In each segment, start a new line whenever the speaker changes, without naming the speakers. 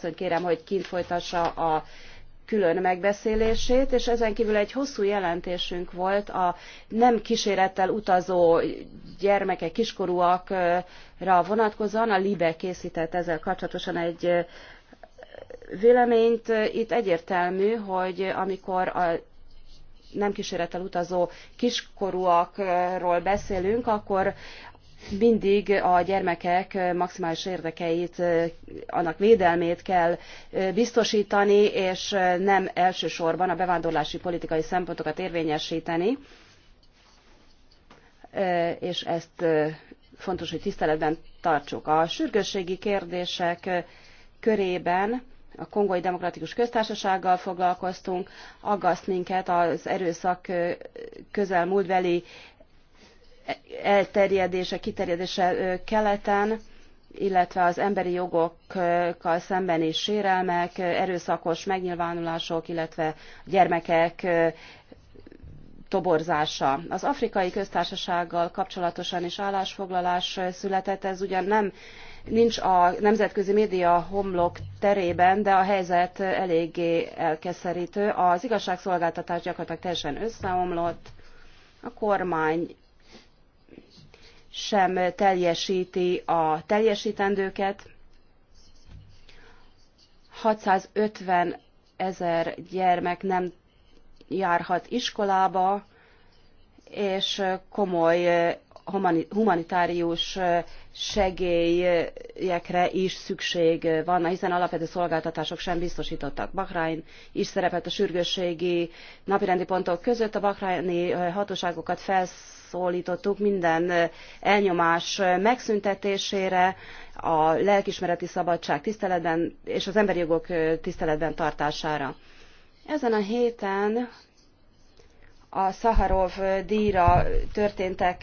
hogy kérem, hogy kint folytassa a külön megbeszélését, és ezen kívül egy hosszú jelentésünk volt a nem kísérettel utazó gyermekek, kiskorúakra vonatkozóan. A LIBE készített ezzel kapcsolatosan egy véleményt. Itt egyértelmű, hogy amikor a nem kísérettel utazó kiskorúakról beszélünk, akkor mindig a gyermekek maximális érdekeit, annak védelmét kell biztosítani, és nem elsősorban a bevándorlási politikai szempontokat érvényesíteni, és ezt fontos, hogy tiszteletben tartsuk. A sürgősségi kérdések körében a Kongói Demokratikus Köztársasággal foglalkoztunk, aggaszt minket az erőszak közelmúltbeli elterjedése, kiterjedése keleten, illetve az emberi jogokkal szembeni sérelmek, erőszakos megnyilvánulások, illetve gyermekek toborzása. Az afrikai köztársasággal kapcsolatosan is állásfoglalás született, ez ugyan nem nincs a nemzetközi média homlok terében, de a helyzet eléggé elkeszerítő. Az igazságszolgáltatás gyakorlatilag teljesen összeomlott, a kormány sem teljesíti a teljesítendőket. 650 ezer gyermek nem járhat iskolába, és komoly eh, humanitárius eh, segélyekre is szükség van, hiszen alapvető szolgáltatások sem biztosítottak. Bahrain is szerepelt a sürgősségi napirendi pontok között. A bahraini eh, hatóságokat felsz szólítottuk minden elnyomás megszüntetésére, a lelkismereti szabadság tiszteletben és az emberi jogok tiszteletben tartására. Ezen a héten a Szaharov díjra történtek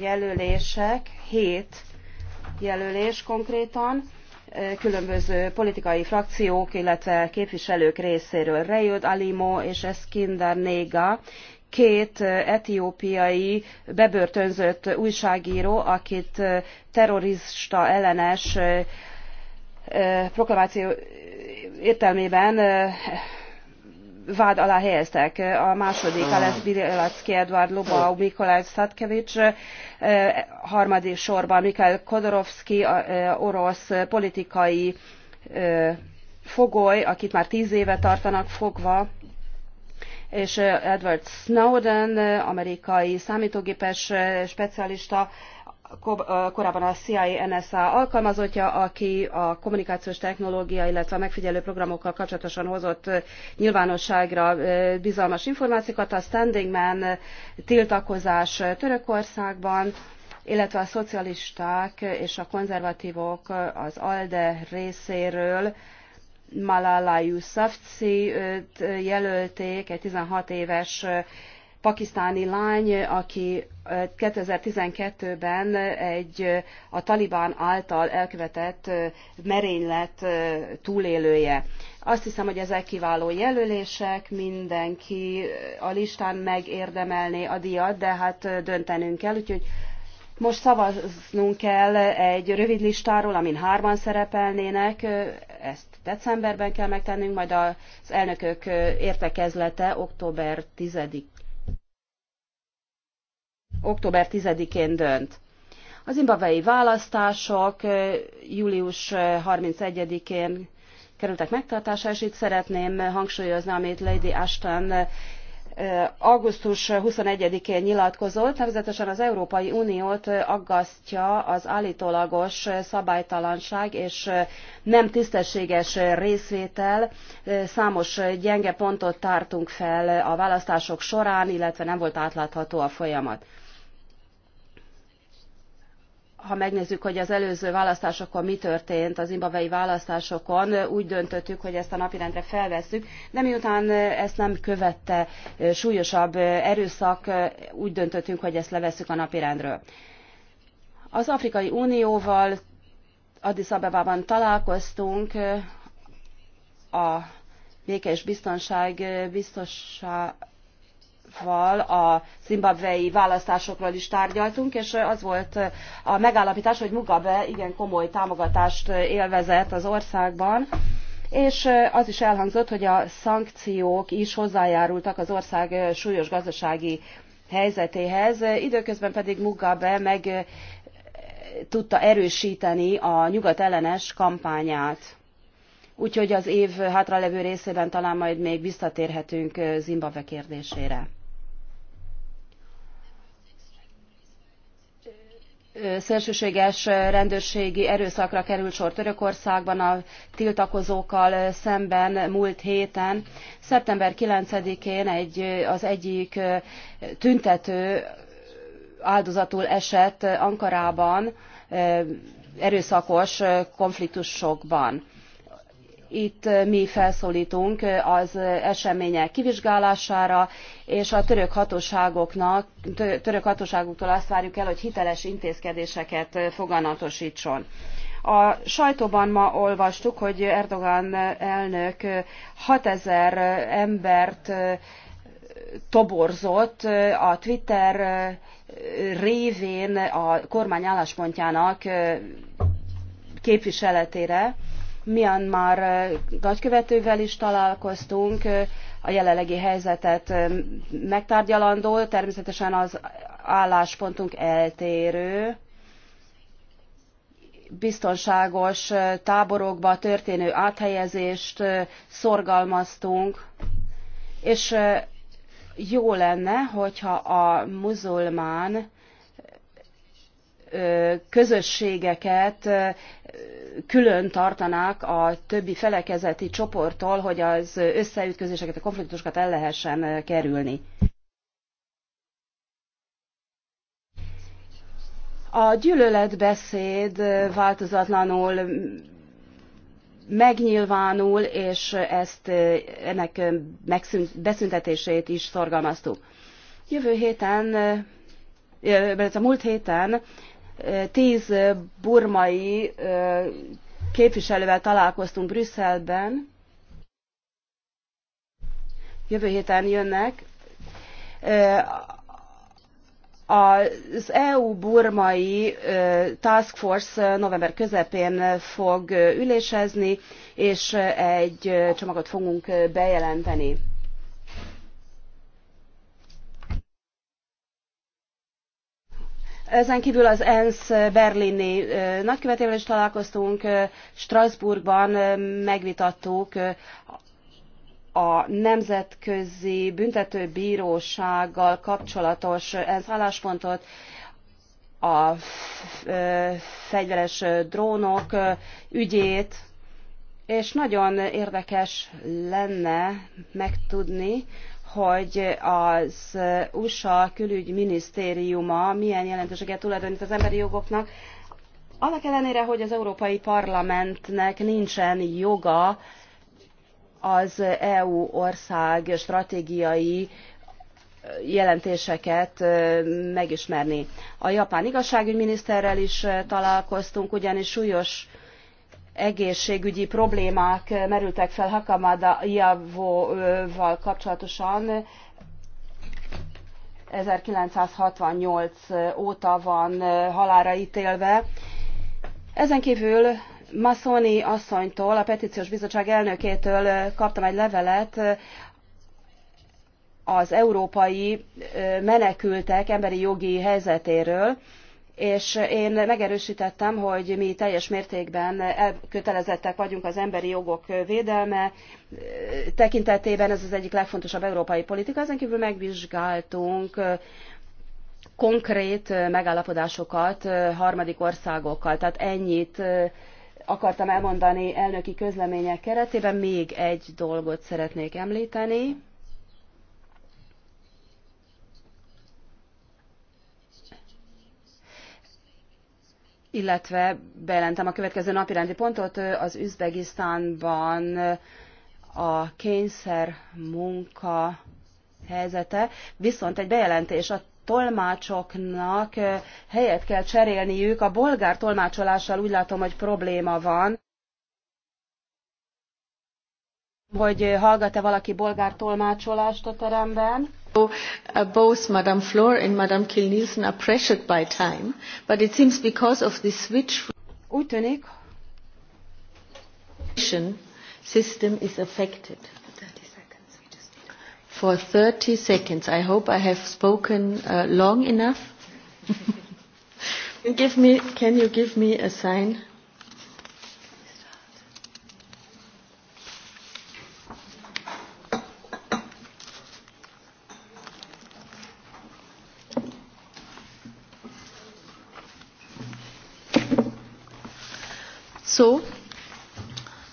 jelölések, hét jelölés konkrétan, különböző politikai frakciók, illetve képviselők részéről. Rejod Alimo és Eskinder Néga két etiópiai bebörtönzött újságíró, akit terrorista ellenes proklamáció értelmében vád alá helyeztek. A második, ah. Alex Bilacki, Edward Lubau, ah. Mikolaj Szatkevics, harmadik sorban Mikhail Kodorovski, orosz politikai fogoly, akit már tíz éve tartanak fogva, és Edward Snowden, amerikai számítógépes specialista, korábban a CIA NSA alkalmazottja, aki a kommunikációs technológia, illetve a megfigyelő programokkal kapcsolatosan hozott nyilvánosságra bizalmas információkat, a Standing Man tiltakozás Törökországban, illetve a szocialisták és a konzervatívok az ALDE részéről Malala yousafzai jelölték, egy 16 éves pakisztáni lány, aki 2012-ben egy a Taliban által elkövetett merénylet túlélője. Azt hiszem, hogy ezek kiváló jelölések, mindenki a listán megérdemelné a díjat, de hát döntenünk kell, úgyhogy most szavaznunk kell egy rövid listáról, amin hárman szerepelnének, ezt decemberben kell megtennünk, majd az elnökök értekezlete október 10 október 10-én dönt. Az zimbabwei választások július 31-én kerültek megtartásra, és itt szeretném hangsúlyozni, amit Lady Ashton augusztus 21-én nyilatkozott, nevezetesen az Európai Uniót aggasztja az álltólagos szabálytalanság és nem tisztességes részvétel. Számos gyenge pontot tártunk fel a választások során, illetve nem volt átlátható a folyamat ha megnézzük, hogy az előző választásokon mi történt, az imbabei választásokon, úgy döntöttük, hogy ezt a napirendre felvesszük, de miután ezt nem követte eh, súlyosabb eh, erőszak, eh, úgy döntöttünk, hogy ezt levesszük a napirendről. Az Afrikai Unióval Addis Abebában találkoztunk, a béke és biztonság biztosa val a zimbabvei választásokról is tárgyaltunk, és az volt a megállapítás, hogy Mugabe igen komoly támogatást élvezett az országban, és az is elhangzott, hogy a szankciók is hozzájárultak az ország súlyos gazdasági helyzetéhez, időközben pedig Mugabe meg tudta erősíteni a nyugat ellenes kampányát. Úgyhogy az év hátralevő részében talán majd még visszatérhetünk Zimbabwe kérdésére. szélsőséges rendőrségi erőszakra került sor törökországban a tiltakozókkal szemben múlt héten. szeptember nine én egy, az egyik tüntető áldozatul esett ankarában erőszakos konfliktusokban itt eh, mi felszóltunk eh, az eh, események kivizsgálására, és a török hatóságoknak, török hatóságoktól azt várjuk el, hogy hiteles intézkedéseket foganatostson. A sajtóban ma olvastuk, hogy Erdogan elnök 6000 embert toborzott a Twitter révén a kormány álláspontjának képviseletére. Myanmar nagykövetővel is találkoztunk, a jelenlegi helyzetet megtárgyalandó, természetesen az álláspontunk eltérő. Biztonságos táborokba történő áthelyezést szorgalmaztunk, és jó lenne, hogyha a muzulmán közösségeket külön tartanák a többi felekezeti csoporttól, hogy az összeütközéseket, a konfliktusokat el lehessen kerülni. A gyűlöletbeszéd változatlanul megnyilvánul, és ezt ennek megszünt, beszüntetését is szorgalmaztuk. Jövő héten, illetve múlt héten tíz burmai képviselővel találkoztunk Brüsszelben. Jövő héten jönnek. Az EU-burmai Task Force november közepén fog ülésezni, és egy csomagot fogunk bejelenteni. Ezen kívül az ENSZ berlini nagykövetével is találkoztunk, Strasbourgban megvitattuk a Nemzetközi Büntetőbírósággal kapcsolatos ENSZ álláspontot, a fegyveres drónok ügyét, és nagyon érdekes lenne megtudni, hogy az USA külügyminisztériuma milyen jelentőséget tulajdonít az emberi jogoknak, annak ellenére, hogy az Európai Parlamentnek nincsen joga az EU ország stratégiai jelentéseket megismerni. A japán igazságügyminiszterrel is találkoztunk, ugyanis súlyos egészségügyi problémák merültek fel Hakamada Javóval kapcsolatosan. 1968 óta van halára ítélve. Ezen kívül Massoni asszonytól, a petíciós bizottság elnökétől kaptam egy levelet az európai menekültek emberi jogi helyzetéről és én megerőstettem hogy mi teljes mértékben elkötelezettek vagyunk az emberi jogok védelme tekintetében, ez az egyik legfontosabb európai politika, ezen kvül megvizsgáltunk konkrét megállapodásokat harmadik országokkal. Tehát ennyit akartam elmondani elnöki közlemények keretében. Még egy dolgot szeretnék említeni. illetve bejelentem a következő napirendi pontot, az Üzbegisztánban a kényszer munka helyzete, viszont egy bejelentés a tolmácsoknak helyet kell cserélniük. A bolgár tolmácsolással úgy látom, hogy probléma van. Hogy hallgat-e valaki bolgár tolmácsolást a teremben? So
uh, both Madame Floor and Madame Kill Nielsen are pressured by time, but it seems because of the switch úgy tűnik, system is affected. For 30 seconds. I hope I have spoken uh, long enough. give me, can you give me a sign? So,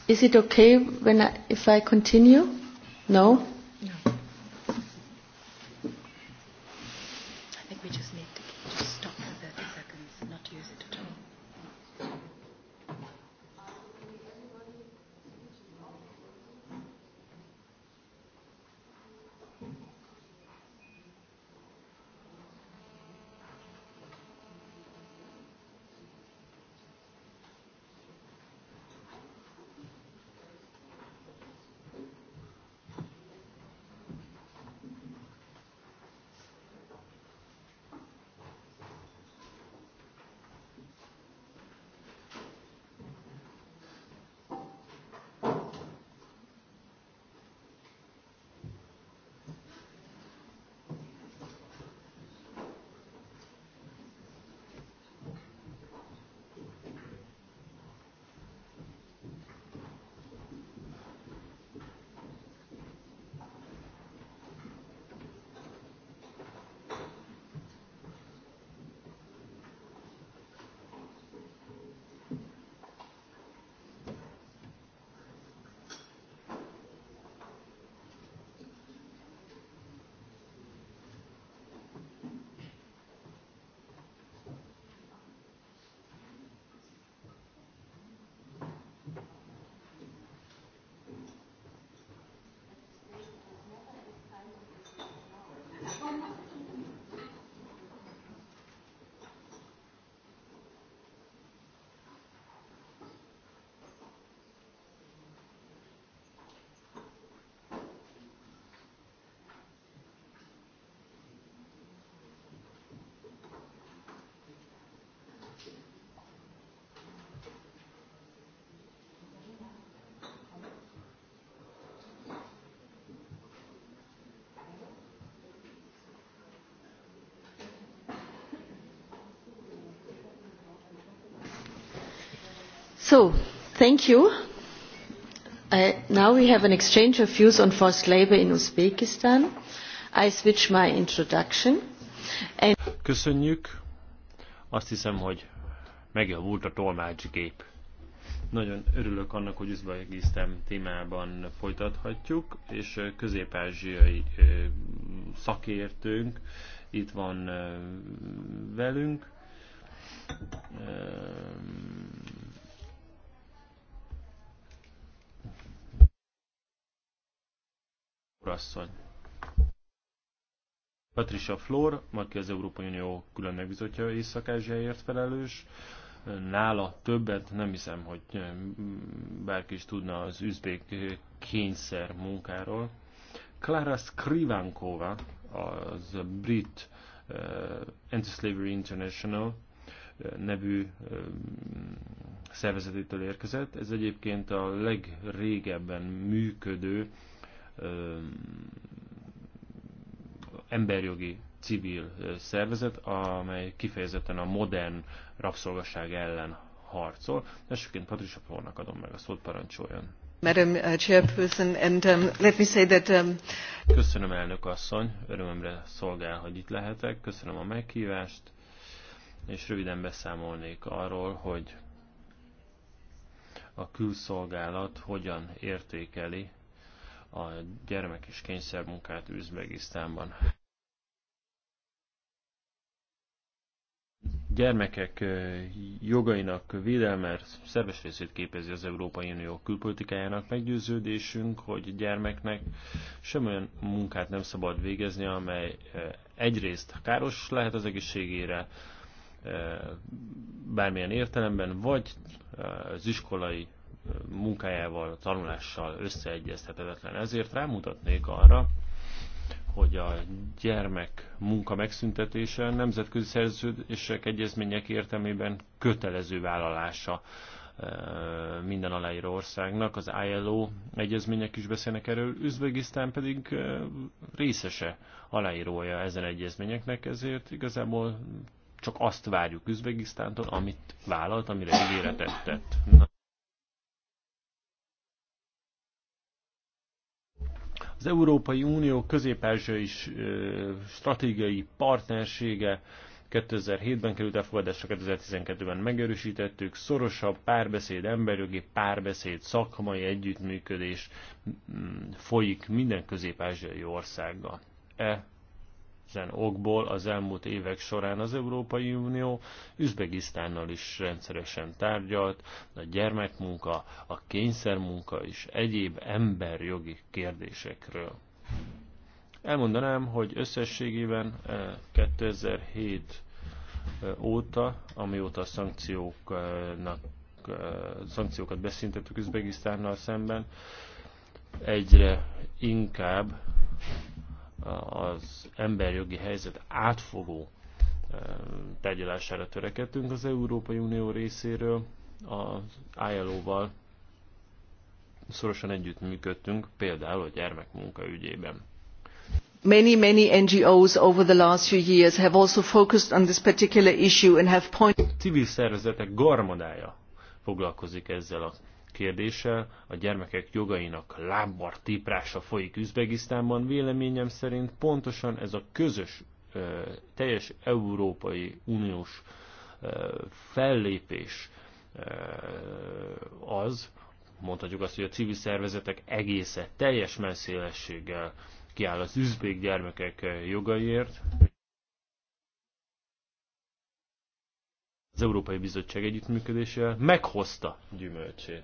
is it okay when I, if I continue? No? thank you. Uh, now we have an exchange of views on forced in Uzbekistan. I switch my introduction.
Köszönjük. Azt hiszem, hogy megjavult a tolmácsgép. Nagyon örülök annak, hogy Üzbegisztán témában folytathatjuk, és közép-ázsiai szakértőnk itt van velünk urasszony. Patricia Flor, aki az Európai Unió külön megbizotja észak felelős, nála többet nem hiszem, hogy mm, bárki is tudna az üzbék kényszer munkáról. Clara Skrivankova, az brit eh, Anti-Slavery International eh, nevű eh, szervezetétől érkezett. Ez egyébként a legrégebben működő emberjogi civil szervezet, amely kifejezetten a modern rabszolgaság ellen harcol. Elsőként Patricia Pornak adom meg a szót, parancsoljon.
Madam uh, Chairperson, and um, let me say that... Um...
Köszönöm, elnök asszony, örömömre szolgál, hogy itt lehetek. Köszönöm a meghívást, és röviden beszámolnék arról, hogy a külszolgálat hogyan értékeli a gyermek és kényszermunkát Üzbegisztánban. Gyermekek jogainak védelme szerves részét képezi az Európai Unió külpolitikájának meggyőződésünk, hogy gyermeknek semmilyen munkát nem szabad végezni, amely egyrészt káros lehet az egészségére, bármilyen értelemben, vagy az iskolai munkájával, tanulással összeegyeztethetetlen. Ezért rámutatnék arra, hogy a gyermek munka megszüntetése nemzetközi szerződések egyezmények értelmében kötelező vállalása e, minden aláíró országnak. Az ILO egyezmények is beszélnek erről, Üzbegisztán pedig e, részese aláírója ezen egyezményeknek, ezért igazából csak azt várjuk Üzbegisztántól, amit vállalt, amire ígéretet tett. Na. Az Európai Unió közép-ázsiai stratégiai partnersége 2007-ben került elfogadásra, 2012-ben megerősítettük, szorosabb párbeszéd, emberjogi párbeszéd, szakmai együttműködés mm, folyik minden közép-ázsiai országgal. E ezen okból az elmúlt évek során az Európai Unió Üzbegisztánnal is rendszeresen tárgyalt, a gyermekmunka, a kényszermunka és egyéb emberjogi kérdésekről. Elmondanám, hogy összességében 2007 eh, eh, óta, amióta a szankcióknak, eh, szankciókat beszintettük Üzbegisztánnal szemben, egyre inkább az emberjogi helyzet átfogó tegyelására törekedtünk az Európai Unió részéről, az ILO-val szorosan együttműködtünk, például a gyermekmunka ügyében.
Many, many NGOs over the last few years have also focused on this particular issue and have pointed...
Civil szervezetek garmadája foglalkozik ezzel a kérdése a gyermekek jogainak lábbar típrása folyik Üzbegisztánban, véleményem szerint pontosan ez a közös, teljes Európai Uniós fellépés az, mondhatjuk azt, hogy a civil szervezetek egészen teljes messzélességgel kiáll az üzbék gyermekek jogaiért. Az Európai Bizottság együttműködésével meghozta gyümölcsét.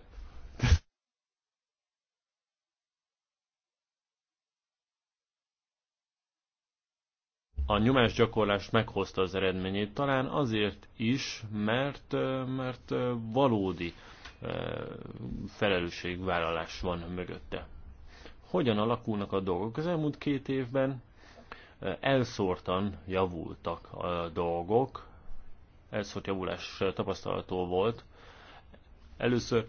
a nyomásgyakorlás meghozta az eredményét, talán azért is, mert, mert valódi felelősségvállalás van mögötte. Hogyan alakulnak a dolgok? Az elmúlt két évben elszórtan javultak a dolgok, elszórt javulás tapasztalató volt. Először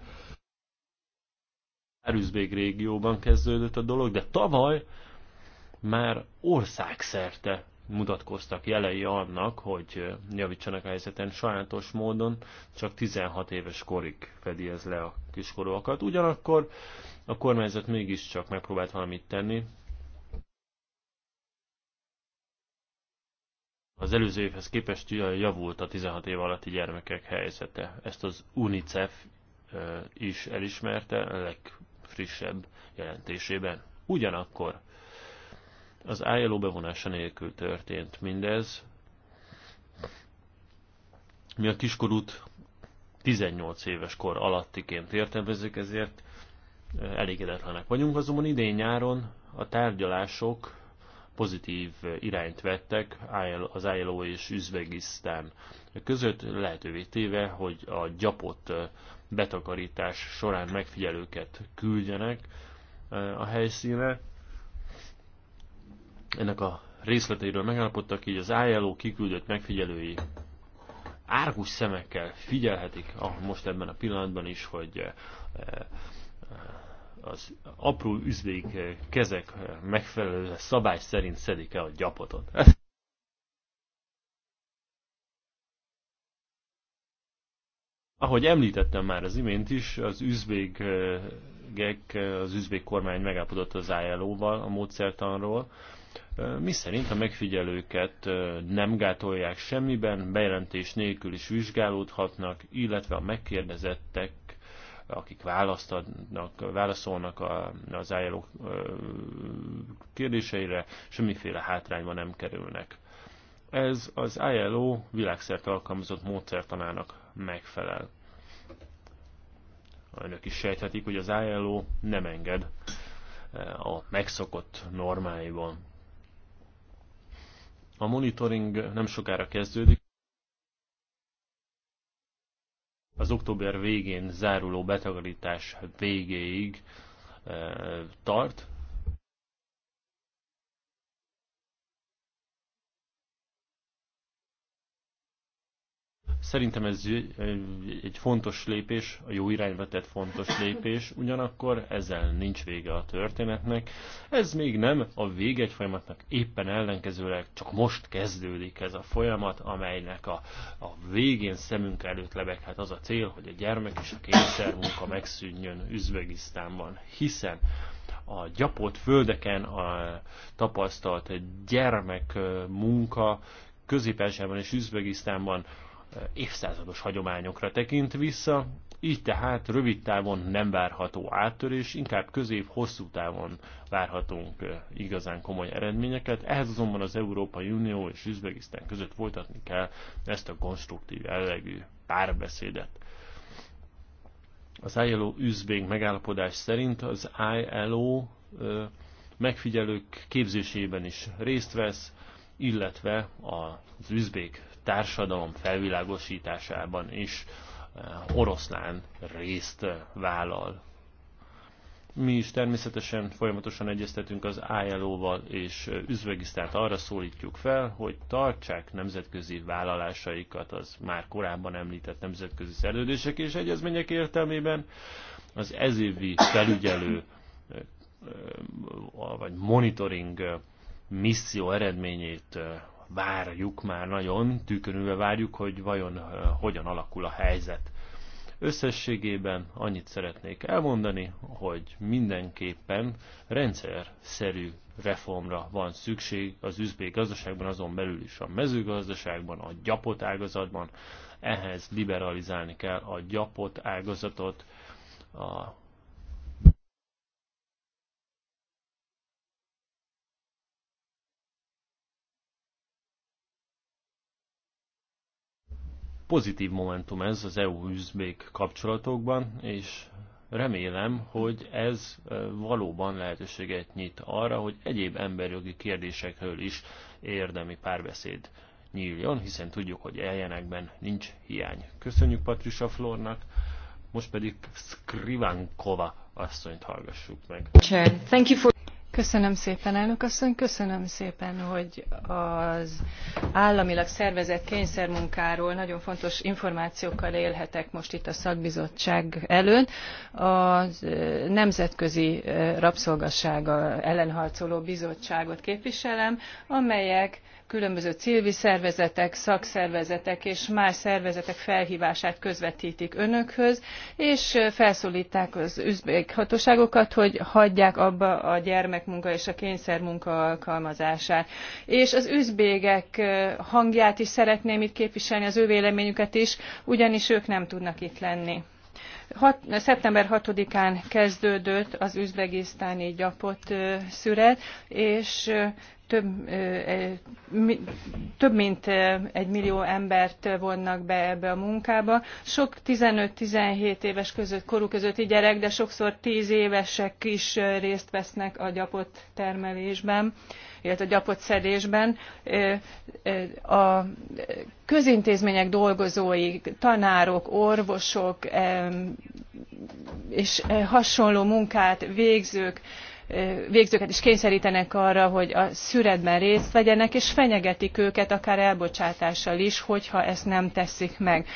Erüzbék régióban kezdődött a dolog, de tavaly már országszerte mutatkoztak jelei annak, hogy javítsanak a helyzeten. sajátos módon csak 16 éves korig fedi ez le a kiskorúakat. Ugyanakkor a kormányzat mégiscsak megpróbált valamit tenni. Az előző évhez képest javult a 16 év alatti gyermekek helyzete. Ezt az UNICEF is elismerte a legfrissebb jelentésében. Ugyanakkor az ILO bevonása nélkül történt mindez. Mi a kiskorút 18 éves kor alattiként értelmezzük, ezért elégedetlenek vagyunk. Azonban idén nyáron a tárgyalások pozitív irányt vettek az ILO és Üzvegisztán között, lehetővé téve, hogy a gyapott betakarítás során megfigyelőket küldjenek a helyszínre ennek a részleteiről megállapodtak, így az ILO kiküldött megfigyelői árgus szemekkel figyelhetik ah, most ebben a pillanatban is, hogy eh, eh, az apró üzvék eh, kezek megfelelő szabály szerint szedik el a gyapotot. Ahogy említettem már az imént is, az üzvégek, az üzvég kormány megállapodott az ILO-val a módszertanról, mi szerint a megfigyelőket nem gátolják semmiben, bejelentés nélkül is vizsgálódhatnak, illetve a megkérdezettek, akik választanak, válaszolnak az ILO kérdéseire, semmiféle hátrányba nem kerülnek. Ez az ILO világszerte alkalmazott módszertanának megfelel. Önök is sejthetik, hogy az ILO nem enged a megszokott normáiban a monitoring nem sokára kezdődik. Az október végén záruló betakarítás végéig eh, tart, Szerintem ez egy fontos lépés, a jó irányba tett fontos lépés, ugyanakkor ezzel nincs vége a történetnek. Ez még nem a vége egy folyamatnak, éppen ellenkezőleg csak most kezdődik ez a folyamat, amelynek a, a végén szemünk előtt lebeghet az a cél, hogy a gyermek és a kényszermunka megszűnjön Üzbegisztánban, hiszen a gyapott földeken a tapasztalt gyermek munka Közép-Ázsiában és Üzbegisztánban évszázados hagyományokra tekint vissza, így tehát rövid távon nem várható áttörés, inkább közép-hosszú távon várhatunk igazán komoly eredményeket. Ehhez azonban az Európai Unió és Üzbegisztán között folytatni kell ezt a konstruktív jellegű párbeszédet. Az ILO üzbék megállapodás szerint az ILO megfigyelők képzésében is részt vesz, illetve az üzbék társadalom felvilágosításában is eh, oroszlán részt eh, vállal. Mi is természetesen folyamatosan egyeztetünk az ILO-val, és eh, Üzvegisztánt arra szólítjuk fel, hogy tartsák nemzetközi vállalásaikat az már korábban említett nemzetközi szerződések és egyezmények értelmében. Az ezévi felügyelő vagy monitoring misszió eredményét várjuk már nagyon, tűkönülve várjuk, hogy vajon eh, hogyan alakul a helyzet. Összességében annyit szeretnék elmondani, hogy mindenképpen rendszerszerű reformra van szükség az üzbék gazdaságban, azon belül is a mezőgazdaságban, a gyapot ágazatban. Ehhez liberalizálni kell a gyapot ágazatot, a pozitív momentum ez az EU-üzbék kapcsolatokban, és remélem, hogy ez valóban lehetőséget nyit arra, hogy egyéb emberjogi kérdésekről is érdemi párbeszéd nyíljon, hiszen tudjuk, hogy eljenekben nincs hiány. Köszönjük Patricia Flornak, most pedig Skrivankova asszonyt hallgassuk meg.
Thank you for... Köszönöm szépen, elnök asszony, köszönöm szépen, hogy az államilag szervezett kényszermunkáról nagyon fontos információkkal élhetek most itt a szakbizottság előn, A Nemzetközi Rabszolgassága ellenharcoló bizottságot képviselem, amelyek különböző civil szervezetek, szakszervezetek és más szervezetek felhívását közvetítik önökhöz, és felszólítják az üzbék hatóságokat, hogy hagyják abba a gyermekmunka és a kényszermunka alkalmazását. És az üzbégek hangját is szeretném itt képviselni, az ő véleményüket is, ugyanis ők nem tudnak itt lenni. Hat, szeptember 6-án kezdődött az üzbegisztáni gyapott szüret, és több, több mint egy millió embert vonnak be ebbe a munkába. Sok 15-17 éves között, korú közötti gyerek, de sokszor 10 évesek is részt vesznek a gyapot termelésben, illetve a gyapot szedésben. A közintézmények dolgozói, tanárok, orvosok és hasonló munkát végzők végzőket is kényszertenek arra hogy a szüretben részt vegyenek és fenyegetik őket akár elbocsátással is hogyha ezt nem teszik meg.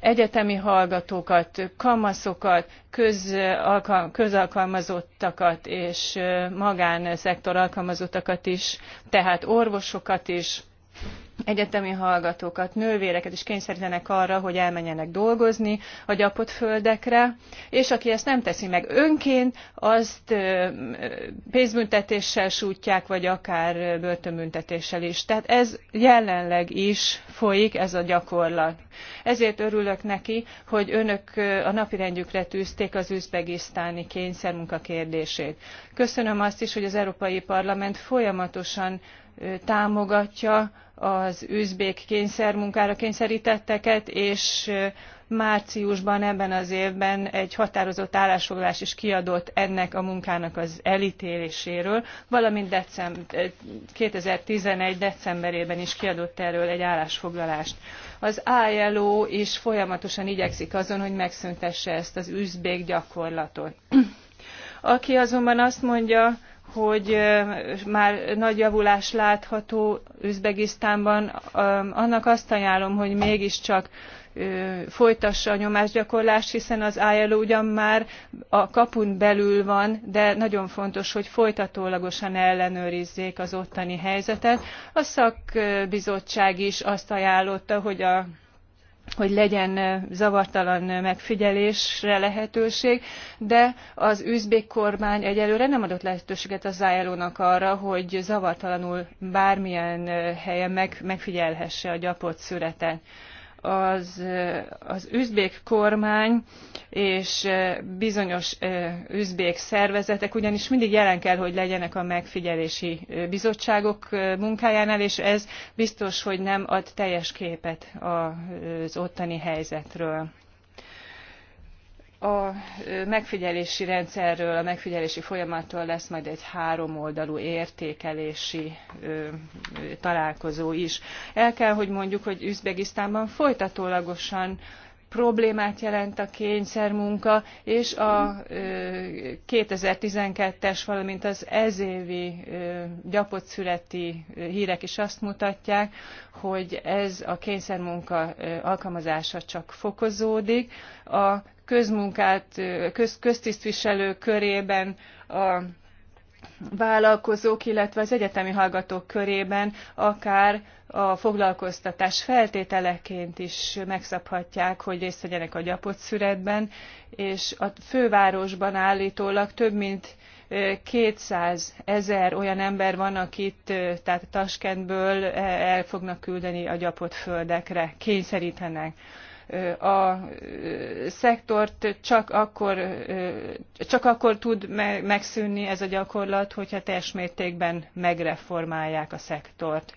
egyetemi hallgatókat kamaszokat közalkalmazottakat és magánszektor alkalmazottakat is tehát orvosokat is egyetemi hallgatókat, nővéreket is kényszerítenek arra, hogy elmenjenek dolgozni a gyapott földekre, és aki ezt nem teszi meg önként, azt pénzbüntetéssel sújtják, vagy akár börtönbüntetéssel is. Tehát ez jelenleg is folyik, ez a gyakorlat. Ezért örülök neki, hogy önök a napirendjükre tűzték az üzbegisztáni kényszermunka kérdését. Köszönöm azt is, hogy az Európai Parlament folyamatosan támogatja az üzbék kényszermunkára kényszertetteket és márciusban ebben az évben egy határozott állásfoglalás is kiadott ennek a munkának az elítéléséről, valamint two 2011 decemberében is kiadott erről egy állásfoglalást. az ilo is folyamatosan igyekszik azon hogy megszüntesse ezt az üzbék gyakorlatot. aki azonban azt mondja hogy már nagy javulás látható Üzbegisztánban, annak azt ajánlom, hogy mégiscsak folytassa a nyomásgyakorlást, hiszen az ILO ugyan már a kapun belül van, de nagyon fontos, hogy folytatólagosan ellenőrizzék az ottani helyzetet. A szakbizottság is azt ajánlotta, hogy a hogy legyen zavartalan megfigyelésre lehetőség, de az üzbék kormány egyelőre nem adott lehetőséget az ILO-nak arra, hogy zavartalanul bármilyen helyen megfigyelhesse a gyapot szüretet az, az üzbék kormány és bizonyos üzbék szervezetek ugyanis mindig jelen kell, hogy legyenek a megfigyelési bizottságok munkájánál, és ez biztos, hogy nem ad teljes képet az ottani helyzetről a megfigyelési rendszerről, a megfigyelési folyamattól lesz majd egy háromoldalú értékelési ö, találkozó is. El kell, hogy mondjuk, hogy Üzbegisztánban folytatólagosan problémát jelent a kényszermunka, és a 2012-es, valamint az ezévi gyapotszületi hírek is azt mutatják, hogy ez a kényszermunka alkalmazása csak fokozódik. A közmunkát, köz, köztisztviselők körében a vállalkozók, illetve az egyetemi hallgatók körében akár a foglalkoztatás feltételeként is megszabhatják, hogy részt vegyenek a gyapott szüretben, és a fővárosban állítólag több mint 200 ezer olyan ember van, akit tehát Taskentből e, el fognak küldeni a gyapott földekre, kényszerítenek a szektort csak akkor, csak akkor tud megszűnni ez a gyakorlat, hogyha teljes mértékben megreformálják a szektort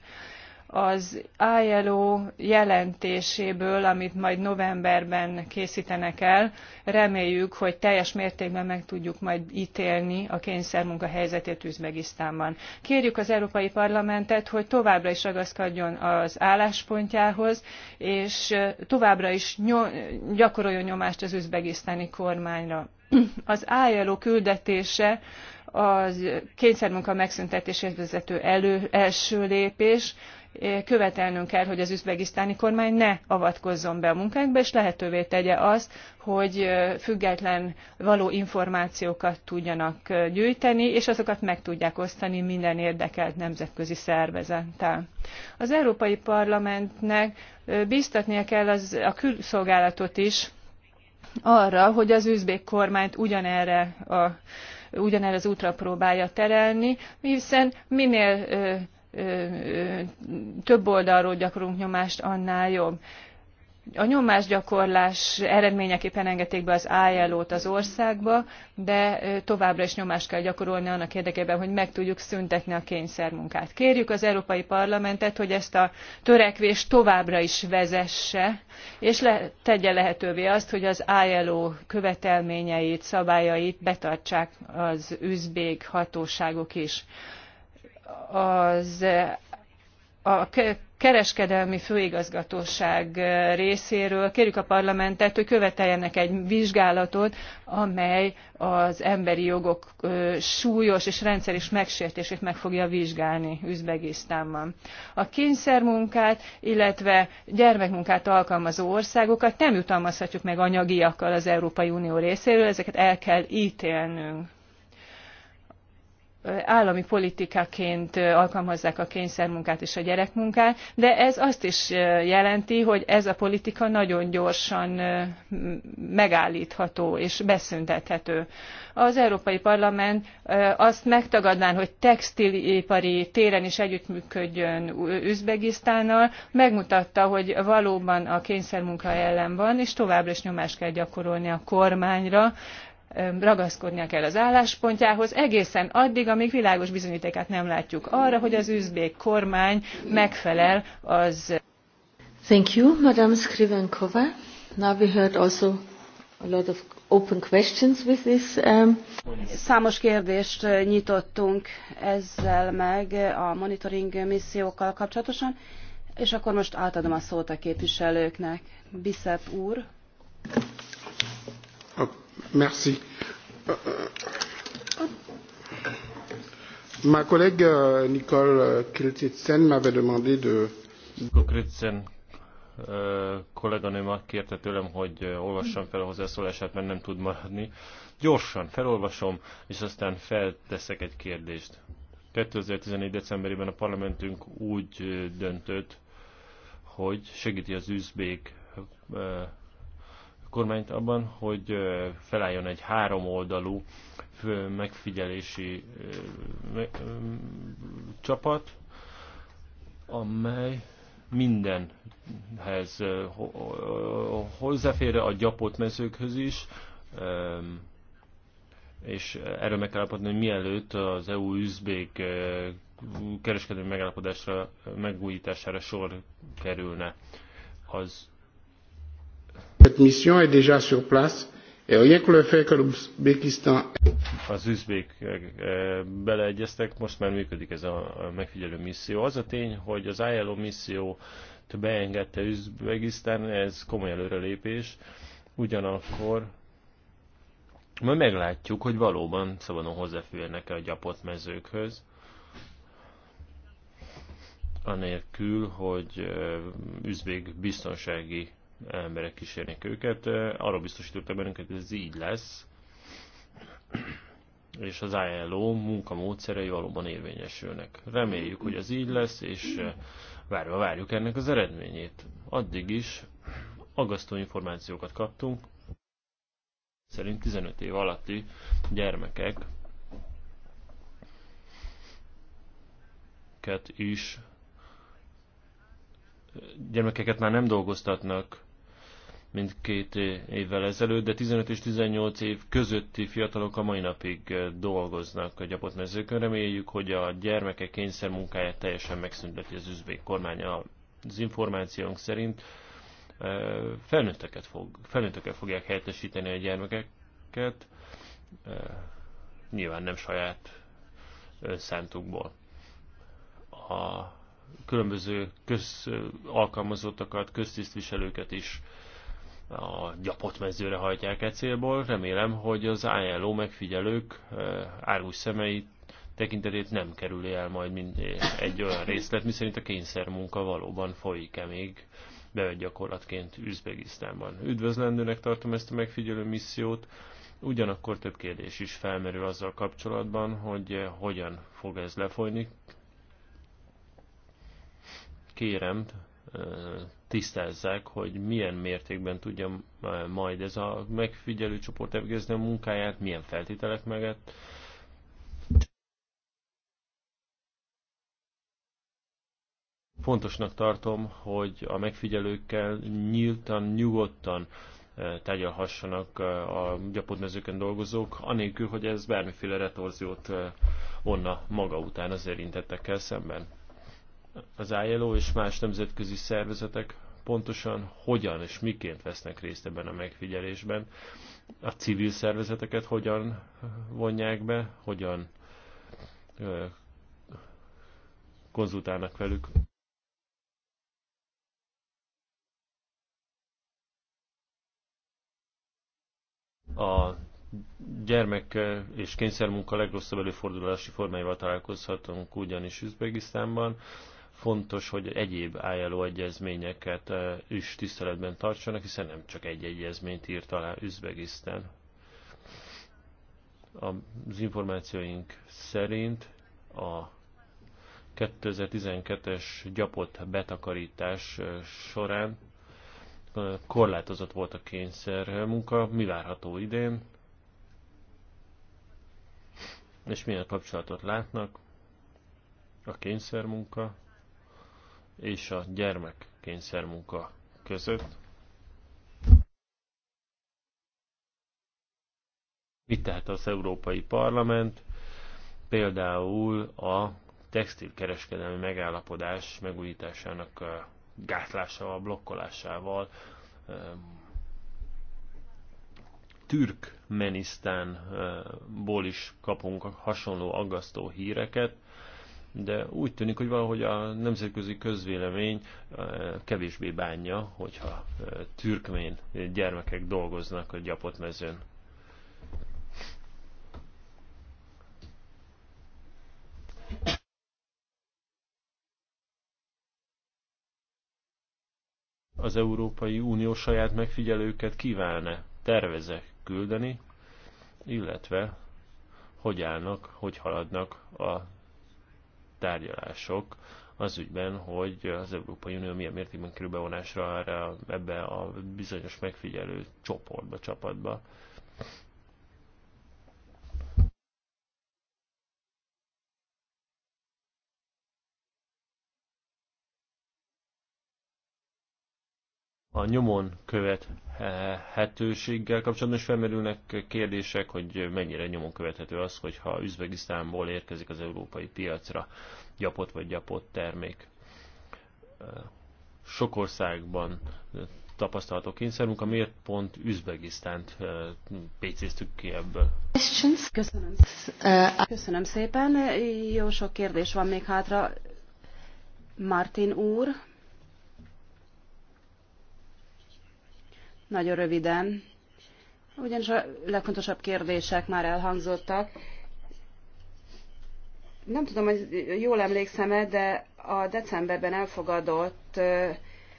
az ILO jelentéséből, amit majd novemberben készítenek el, reméljük, hogy teljes mértékben meg tudjuk majd ítélni a kényszermunka helyzetét Üzbegisztánban. Kérjük az Európai Parlamentet, hogy továbbra is ragaszkodjon az álláspontjához, és továbbra is gyakoroljon nyomást az üzbegisztáni kormányra. Az ILO küldetése az kényszermunka megszüntetéséhez vezető elő, első lépés, követelnünk kell, hogy az üzbegisztáni kormány ne avatkozzon be a munkánkba, és lehetővé tegye azt, hogy független való információkat tudjanak gyűjteni, és azokat meg tudják osztani minden érdekelt nemzetközi szervezettel. Az Európai Parlamentnek biztatnia kell az, a külszolgálatot is arra, hogy az üzbék kormányt ugyanerre a ugyanerre az útra próbálja terelni, hiszen minél több oldalról gyakorunk nyomást, annál jobb. A nyomásgyakorlás eredményeképpen engedték be az ILO-t az országba, de továbbra is nyomást kell gyakorolni annak érdekében, hogy meg tudjuk szüntetni a kényszermunkát. Kérjük az Európai Parlamentet, hogy ezt a törekvést továbbra is vezesse, és le, tegye lehetővé azt, hogy az ILO követelményeit, szabályait betartsák az üzbék hatóságok is az a kereskedelmi főigazgatóság részéről kérjük a parlamentet hogy követeljenek egy vizsgálatot amely az emberi jogok súlyos és rendszeres megsértését meg fogja vizsgálni üzbegisztánban. a kényszermunkát illetve gyermekmunkát alkalmazó országokat nem jutalmazhatjuk meg anyagiakkal az európai unió részéről ezeket el kell télnünk állami politikaként alkalmazzák a kényszermunkát és a gyerekmunkát, de ez azt is jelenti, hogy ez a politika nagyon gyorsan megállítható és beszüntethető. Az Európai Parlament azt megtagadnán, hogy textilipari téren is együttműködjön Üzbegisztánnal, megmutatta, hogy valóban a kényszermunka ellen van, és továbbra is nyomást kell gyakorolni a kormányra, ragaszkodnia kell az álláspontjához egészen addig, amg világos bizonytékát nem látjuk arra, hogy az üzbék kormány megfelel az.
Thank you, Madam Skrivenkova. Now we heard also a lot of open questions with this. Um...
Számos kérdést uh, nyitottunk ezzel meg uh, a monitoring missziókkal kapcsolatosan, és akkor most átadom a szót a képviselőknek. Bisep úr.
Merci. Ma collègue euh, Nicole Kiltitsen
m'avait demandé de... Euh, kolléganőm kérte tőlem, hogy euh, olvassam fel a hozzászólását, mert nem tud maradni. Gyorsan felolvasom, és aztán felteszek egy kérdést. 2014. decemberében a parlamentünk úgy döntött, hogy segíti az üzbék kormányt abban, hogy felálljon egy háromoldalú megfigyelési csapat, amely mindenhez hozzáfér a gyapott mezőkhöz is, és erről meg kell hogy mielőtt az EU-üzbék kereskedő megállapodásra megújítására sor kerülne. Az
Cette mission est déjà sur place, et rien que le fait que l'Ouzbékistan.
Az üzbék eh, eh, beleegyeztek, most már működik ez a megfigyelő misszió. Az a tény, hogy az ILO misszió beengedte Üzbegisztán, ez komoly előrelépés. Ugyanakkor majd meglátjuk, hogy valóban szabadon hozzáférnek-e a gyapott mezőkhöz, anélkül, hogy eh, üzbék biztonsági emberek kísérnek őket. Arról biztosította bennünket, hogy ez így lesz, és az ILO munkamódszerei valóban érvényesülnek. Reméljük, hogy ez így lesz, és várva várjuk ennek az eredményét. Addig is aggasztó információkat kaptunk, szerint 15 év alatti gyermekek is gyermekeket már nem dolgoztatnak mint két évvel ezelőtt, de 15 és 18 év közötti fiatalok a mai napig eh, dolgoznak a gyapott mezőkön. Reméljük, hogy a gyermekek kényszer munkáját teljesen megszünteti az üzbék kormány. Az információnk szerint eh, felnőtteket fog, felnőtteket fogják helyettesíteni a gyermekeket, eh, nyilván nem saját szántukból. A különböző közalkalmazottakat, köztisztviselőket is a gyapott mezőre hajtják e célból. Remélem, hogy az ILO megfigyelők e, árus szemei tekintetét nem kerüli el majd mind egy olyan részlet, miszerint a munka valóban folyik-e még bevett gyakorlatként Üzbegisztánban. Üdvözlendőnek tartom ezt a megfigyelő missziót, ugyanakkor több kérdés is felmerül azzal kapcsolatban, hogy e, hogyan fog ez lefolyni. Kérem, tisztázzák, hogy milyen mértékben tudja eh, majd ez a megfigyelő csoport elvégezni a munkáját, milyen feltételek meget. Fontosnak tartom, hogy a megfigyelőkkel nyíltan, nyugodtan eh, tárgyalhassanak eh, a gyapotmezőkön dolgozók, anélkül, hogy ez bármiféle retorziót vonna maga után az érintettekkel szemben az ILO és más nemzetközi szervezetek pontosan hogyan és miként vesznek részt ebben a megfigyelésben, a civil szervezeteket hogyan vonják be, hogyan konzultálnak velük. a gyermek és kényszermunka legrosszabb előfordulási formáival találkozhatunk ugyanis Üzbegisztánban. Fontos, hogy egyéb ILO egyezményeket eh, is tiszteletben tartsanak, hiszen nem csak egy egyezményt írt alá Üzbegisztán. Az információink szerint a 2012-es gyapott betakarítás eh, során eh, korlátozott volt a kényszer munka. Mi várható idén? És milyen kapcsolatot látnak a munka? és a gyermek kényszermunka között. Mit tehet az Európai Parlament? Például a textilkereskedelmi megállapodás megújításának gátlásával, blokkolásával Türkmenisztánból is kapunk hasonló aggasztó híreket de úgy tűnik, hogy valahogy a nemzetközi közvélemény eh, kevésbé bánja, hogyha eh, türkmén gyermekek dolgoznak a gyapott mezőn. Az Európai Unió saját megfigyelőket kívánne, tervezek küldeni, illetve hogy állnak, hogy haladnak a tárgyalások az ügyben, hogy az Európai Unió milyen mértékben kerül bevonásra erre, ebbe a bizonyos megfigyelő csoportba, csapatba. a nyomon követhetőséggel kapcsolatban is felmerülnek kérdések, hogy mennyire nyomon követhető az, hogyha Üzbegisztánból érkezik az európai piacra gyapott vagy gyapott termék. Sok országban tapasztalható kényszerünk, miért pont Üzbegisztánt eh, pécéztük ki ebből. Köszönöm.
Köszönöm szépen. Jó sok kérdés van még hátra. Martin úr. Nagyon röviden, ugyanis a legfontosabb kérdések már elhangzottak. Nem tudom, hogy jól emlékszem-e, de a decemberben elfogadott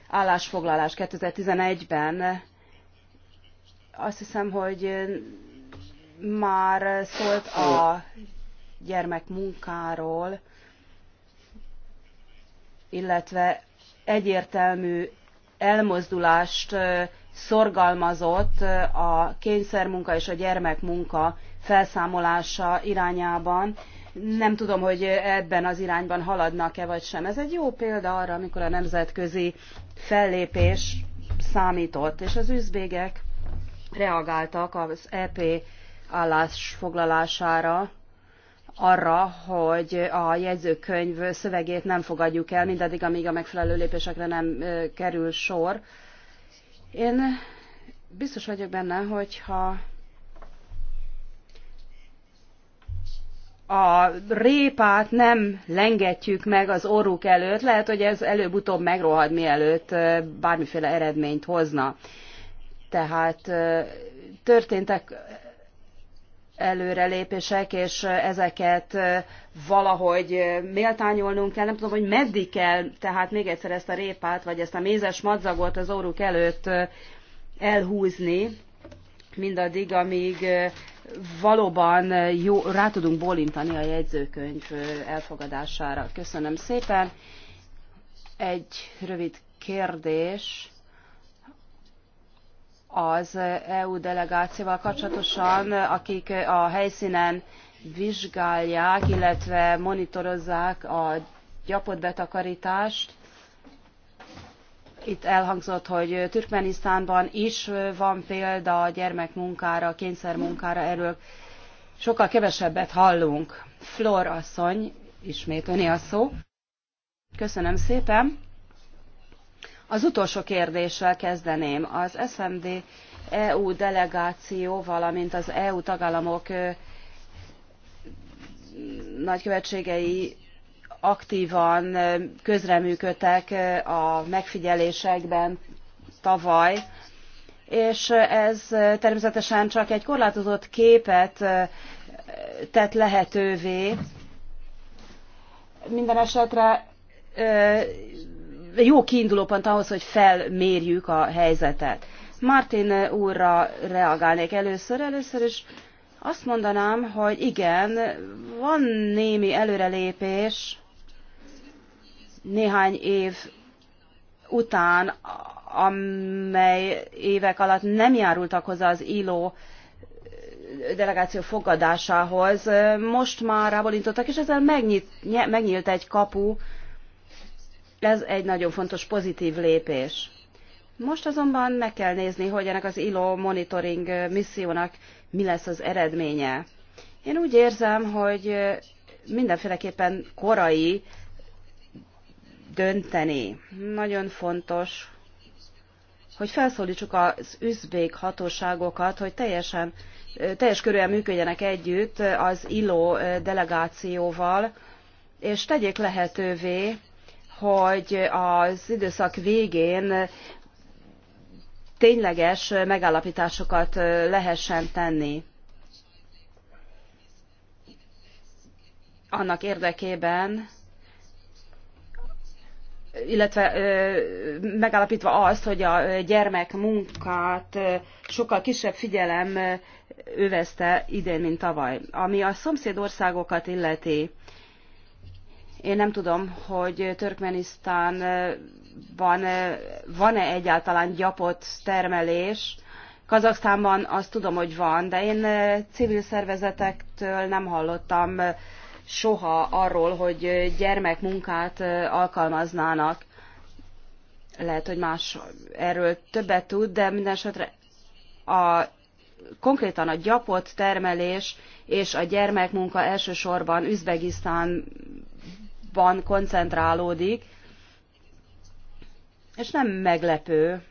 állásfoglalás 2011-ben azt hiszem, hogy már szólt a gyermekmunkáról, illetve egyértelmű elmozdulást szorgalmazott a kényszermunka és a gyermekmunka felszámolása irányában. Nem tudom, hogy ebben az irányban haladnak-e vagy sem. Ez egy jó példa arra, amikor a nemzetközi fellépés számított, és az üzbégek reagáltak az EP állásfoglalására, arra, hogy a jegyzőkönyv szövegét nem fogadjuk el, mindaddig, amíg a megfelelő lépésekre nem kerül sor. Én biztos vagyok benne, hogyha a répát nem lengetjük meg az orruk előtt, lehet, hogy ez előbb-utóbb megrohad, mielőtt bármiféle eredményt hozna. Tehát történtek előrelépések, és ezeket valahogy méltányolnunk kell. Nem tudom, hogy meddig kell, tehát még egyszer ezt a répát, vagy ezt a mézes madzagot az óruk előtt elhúzni, mindaddig, amíg valóban jó, rá tudunk bólintani a jegyzőkönyv elfogadására. Köszönöm szépen. Egy rövid kérdés az EU delegációval kapcsolatosan, akik a helyszínen vizsgálják, illetve monitorozzák a gyapott betakarítást. Itt elhangzott, hogy Türkmenisztánban is van példa a gyermekmunkára, kényszermunkára, erről sokkal kevesebbet hallunk. Flor asszony, ismét öné a szó. Köszönöm szépen. Az utolsó kérdéssel kezdeném. Az SMD EU delegáció, valamint az EU tagállamok nagykövetségei aktívan közreműködtek a megfigyelésekben tavaly, és ez természetesen csak egy korlátozott képet tett lehetővé. Minden esetre jó pont ahhoz, hogy felmérjük a helyzetet. Martin úrra reagálnék először. Először is azt mondanám, hogy igen, van némi előrelépés néhány év után, amely évek alatt nem járultak hozzá az ILO delegáció fogadásához. Most már rából és ezzel megnyit, megnyílt egy kapu ez egy nagyon fontos pozitív lépés. Most azonban meg kell nézni, hogy ennek az ILO monitoring missziónak mi lesz az eredménye. Én úgy érzem, hogy mindenféleképpen korai dönteni. Nagyon fontos, hogy felszólítsuk az üzbék hatóságokat, hogy teljesen, teljes körülön működjenek együtt az ILO delegációval, és tegyék lehetővé, hogy az időszak végén tényleges megállapításokat lehessen tenni. Annak érdekében, illetve megállapítva azt, hogy a gyermek munkát sokkal kisebb figyelem övezte idén, mint tavaly. Ami a szomszédországokat illeti, én nem tudom, hogy Törkmenisztánban eh, van-e egyáltalán gyapott termelés. Kazaksztánban azt tudom, hogy van, de én eh, civil szervezetektől nem hallottam eh, soha arról, hogy gyermekmunkát alkalmaznának. Lehet, hogy más erről többet tud, de minden esetre a, konkrétan a gyapott termelés és a gyermekmunka elsősorban Üzbegisztán jobban koncentrálódik, és nem meglepő.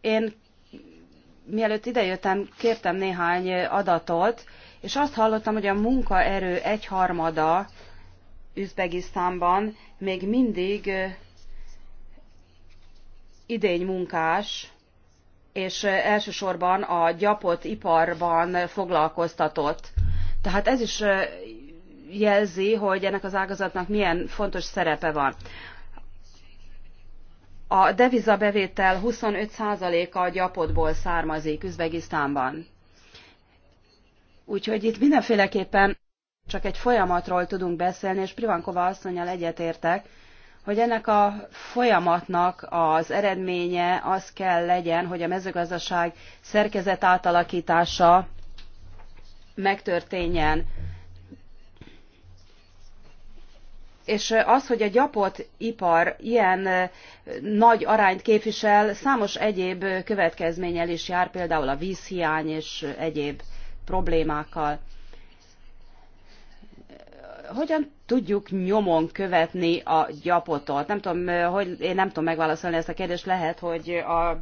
Én mielőtt idejöttem, kértem néhány adatot, és azt hallottam, hogy a munkaerő egyharmada Üzbegisztánban még mindig idény munkás, és elsősorban a gyapott iparban foglalkoztatott. Tehát ez is jelzi, hogy ennek az ágazatnak milyen fontos szerepe van. A devizabevétel 25%-a gyapotból származik Üzbegisztánban. Úgyhogy itt mindenféleképpen csak egy folyamatról tudunk beszélni, és Privankova asszonyal egyetértek, hogy ennek a folyamatnak az eredménye az kell legyen, hogy a mezőgazdaság szerkezet átalakítása megtörténjen. és az, hogy a gyapott ipar ilyen nagy arányt képvisel, számos egyéb következménnyel is jár, például a vízhiány és egyéb problémákkal. Hogyan tudjuk nyomon követni a gyapotot? Nem tudom, hogy én nem tudom megválaszolni ezt a kérdést, lehet, hogy a, az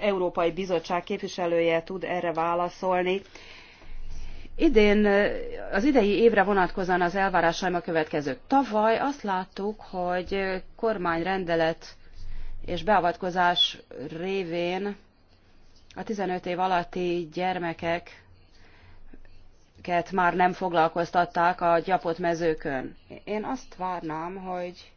Európai Bizottság képviselője tud erre válaszolni. Idén, az idei évre vonatkozóan az elvárásaim a következők. Tavaly azt láttuk, hogy kormányrendelet és beavatkozás révén a 15 év alatti gyermekeket már nem foglalkoztatták a gyapott mezőkön. Én azt várnám, hogy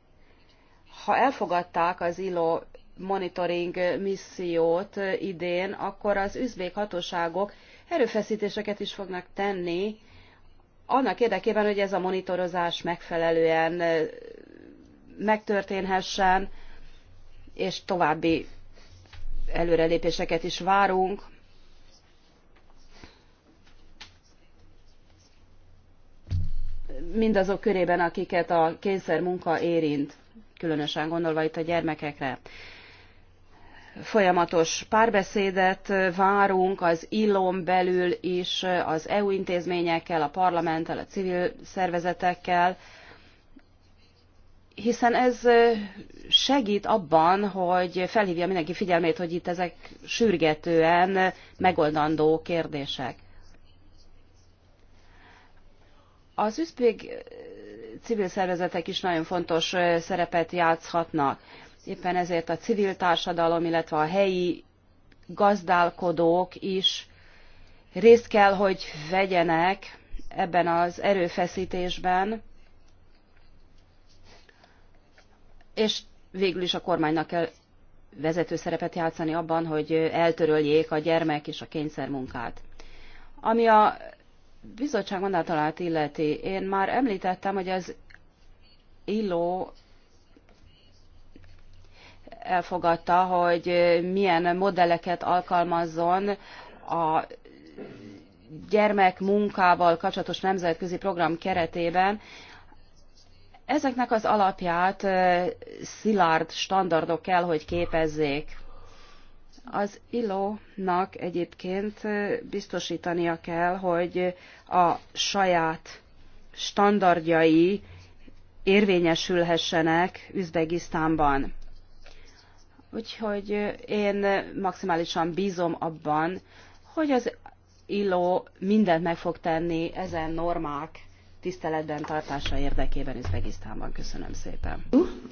ha elfogadták az ILO monitoring missziót idén, akkor az üzvék hatóságok erőfeszítéseket is fognak tenni annak érdekében, hogy ez a monitorozás megfelelően megtörténhessen, és további előrelépéseket is várunk. Mindazok körében, akiket a kényszermunka érint, különösen gondolva itt a gyermekekre folyamatos párbeszédet várunk az illon belül is az EU intézményekkel, a parlamenttel, a civil szervezetekkel, hiszen ez segít abban, hogy felhívja mindenki figyelmét, hogy itt ezek sürgetően megoldandó kérdések. Az üzbég civil szervezetek is nagyon fontos szerepet játszhatnak Éppen ezért a civil társadalom, illetve a helyi gazdálkodók is részt kell, hogy vegyenek ebben az erőfeszítésben, és végül is a kormánynak kell vezető szerepet játszani abban, hogy eltöröljék a gyermek és a kényszermunkát. Ami a bizottság mandátalát illeti, én már említettem, hogy az ILO elfogadta, hogy milyen modelleket alkalmazzon a gyermekmunkával kapcsolatos nemzetközi program keretében. Ezeknek az alapját szilárd standardok kell, hogy képezzék. Az ILO-nak egyébként biztosítania kell, hogy a saját standardjai érvényesülhessenek Üzbegisztánban. Úgyhogy én maximálisan bízom abban, hogy az illó mindent meg fog tenni ezen normák tiszteletben tartása érdekében Üzbegisztánban. Köszönöm
szépen.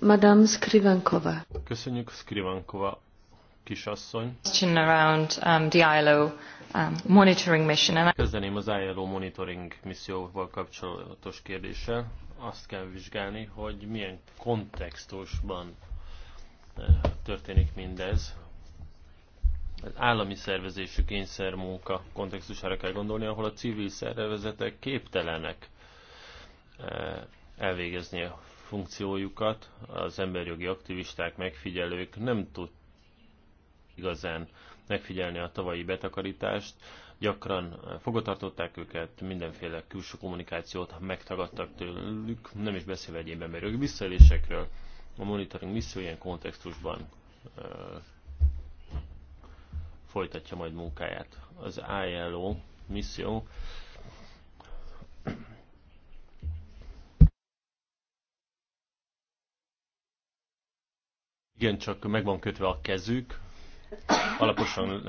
Madame Skrivankova.
Köszönjük Skrivankova kisasszony.
Around, um, the ILO, um, monitoring mission. And
Kezdeném az ILO monitoring misszióval kapcsolatos kérdéssel. Azt kell vizsgálni, hogy milyen kontextusban történik mindez. Az állami szervezésű kényszermunka kontextusára kell gondolni, ahol a civil szervezetek képtelenek eh, elvégezni a funkciójukat, az emberjogi aktivisták, megfigyelők nem tud igazán megfigyelni a tavalyi betakarítást, gyakran eh, fogotartották őket, mindenféle külső kommunikációt megtagadtak tőlük, nem is beszélve egyéb emberjogi visszaélésekről, a monitoring misszió ilyen kontextusban folytatja majd munkáját. Az ILO misszió igen, csak meg van kötve a kezük, alaposan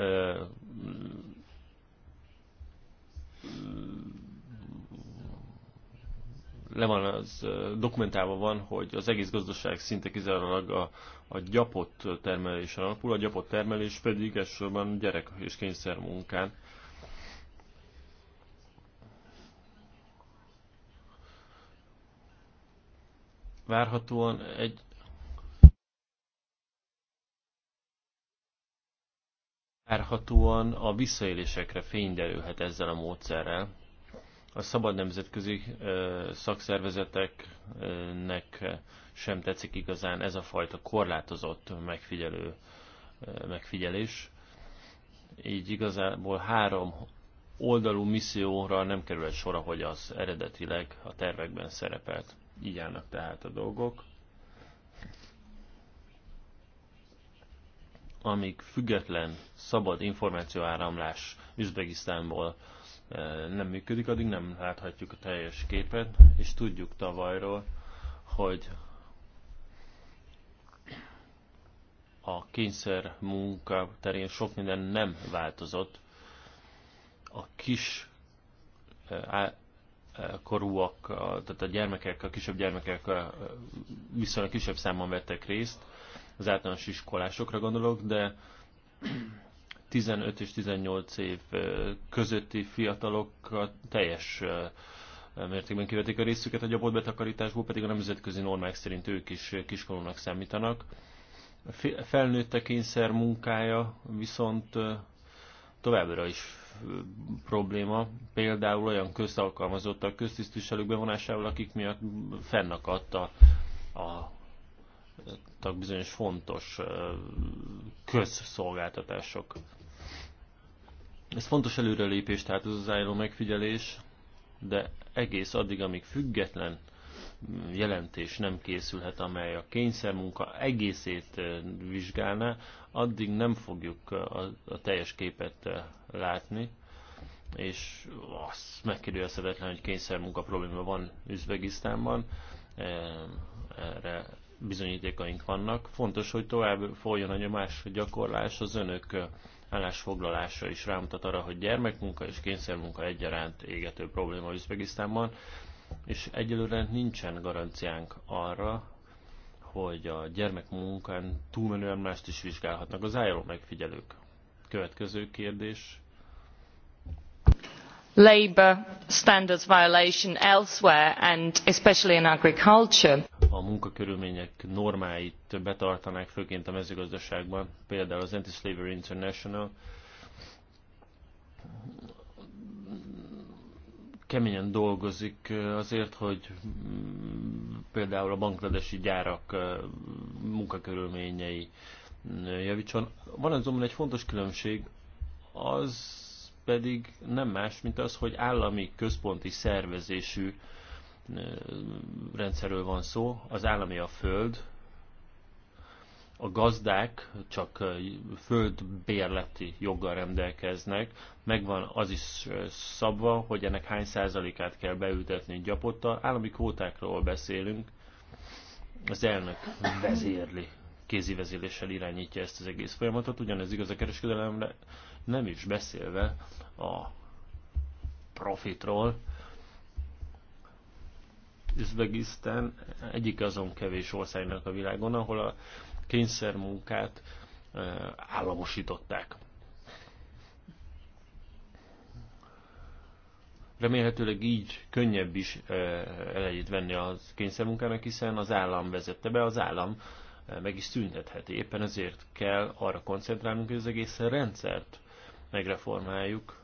le van az dokumentálva van, hogy az egész gazdaság szinte kizárólag a, a gyapott termelésen alapul, a gyapott termelés pedig elsősorban gyerek és kényszer munkán. Várhatóan egy várhatóan a visszaélésekre fény derülhet ezzel a módszerrel a szabad nemzetközi szakszervezeteknek sem tetszik igazán ez a fajta korlátozott megfigyelő megfigyelés. Így igazából három oldalú misszióra nem került sor, ahogy az eredetileg a tervekben szerepelt. Így állnak tehát a dolgok. Amíg független, szabad információáramlás Üzbegisztánból nem működik, addig nem láthatjuk a teljes képet, és tudjuk tavalyról, hogy a kényszer munka terén sok minden nem változott. A kis korúak, tehát a gyermekek, a kisebb gyermekek viszonylag kisebb számban vettek részt, az általános iskolásokra gondolok, de 15 és 18 év közötti fiatalok teljes mértékben kivetik a részüket a gyapott betakarításból, pedig a nemzetközi normák szerint ők is kiskolónak számítanak. A felnőtte kényszer munkája viszont továbbra is probléma, például olyan közalkalmazottak, köztisztviselők bevonásával, akik miatt fennakadt a, a bizonyos fontos közszolgáltatások. Ez fontos előrelépés, tehát ez az álló megfigyelés, de egész addig, amíg független jelentés nem készülhet, amely a kényszermunka egészét eh, vizsgálná, addig nem fogjuk eh, a, a teljes képet eh, látni, és az, megkérdőjelezhetetlen, hogy kényszermunka probléma van Üzbegisztánban, erre bizonyítékaink vannak. Fontos, hogy tovább folyjon a nyomás gyakorlás az önök állásfoglalása is rámutat arra, hogy gyermekmunka és kényszermunka egyaránt égető probléma Üzbegisztánban, és egyelőre nincsen garanciánk arra, hogy a gyermekmunkán túlmenően mást is vizsgálhatnak az álló megfigyelők. Következő kérdés
labour standards violation elsewhere and especially in agriculture.
A munkakörülmények normáit betartanák főként a mezőgazdaságban, például az Anti-Slavery International keményen dolgozik azért, hogy például a bangladesi gyárak munkakörülményei javítson. Van azonban egy fontos különbség, az pedig nem más, mint az, hogy állami központi szervezésű rendszerről van szó, az állami a föld, a gazdák csak földbérleti joggal rendelkeznek, megvan az is szabva, hogy ennek hány százalékát kell beültetni gyapotta, állami kvótákról beszélünk, az elnök vezérli, kézi vezéléssel irányítja ezt az egész folyamatot, ugyanez igaz a kereskedelemre, nem is beszélve a profitról. Üzbegisztán egyik azon kevés országnak a világon, ahol a kényszermunkát eh, államosították. Remélhetőleg így könnyebb is eh, elejét venni a kényszermunkának, hiszen az állam vezette be, az állam eh, meg is szüntetheti. Éppen ezért kell arra koncentrálnunk, hogy az egész rendszert megreformáljuk,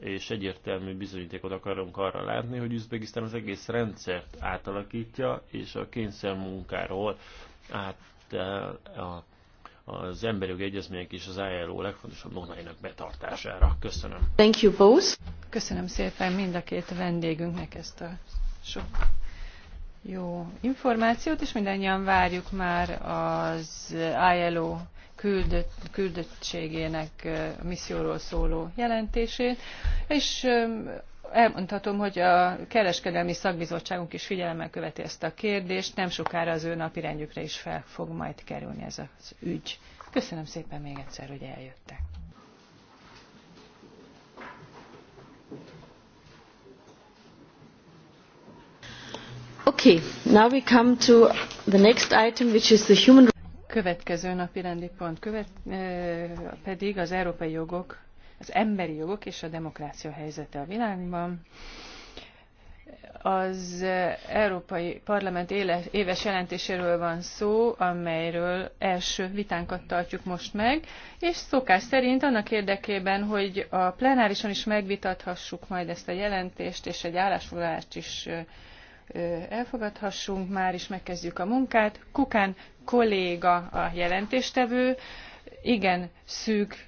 és egyértelmű bizonyítékot akarunk arra látni, hogy Üzbegisztán az egész rendszert átalakítja, és a kényszermunkáról át eh, a, az emberi jogi egyezmények és az ILO legfontosabb normáinak betartására. Köszönöm.
Thank you both.
Köszönöm szépen mind a két vendégünknek ezt a sok jó információt, és mindannyian várjuk már az ILO küldött, küldöttségének misszióról szóló jelentését, és elmondhatom, hogy a kereskedelmi szakbizottságunk is figyelemmel követi ezt a kérdést, nem sokára az ő napirendjükre is fel fog majd kerülni ez az ügy. Köszönöm szépen még egyszer, hogy eljöttek.
Okay, now we come to the next item, which is the human
következő napi rendi pont követ, pedig az európai jogok, az emberi jogok és a demokrácia helyzete a világban. Az Európai Parlament éves jelentéséről van szó, amelyről első vitánkat tartjuk most meg, és szokás szerint annak érdekében, hogy a plenárison is megvitathassuk majd ezt a jelentést, és egy állásfoglalást is elfogadhassunk már, is megkezdjük a munkát. Kukán kolléga a jelentéstevő, igen szűk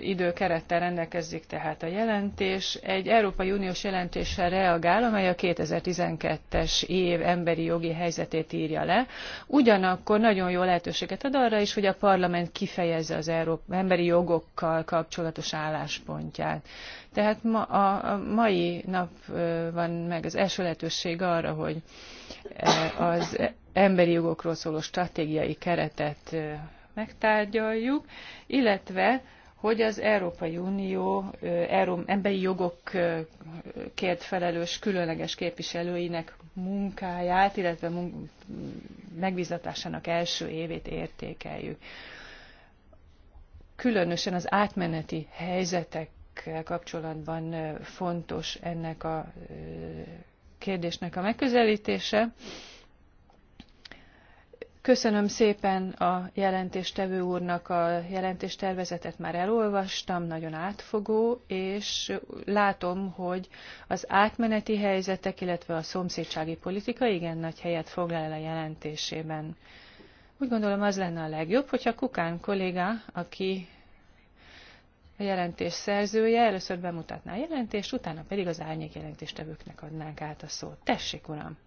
időkerettel rendelkezik tehát a jelentés. Egy Európai Uniós jelentéssel reagál, amely a 2012-es év emberi jogi helyzetét írja le. Ugyanakkor nagyon jó lehetőséget ad arra is, hogy a parlament kifejezze az emberi jogokkal kapcsolatos álláspontját. Tehát ma, a, a mai nap van meg az első lehetőség arra, hogy az emberi jogokról szóló stratégiai keretet megtárgyaljuk, illetve hogy az Európai Unió emberi jogokért felelős különleges képviselőinek munkáját, illetve mun- megbízatásának első évét értékeljük. Különösen az átmeneti helyzetekkel kapcsolatban fontos ennek a kérdésnek a megközelítése Köszönöm szépen a jelentéstevő úrnak a jelentéstervezetet, már elolvastam, nagyon átfogó, és látom, hogy az átmeneti helyzetek, illetve a szomszédsági politika igen nagy helyet foglal el a jelentésében. Úgy gondolom az lenne a legjobb, hogyha Kukán kolléga, aki a jelentés szerzője, először bemutatná a jelentést, utána pedig az árnyék jelentéstevőknek adnánk át a szót. Tessék, uram!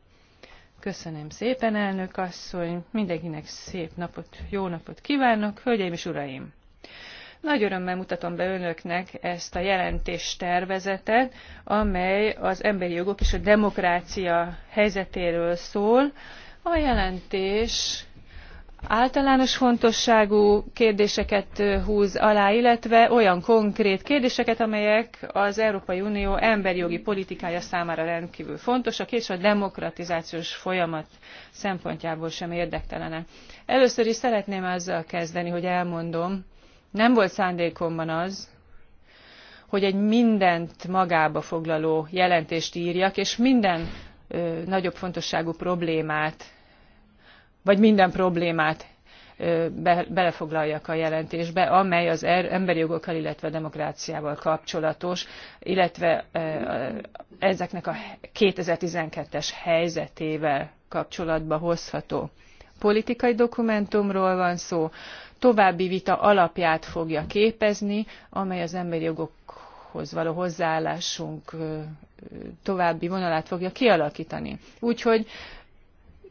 Köszönöm szépen, elnök asszony. Mindenkinek szép napot, jó napot kívánok. Hölgyeim és uraim! Nagy örömmel mutatom be önöknek ezt a jelentés tervezetet, amely az emberi jogok és a demokrácia helyzetéről szól. A jelentés általános fontosságú kérdéseket húz alá, illetve olyan konkrét kérdéseket, amelyek az Európai Unió emberi jogi politikája számára rendkvül fontosak, és a demokratizációs folyamat szempontjából sem érdektelenek. Először is szeretném azzal kezdeni, hogy elmondom, nem volt szándékomban az, hogy egy mindent magába foglaló jelentést írjak, és minden nagyobb fontosságú problémát vagy minden problémát be, belefoglaljak a jelentésbe, amely az er, emberi jogokkal, illetve a demokráciával kapcsolatos, illetve ezeknek a 2012-es helyzetével kapcsolatba hozható. Politikai dokumentumról van szó, további vita alapját fogja képezni, amely az emberi jogokhoz való hozzáállásunk további vonalát fogja kialakítani. Úgyhogy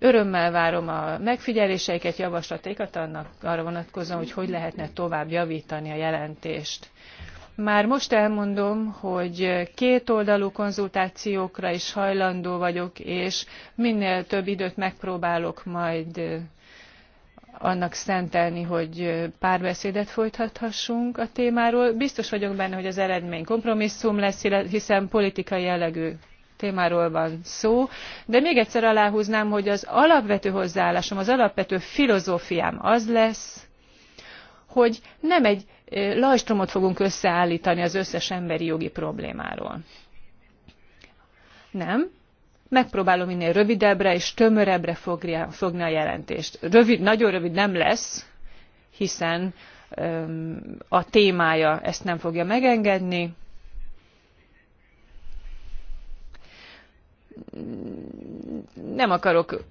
Örömmel várom a megfigyeléseiket, javaslataikat annak arra vonatkozóan, hogy hogy lehetne tovább javítani a jelentést. Már most elmondom, hogy kétoldalú konzultációkra is hajlandó vagyok, és minél több időt megpróbálok majd annak szentelni, hogy párbeszédet folytathassunk a témáról. Biztos vagyok benne, hogy az eredmény kompromisszum lesz, hiszen politikai jellegű témáról van szó, de még egyszer aláhúznám, hogy az alapvető hozzáállásom, az alapvető filozófiám az lesz, hogy nem egy lajstromot fogunk összeállítani az összes emberi jogi problémáról. Nem, megpróbálom minél rövidebbre és tömörebbre fogni a jelentést. Rövid, nagyon rövid nem lesz, hiszen a témája ezt nem fogja megengedni, nem akarok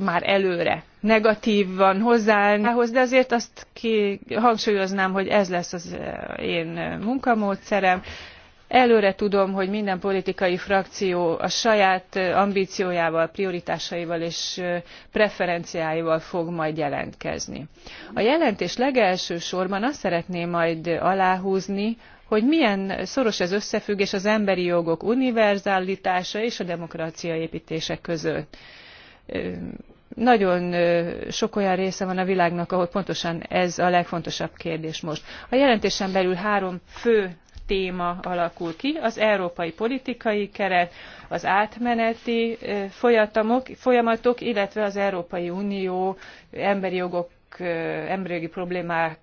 már előre negatívan hozzáállni de azért azt ki, hangsúlyoznám, hogy ez lesz az eh, én munkamódszerem. Előre tudom, hogy minden politikai frakció a saját eh, ambíciójával, prioritásaival és eh, preferenciáival fog majd jelentkezni. A jelentés legelső sorban azt szeretném majd aláhúzni, hogy milyen szoros az összefüggés az emberi jogok univerzálitása és a demokrácia építése között. Nagyon sok olyan része van a világnak, ahol pontosan ez a legfontosabb kérdés most. A jelentésen belül három fő téma alakul ki, az európai politikai keret, az átmeneti folyamatok, folyamatok illetve az Európai Unió emberi jogok emberi jogi problémák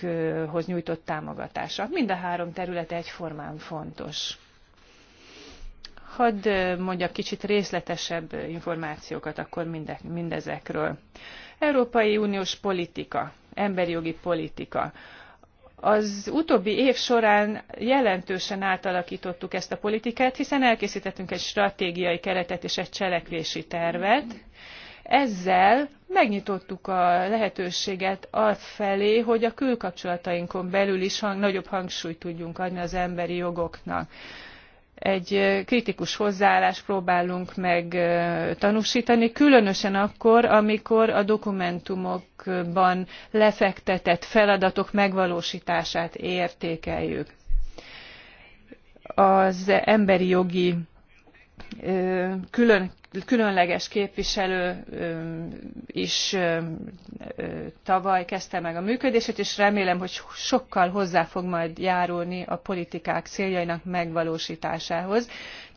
területekhoz nyújtott támogatása. Mind a három terület egyformán fontos. Hadd mondjak kicsit részletesebb információkat akkor minde, mindezekről. Európai Uniós politika, emberi jogi politika. Az utóbbi év során jelentősen átalakítottuk ezt a politikát, hiszen elkészítettünk egy stratégiai keretet és egy cselekvési tervet, ezzel megnyitottuk a lehetőséget az felé, hogy a külkapcsolatainkon belül is hang, nagyobb hangsúlyt tudjunk adni az emberi jogoknak egy kritikus hozzáállást próbálunk meg tanúsítani, különösen akkor, amikor a dokumentumokban lefektetett feladatok megvalósítását értékeljük. Az emberi jogi külön, különleges képviselő is tavaly kezdte meg a működését, és remélem, hogy sokkal hozzá fog majd járulni a politikák céljainak megvalósításához.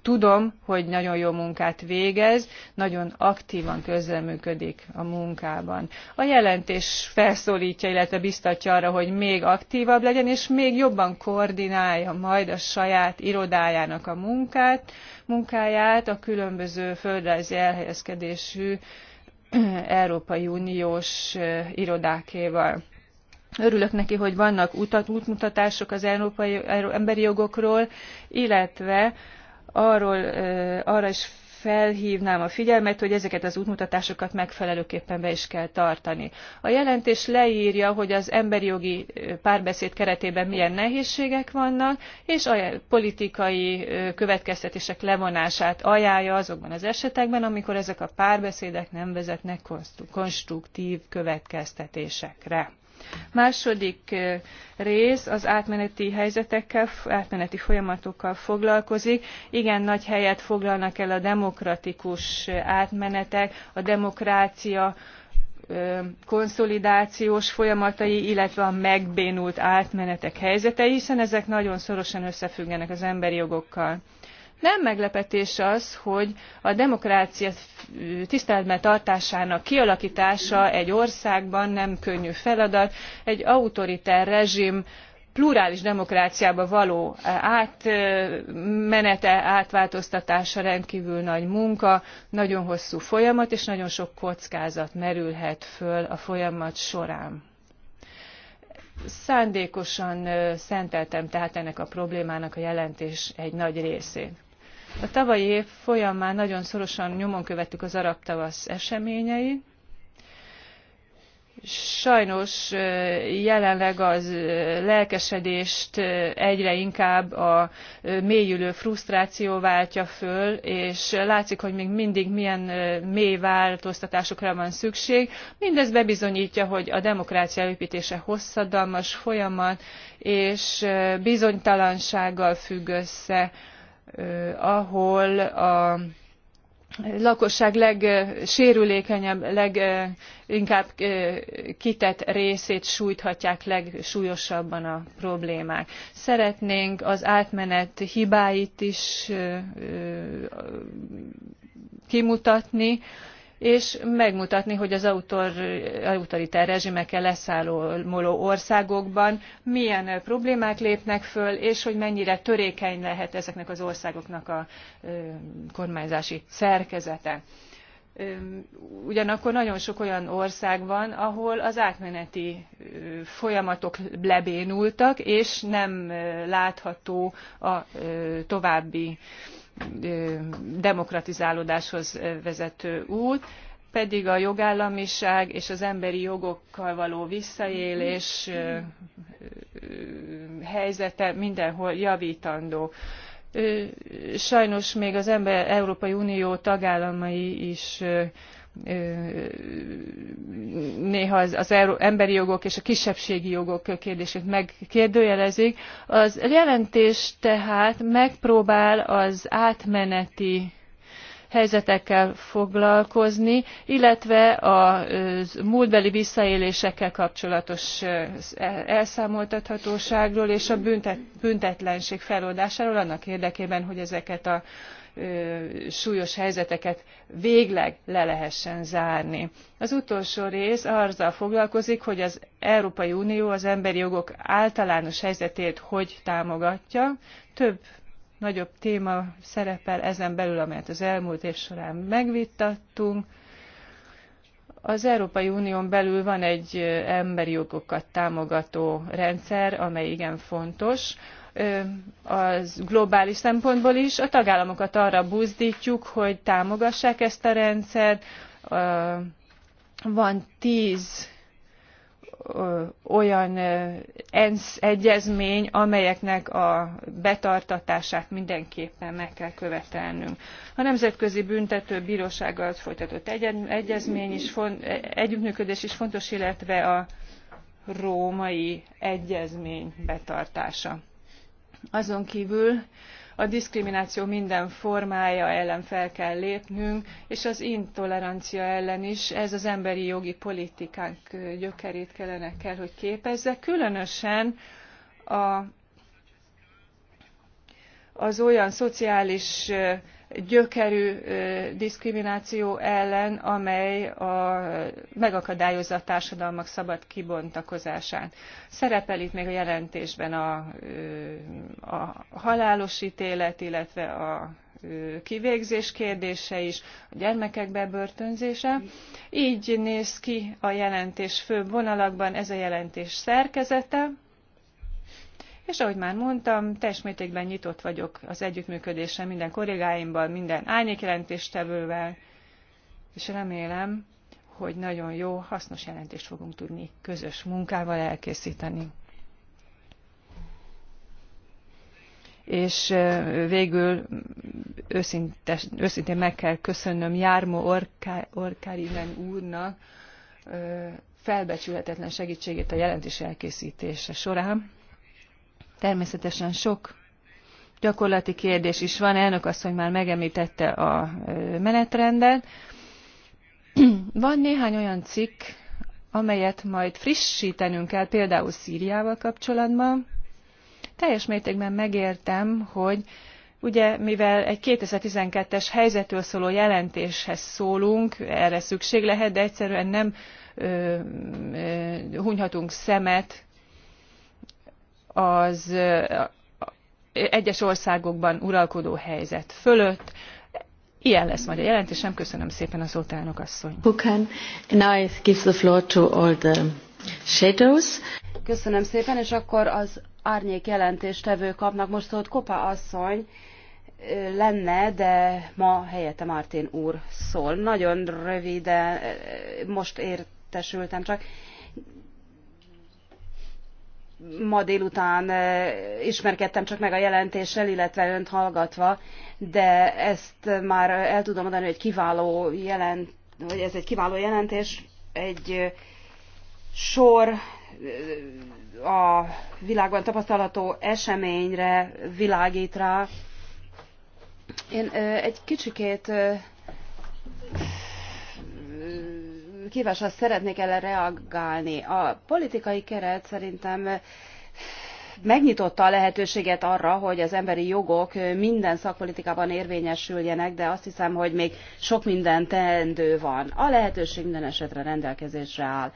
Tudom, hogy nagyon jó munkát végez, nagyon aktívan közreműködik a munkában. A jelentés felszólítja, illetve biztatja arra, hogy még aktívabb legyen, és még jobban koordinálja majd a saját irodájának a munkát, munkáját a különböző földrajzi elhelyezkedésű Európai Uniós irodákéval. Örülök neki, hogy vannak utat, útmutatások az európai emberi jogokról, illetve arról, arra is felhívnám a figyelmet, hogy ezeket az útmutatásokat megfelelőképpen be is kell tartani. A jelentés leírja, hogy az emberi jogi párbeszéd keretében milyen nehézségek vannak, és a politikai következtetések levonását ajánlja azokban az esetekben, amikor ezek a párbeszédek nem vezetnek konstruktív következtetésekre. Második rész az átmeneti helyzetekkel, átmeneti folyamatokkal foglalkozik. Igen, nagy helyet foglalnak el a demokratikus átmenetek, a demokrácia konszolidációs folyamatai, illetve a megbénult átmenetek helyzete, hiszen ezek nagyon szorosan összefüggenek az emberi jogokkal. Nem meglepetés az, hogy a demokrácia tiszteletben tartásának kialakítása egy országban nem könnyű feladat. Egy autoriter rezsim plurális demokráciába való átmenete, átváltoztatása rendkívül nagy munka, nagyon hosszú folyamat, és nagyon sok kockázat merülhet föl a folyamat során. Szándékosan szenteltem tehát ennek a problémának a jelentés egy nagy részét. A tavalyi év folyamán nagyon szorosan nyomon követtük az arab tavasz eseményeit, sajnos jelenleg az lelkesedést egyre inkább a mélyülő frusztráció váltja föl, és látszik, hogy még mindig milyen mély változtatásokra van szükség. Mindez bebizonyítja, hogy a demokrácia építése hosszadalmas folyamat, és bizonytalansággal függ össze ahol a lakosság legsérülékenyebb, leginkább kitett részét sújthatják legsúlyosabban a problémák. Szeretnénk az átmenet hibáit is kimutatni, és megmutatni, hogy az autoriter rezsimekkel leszámoló országokban milyen problémák lépnek föl, és hogy mennyire törékeny lehet ezeknek az országoknak a kormányzási szerkezete. Ugyanakkor nagyon sok olyan ország van, ahol az átmeneti folyamatok lebénultak, és nem látható a további demokratizálódáshoz vezető út, pedig a jogállamiság és az emberi jogokkal való visszaélés helyzete mindenhol javítandó. Sajnos még az ember, Európai Unió tagállamai is néha az, az er, emberi jogok és a kisebbségi jogok kérdését megkérdőjelezik. Az jelentés tehát megpróbál az átmeneti helyzetekkel foglalkozni, illetve a múltbeli visszaélésekkel kapcsolatos elszámoltathatóságról és a büntet, büntetlenség feloldásáról annak érdekében, hogy ezeket a súlyos helyzeteket végleg le lehessen zárni. Az utolsó rész azzal foglalkozik, hogy az Európai Unió az emberi jogok általános helyzetét hogy támogatja. Több nagyobb téma szerepel ezen belül, amelyet az elmúlt év során megvitattunk. Az Európai Unión belül van egy emberi jogokat támogató rendszer, amely igen fontos az globális szempontból is. A tagállamokat arra buzdítjuk, hogy támogassák ezt a rendszert. Van tíz olyan ENSZ egyezmény, amelyeknek a betartatását mindenképpen meg kell követelnünk. A Nemzetközi Büntető Bírósággal folytatott egyezmény is, e, együttműködés is fontos, illetve a római egyezmény betartása azon kívül a diszkrimináció minden formája ellen fel kell lépnünk, és az intolerancia ellen is, ez az emberi jogi politikánk gyökerét kellene kell, hogy képezze, különösen a, az olyan szociális gyökerű diszkrimináció ellen, amely a, megakadályozza a társadalmak szabad kibontakozását. Szerepel itt még a jelentésben a, a halálos ítélet, illetve a kivégzés kérdése is, a gyermekek bebörtönzése. Így néz ki a jelentés fő vonalakban ez a jelentés szerkezete és ahogy már mondtam, teljes mértékben nyitott vagyok az együttműködésre minden kollégáimmal, minden árnyékjelentéstevővel, és remélem, hogy nagyon jó, hasznos jelentést fogunk tudni közös munkával elkészíteni. És végül őszintes, őszintén meg kell köszönnöm Jármo Orká, Orkárinen úrnak felbecsülhetetlen segítségét a jelentés elkészítése során Természetesen sok gyakorlati kérdés is van, elnök asszony már megemlítette a menetrendet. Van néhány olyan cikk, amelyet majd frissítenünk kell, például Szíriával kapcsolatban. Teljes mértékben megértem, hogy ugye mivel egy 2012-es helyzetről szóló jelentéshez szólunk, erre szükség lehet, de egyszerűen nem ö, ö, hunyhatunk szemet az egyes országokban uralkodó helyzet fölött. Ilyen lesz majd a jelentésem. Köszönöm szépen a szót, elnök asszony.
Now I give the floor to all the shadows.
Köszönöm szépen, és akkor az árnyék jelentéstevő kapnak most szót. Kopa asszony lenne, de ma helyette Martin úr szól. Nagyon röviden, most értesültem csak ma délután e, ismerkedtem csak meg a jelentéssel, illetve önt hallgatva, de ezt már el tudom mondani, hogy kiváló jelent, hogy ez egy kiváló jelentés, egy e, sor e, a világban tapasztalható eseményre világít rá. Én egy kicsikét azt szeretnék erre reagálni. A politikai keret szerintem megnyitotta a lehetőséget arra, hogy az emberi jogok minden szakpolitikában érvényesüljenek, de azt hiszem, hogy még sok minden teendő van. A lehetőség minden esetre rendelkezésre áll.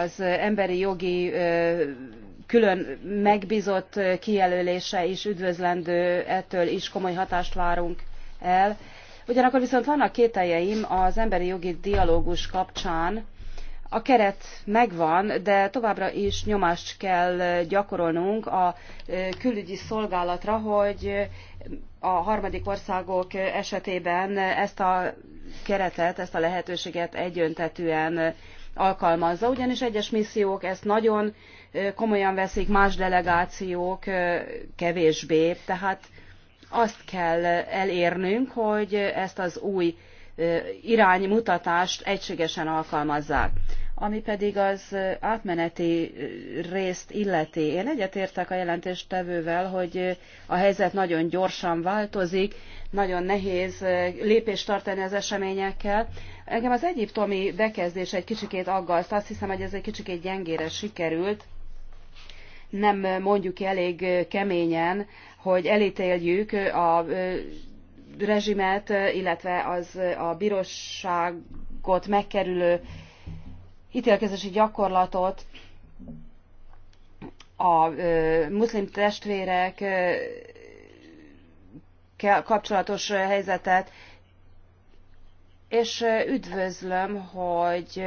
Az emberi jogi külön megbízott kijelölése is üdvözlendő, ettől is komoly hatást várunk el Ugyanakkor viszont vannak kételjeim az emberi jogi dialógus kapcsán. A keret megvan, de továbbra is nyomást kell gyakorolnunk a e, külügyi szolgálatra, hogy a harmadik országok esetében ezt a keretet, ezt a lehetőséget egyöntetűen alkalmazza, ugyanis egyes missziók ezt nagyon e, komolyan veszik, más delegációk e, kevésbé, tehát azt kell elérnünk, hogy ezt az új iránymutatást egységesen alkalmazzák. Ami pedig az átmeneti részt illeti. Én egyetértek a jelentéstevővel, hogy a helyzet nagyon gyorsan változik, nagyon nehéz lépést tartani az eseményekkel. Engem az egyiptomi bekezdés egy kicsikét aggaszt, azt hiszem, hogy ez egy kicsikét gyengére sikerült. Nem mondjuk elég keményen, hogy elítéljük a rezsimet, illetve az a bíróságot megkerülő ítélkezési gyakorlatot a muszlim testvérek kapcsolatos helyzetet, és üdvözlöm, hogy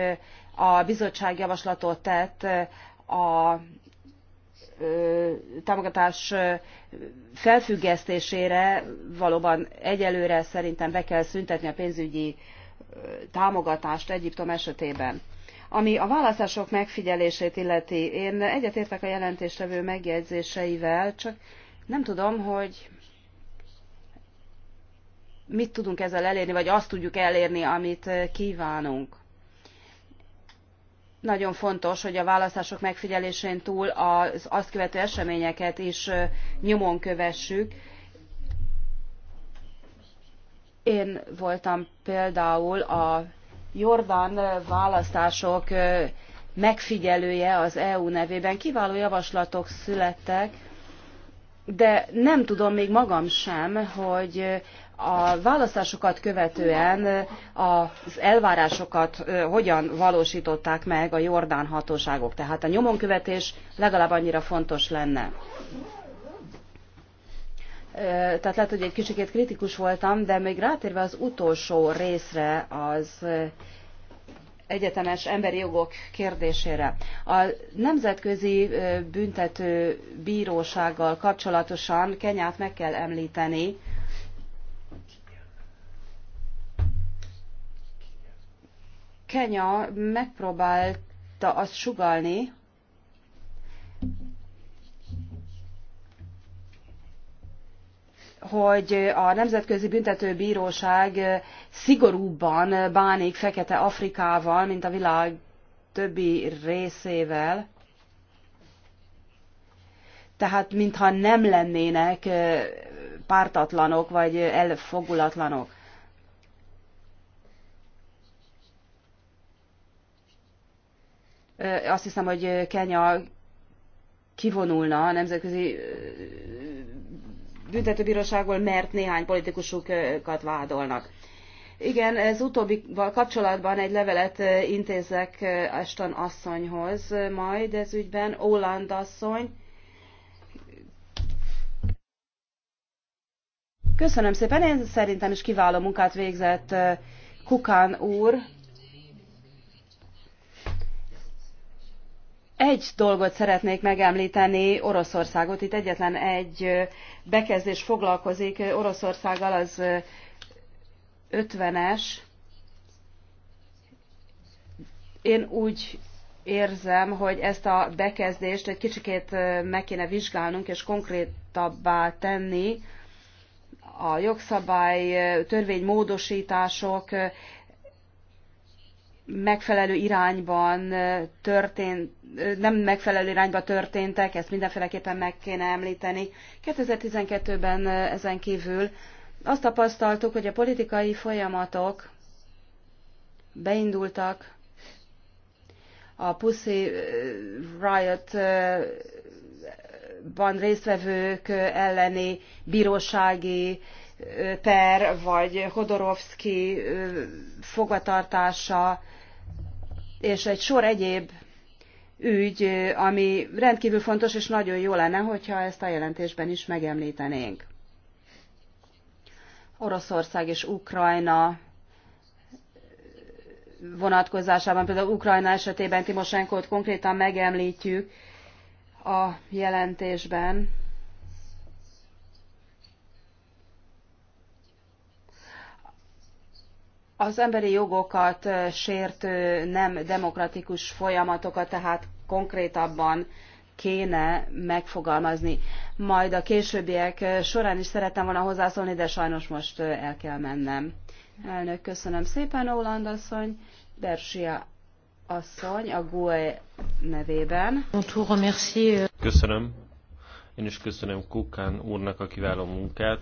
a bizottság javaslatot tett a támogatás felfüggesztésére valóban egyelőre szerintem be kell szüntetni a pénzügyi támogatást Egyiptom esetében. Ami a választások megfigyelését illeti, én egyetértek a jelentéstevő megjegyzéseivel, csak nem tudom, hogy mit tudunk ezzel elérni, vagy azt tudjuk elérni, amit kívánunk nagyon fontos, hogy a választások megfigyelésén túl az azt követő eseményeket is nyomon kövessük. Én voltam például a Jordán választások megfigyelője az EU nevében. Kiváló javaslatok születtek, de nem tudom még magam sem, hogy a választásokat követően az elvárásokat hogyan valósították meg a jordán hatóságok. Tehát a nyomonkövetés legalább annyira fontos lenne. Tehát lehet, hogy egy kicsikét kritikus voltam, de még rátérve az utolsó részre az egyetemes emberi jogok kérdésére. A Nemzetközi Büntető Bírósággal kapcsolatosan Kenyát meg kell említeni, Kenya megpróbálta azt sugalni, hogy a Nemzetközi Büntetőbíróság szigorúbban bánik Fekete Afrikával, mint a világ többi részével. Tehát, mintha nem lennének pártatlanok vagy elfogulatlanok. azt hiszem, hogy Kenya kivonulna a nemzetközi büntetőbíróságból, mert néhány politikusukat vádolnak. Igen, ez utóbbi kapcsolatban egy levelet intézek Aston asszonyhoz majd ez ügyben, Oland asszony. Köszönöm szépen, én szerintem is kiváló munkát végzett Kukán úr. Egy dolgot szeretnék megemlíteni, Oroszországot. Itt egyetlen egy bekezdés foglalkozik Oroszországgal, az 50-es. Én úgy érzem, hogy ezt a bekezdést egy kicsikét meg kéne vizsgálnunk és konkrétabbá tenni. A jogszabály, törvénymódosítások megfelelő irányban történt, nem megfelelő irányban történtek, ezt mindenféleképpen meg kéne említeni. 2012-ben ezen kívül azt tapasztaltuk, hogy a politikai folyamatok beindultak a Pussy Riot-ban résztvevők elleni bírósági per, vagy Hodorovsky fogvatartása, és egy sor egyéb ügy, ami rendkívül fontos, és nagyon jó lenne, hogyha ezt a jelentésben is megemlítenénk. Oroszország és Ukrajna vonatkozásában, például Ukrajna esetében Timosenkót konkrétan megemlítjük a jelentésben. az emberi jogokat sértő nem demokratikus folyamatokat tehát konkrétabban kéne megfogalmazni. Majd a későbbiek során is szerettem volna hozzászólni, de sajnos most el kell mennem. Elnök, köszönöm szépen, Óland asszony, Bersia asszony a GUE nevében.
Euh,
köszönöm. Én is köszönöm Kukán úrnak a kiváló munkát.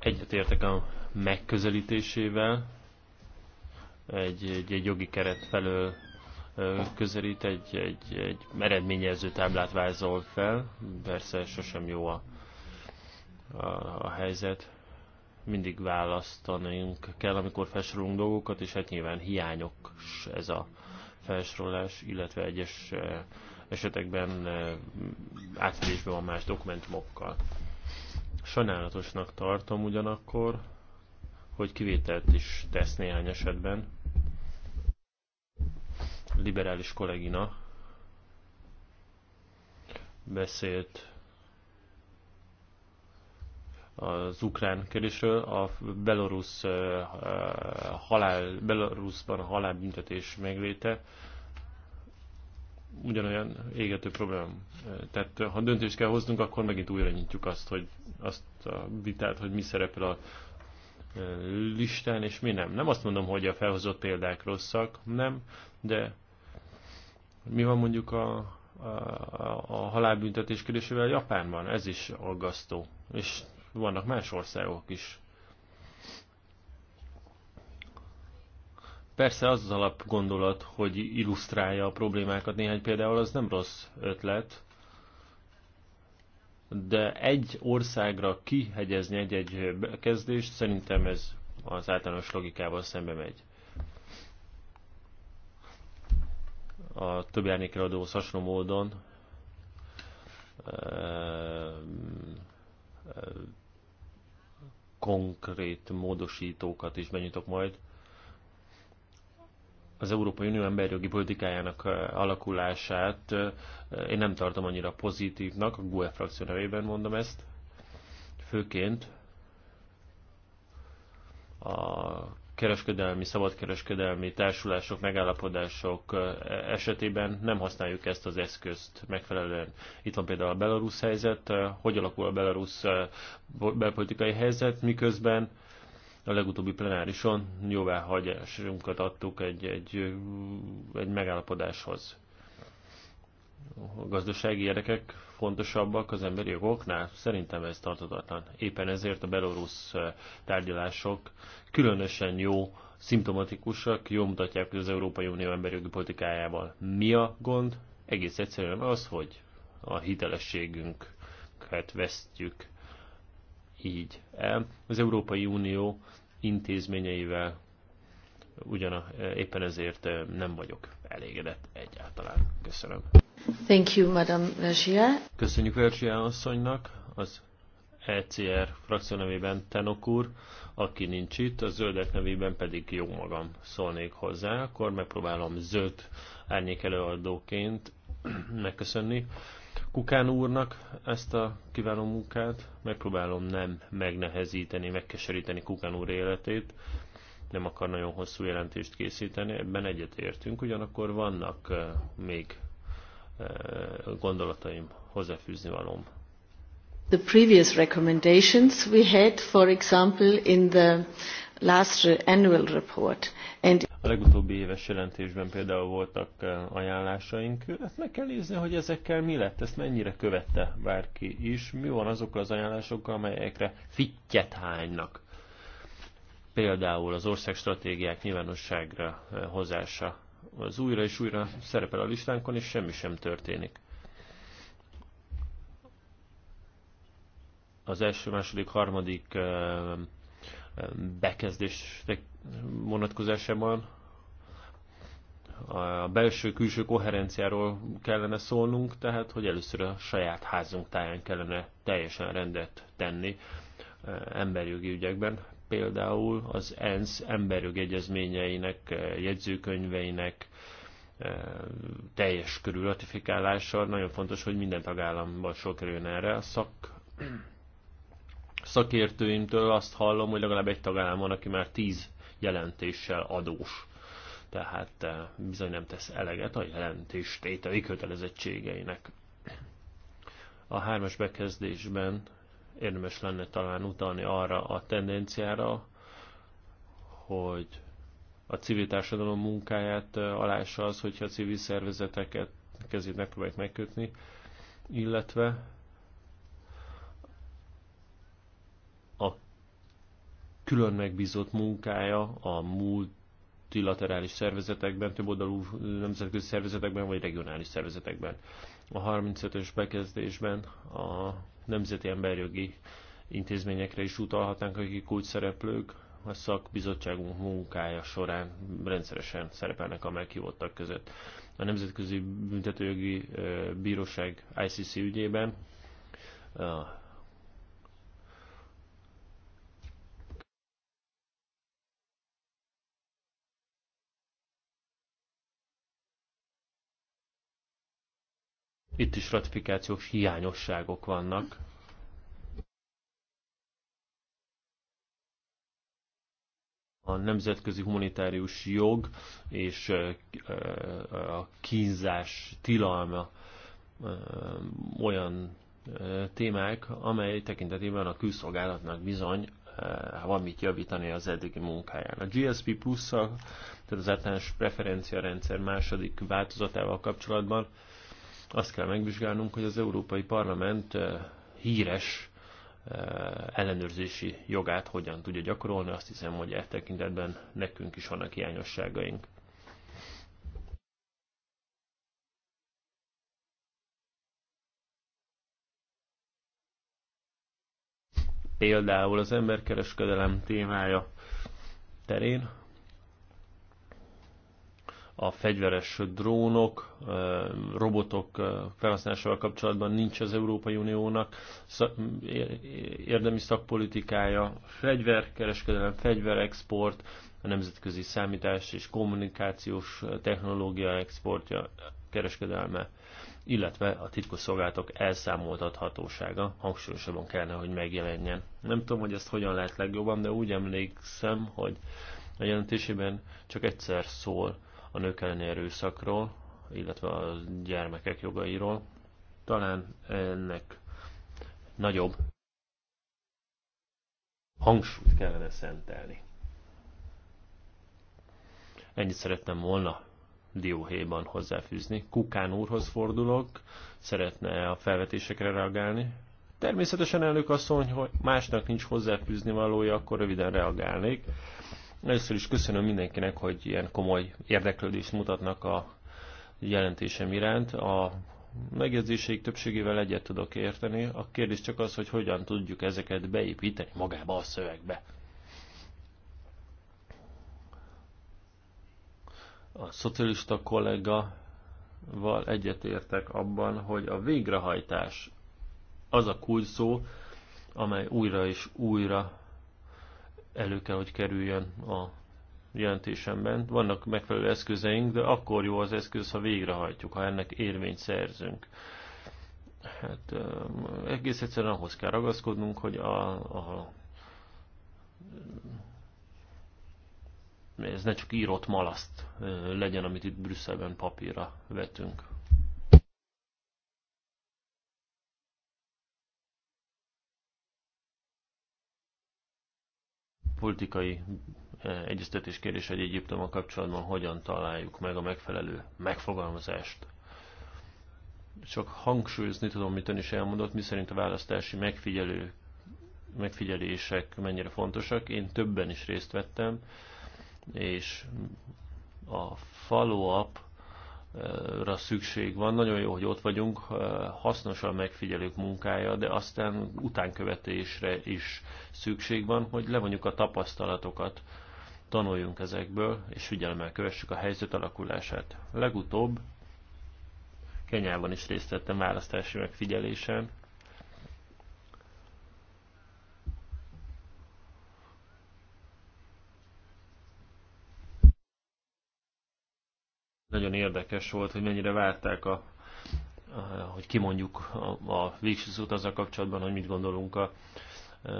Egyetértek a megközelítésével, egy, egy, egy jogi keret felől közelít, egy, egy, egy eredményező táblát vázol fel, persze sosem jó a, a, a helyzet. Mindig választanunk kell, amikor felsorolunk dolgokat, és hát nyilván hiányok ez a felsorolás, illetve egyes esetekben eh, átfedésben van más dokumentumokkal. Sajnálatosnak tartom ugyanakkor, hogy kivételt is tesz néhány esetben. Liberális kollégina beszélt az ukrán kérdésről, a belorusz eh, eh, halál, Belarusban a halálbüntetés megléte, ugyanolyan égető probléma. Tehát ha döntést kell hoznunk, akkor megint újra nyitjuk azt, hogy azt a vitát, hogy mi szerepel a e, listán, és mi nem. Nem azt mondom, hogy a felhozott példák rosszak, nem, de mi van mondjuk a, a, a halálbüntetés kérdésével Japánban? Ez is aggasztó. És vannak más országok is, Persze az az alapgondolat, hogy illusztrálja a problémákat néhány példával, az nem rossz ötlet, de egy országra kihegyezni egy-egy kezdést, szerintem ez az általános logikával szembe megy. A több adó hasonló módon ehm, ehm, konkrét módosítókat is benyitok majd az Európai Unió emberjogi politikájának alakulását én nem tartom annyira pozitívnak, a GUE frakció nevében mondom ezt, főként a kereskedelmi, szabadkereskedelmi társulások, megállapodások esetében nem használjuk ezt az eszközt megfelelően. Itt van például a belarusz helyzet, hogy alakul a belarusz belpolitikai helyzet, miközben a legutóbbi plenárison jóváhagyásunkat adtuk egy, egy, egy megállapodáshoz. A gazdasági érdekek fontosabbak az emberi jogoknál? Szerintem ez tartozatlan. Éppen ezért a belorusz tárgyalások különösen jó, szimptomatikusak, jól mutatják, hogy az Európai Unió emberi jogi politikájával mi a gond. Egész egyszerűen az, hogy a hitelességünket vesztjük így el. Az Európai Unió intézményeivel ugyan eh, éppen ezért eh, nem vagyok elégedett egyáltalán. Köszönöm.
Thank you, Madam Vergia.
Köszönjük Vergia asszonynak, az ECR frakció nevében Tenok úr, aki nincs itt, a zöldek nevében pedig jó magam szólnék hozzá, akkor megpróbálom zöld árnyék előadóként megköszönni Kukán úrnak ezt a kiváló munkát. Megpróbálom nem megnehezíteni, megkeseríteni Kukán úr életét. Nem akar nagyon hosszú jelentést készíteni, ebben egyetértünk, ugyanakkor vannak eh, még eh, gondolataim, hozzáfűzni valóm.
The previous recommendations we had, for example, in the last annual report.
And a legutóbbi éves jelentésben például voltak eh, ajánlásaink. Hát meg kell nézni, hogy ezekkel mi lett, ezt mennyire követte bárki is, mi van azokkal az ajánlásokkal, amelyekre fittyet hánynak. Például az ország stratégiák nyilvánosságra eh, hozása. Az újra és újra szerepel a listánkon, és semmi sem történik. Az első, második, harmadik eh, bekezdés vonatkozásában a belső-külső koherenciáról kellene szólnunk, tehát hogy először a saját házunk táján kellene teljesen rendet tenni eh, emberjogi ügyekben. Például az ENSZ emberjogi egyezményeinek, eh, jegyzőkönyveinek eh, teljes körű ratifikálása. Nagyon fontos, hogy minden tagállamban sok kerüljön erre. A szak szakértőimtől azt hallom, hogy legalább egy tagállam van, aki már tíz jelentéssel adós. Tehát eh, bizony nem tesz eleget a jelentés tételi kötelezettségeinek. A hármas bekezdésben érdemes lenne talán utalni arra a tendenciára, hogy a civil társadalom munkáját eh, alása az, hogyha a civil szervezeteket kezét megpróbálják megkötni, illetve külön megbízott munkája a multilaterális szervezetekben, több oldalú nemzetközi szervezetekben vagy regionális szervezetekben. A 35-ös bekezdésben a nemzeti emberjogi intézményekre is utalhatnánk, akik úgy szereplők, a szakbizottságunk munkája során rendszeresen szerepelnek a meghívottak között. A Nemzetközi Büntetőjogi Bíróság ICC ügyében Itt is ratifikációs hiányosságok vannak. A nemzetközi humanitárius jog és a kínzás tilalma olyan témák, amely tekintetében a külszolgálatnak bizony van mit javítani az eddigi munkáján. A GSP plusz, tehát az általános preferenciarendszer második változatával kapcsolatban azt kell megvizsgálnunk, hogy az Európai Parlament eh, híres eh, ellenőrzési jogát hogyan tudja gyakorolni. Azt hiszem, hogy e tekintetben nekünk is vannak hiányosságaink. Például az emberkereskedelem témája terén a fegyveres drónok, robotok felhasználásával kapcsolatban nincs az Európai Uniónak érdemi szakpolitikája, fegyverkereskedelem, fegyverexport, a nemzetközi számítás és kommunikációs technológia exportja, kereskedelme, illetve a titkosszolgálatok elszámoltathatósága hangsúlyosabban kellene, hogy megjelenjen. Nem tudom, hogy ezt hogyan lehet legjobban, de úgy emlékszem, hogy a jelentésében csak egyszer szól a nők elleni erőszakról, illetve a gyermekek jogairól. Talán ennek nagyobb hangsúlyt kellene szentelni. Ennyit szerettem volna dióhéjban hozzáfűzni. Kukán úrhoz fordulok, szeretne a felvetésekre reagálni. Természetesen elnök asszony, hogy másnak nincs hozzáfűzni valója, akkor röviden reagálnék. Először is köszönöm mindenkinek, hogy ilyen komoly érdeklődést mutatnak a jelentésem iránt. A megjegyzéseik többségével egyet tudok érteni. A kérdés csak az, hogy hogyan tudjuk ezeket beépíteni magába a szövegbe. A szocialista kollégaval egyetértek abban, hogy a végrehajtás az a szó, amely újra és újra elő kell, hogy kerüljön a jelentésemben. Vannak megfelelő eszközeink, de akkor jó az eszköz, ha végrehajtjuk, ha ennek érvényt szerzünk. Hát egész egyszerűen ahhoz kell ragaszkodnunk, hogy a, a ez ne csak írott malaszt legyen, amit itt Brüsszelben papírra vetünk. politikai eh, egyeztetés kérdés, hogy a kapcsolatban hogyan találjuk meg a megfelelő megfogalmazást. Csak hangsúlyozni tudom, mit ön is elmondott, miszerint a választási megfigyelő, megfigyelések mennyire fontosak. Én többen is részt vettem, és a follow-up ra szükség van. Nagyon jó, hogy ott vagyunk, hasznos a megfigyelők munkája, de aztán utánkövetésre is szükség van, hogy levonjuk a tapasztalatokat, tanuljunk ezekből, és figyelemmel kövessük a helyzet alakulását. Legutóbb Kenyában is részt vettem választási megfigyelésen, Nagyon érdekes volt, hogy mennyire várták a hogy kimondjuk a, a végső szót azzal kapcsolatban, hogy mit gondolunk a e,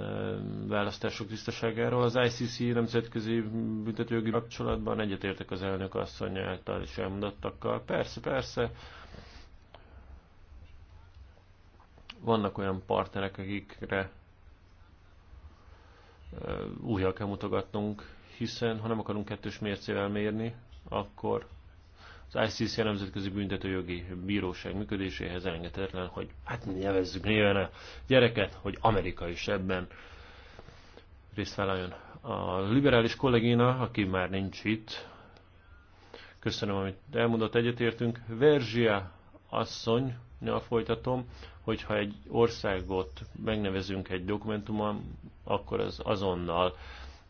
választások tisztaságáról. Az ICC nemzetközi büntetőjogi kapcsolatban egyetértek az elnök asszony által is elmondottakkal. Persze, persze. Vannak olyan partnerek, akikre e, újjal kell mutogatnunk, hiszen ha nem akarunk kettős mércével mérni, akkor az ICC a Nemzetközi Büntetőjogi Bíróság működéséhez elengedhetetlen, hogy hát nevezzük néven a gyereket, hogy Amerika is ebben részt vállaljon. A liberális kollégina, aki már nincs itt, köszönöm, amit elmondott, egyetértünk. Verzsia asszony, a folytatom, hogyha egy országot megnevezünk egy dokumentumon, akkor az azonnal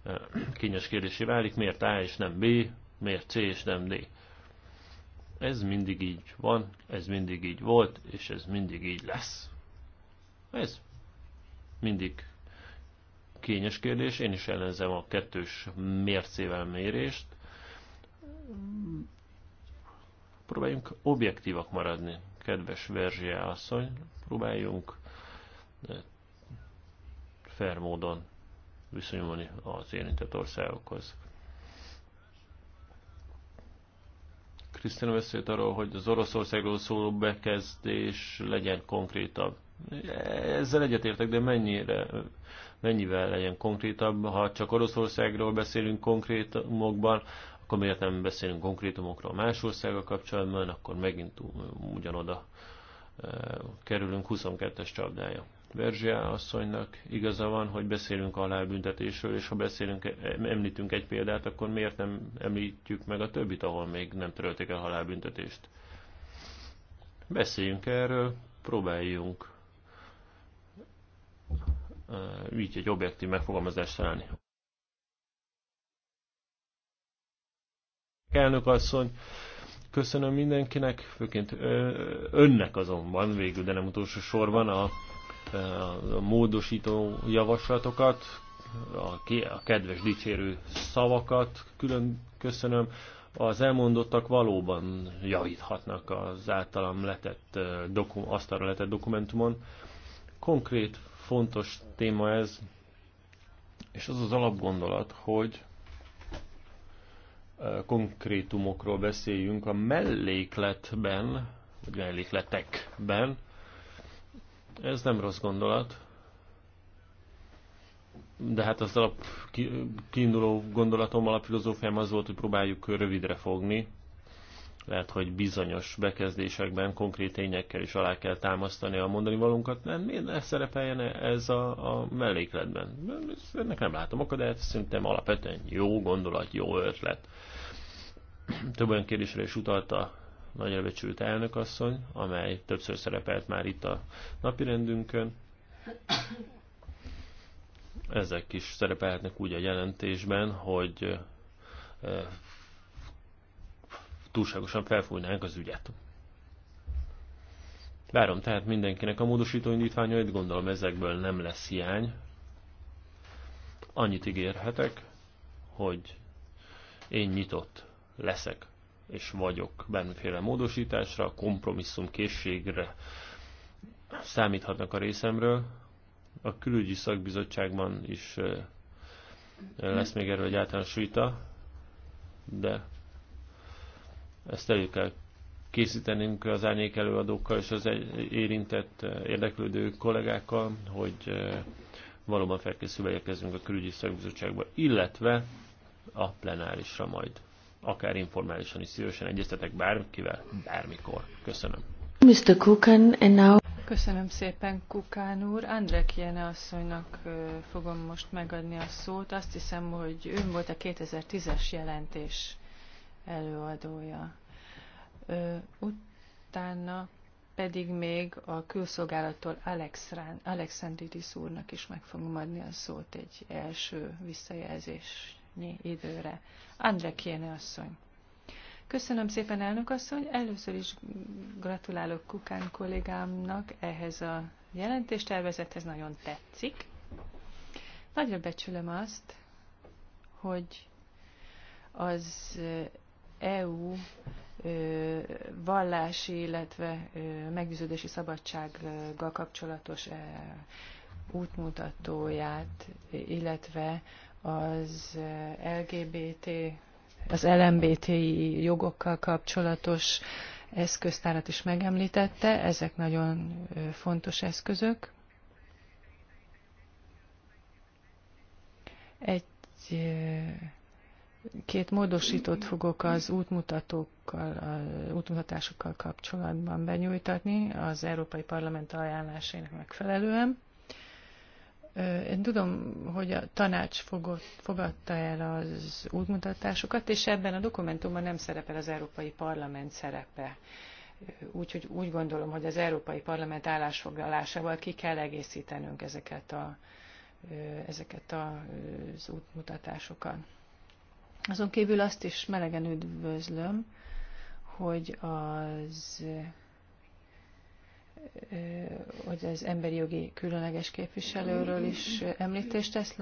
eh, kényes kérdésé válik, miért A és nem B, miért C és nem D. Ez mindig így van, ez mindig így volt, és ez mindig így lesz. Ez mindig kényes kérdés. Én is ellenzem a kettős mércével mérést. Próbáljunk objektívak maradni, kedves Verzsia asszony. Próbáljunk eh, fair módon viszonyulni az érintett országokhoz. Krisztina beszélt arról, hogy az Oroszországról szóló bekezdés legyen konkrétabb. Ezzel egyetértek, de mennyire, mennyivel legyen konkrétabb? Ha csak Oroszországról beszélünk konkrétumokban, akkor miért nem beszélünk konkrétumokról más országgal kapcsolatban, akkor megint ugyanoda eh, kerülünk 22-es csapdája. Verzsia asszonynak igaza van, hogy beszélünk a halálbüntetésről, és ha beszélünk, említünk egy példát, akkor miért nem említjük meg a többit, ahol még nem törölték el halálbüntetést? Beszéljünk erről, próbáljunk eh, így egy objektív megfogalmazást találni. Elnök asszony, köszönöm mindenkinek, főként eh, önnek azonban végül, de nem utolsó sorban a a módosító javaslatokat, a kedves dicsérő szavakat külön köszönöm. Az elmondottak valóban javíthatnak az általam letett, dokum, asztalra letett dokumentumon. Konkrét, fontos téma ez, és az az alapgondolat, hogy konkrétumokról beszéljünk a mellékletben, vagy mellékletekben, ez nem rossz gondolat. De hát az alap kiinduló gondolatom, alapfilozófiám az volt, hogy próbáljuk rövidre fogni. Lehet, hogy bizonyos bekezdésekben konkrét tényekkel is alá kell támasztani a mondani valunkat. Nem, miért ne szerepeljen -e ez a, a mellékletben? Ennek nem látom akadályt, szerintem alapvetően jó gondolat, jó ötlet. Több olyan kérdésre is utalta nagyra becsült elnökasszony, amely többször szerepelt már itt a napirendünkön. Ezek is szerepelhetnek úgy a jelentésben, hogy túlságosan felfújnánk az ügyet. Várom tehát mindenkinek a módosító indítványait, gondolom ezekből nem lesz hiány. Annyit ígérhetek, hogy én nyitott leszek és vagyok bármiféle módosításra, kompromisszum készségre számíthatnak a részemről. A külügyi szakbizottságban is lesz még erről egy általános vita, de ezt elő kell készítenünk az árnyék előadókkal és az érintett érdeklődő kollégákkal, hogy valóban felkészülve érkezünk a külügyi szakbizottságba, illetve a plenárisra majd akár informálisan is szívesen egyeztetek bárkivel, bármikor. Köszönöm. Mr.
Kukan, and now... Köszönöm szépen,
Kukán úr. Andrek Jene asszonynak fogom most megadni a szót. Azt hiszem, hogy ő volt a 2010-es jelentés előadója. Utána pedig még a külszolgálattól Alexandridis úrnak is meg fogom adni a szót egy első visszajelzés annyi időre. André Kéne asszony. Köszönöm szépen, elnök asszony. Először is gratulálok Kukán kollégámnak ehhez a jelentéstervezethez, nagyon tetszik. Nagyra becsülöm azt, hogy az EU vallási, illetve meggyőződési szabadsággal kapcsolatos útmutatóját, illetve az eh, LGBT, az LMBTI jogokkal kapcsolatos eszköztárat is megemlítette, ezek nagyon eh, fontos eszközök. Egy eh, két módosítót fogok az útmutatókkal, az útmutatásokkal kapcsolatban benyújtatni az Európai Parlament ajánlásainak megfelelően. Én tudom, hogy a tanács fogott, fogadta el az útmutatásokat, és ebben a dokumentumban nem szerepel az Európai Parlament szerepe. Úgyhogy úgy gondolom, hogy az Európai Parlament állásfoglalásával ki kell egészítenünk ezeket, a, ezeket az útmutatásokat. Azon kívül azt is melegen üdvözlöm, hogy az hogy az emberi jogi különleges képviselőről is említést tesz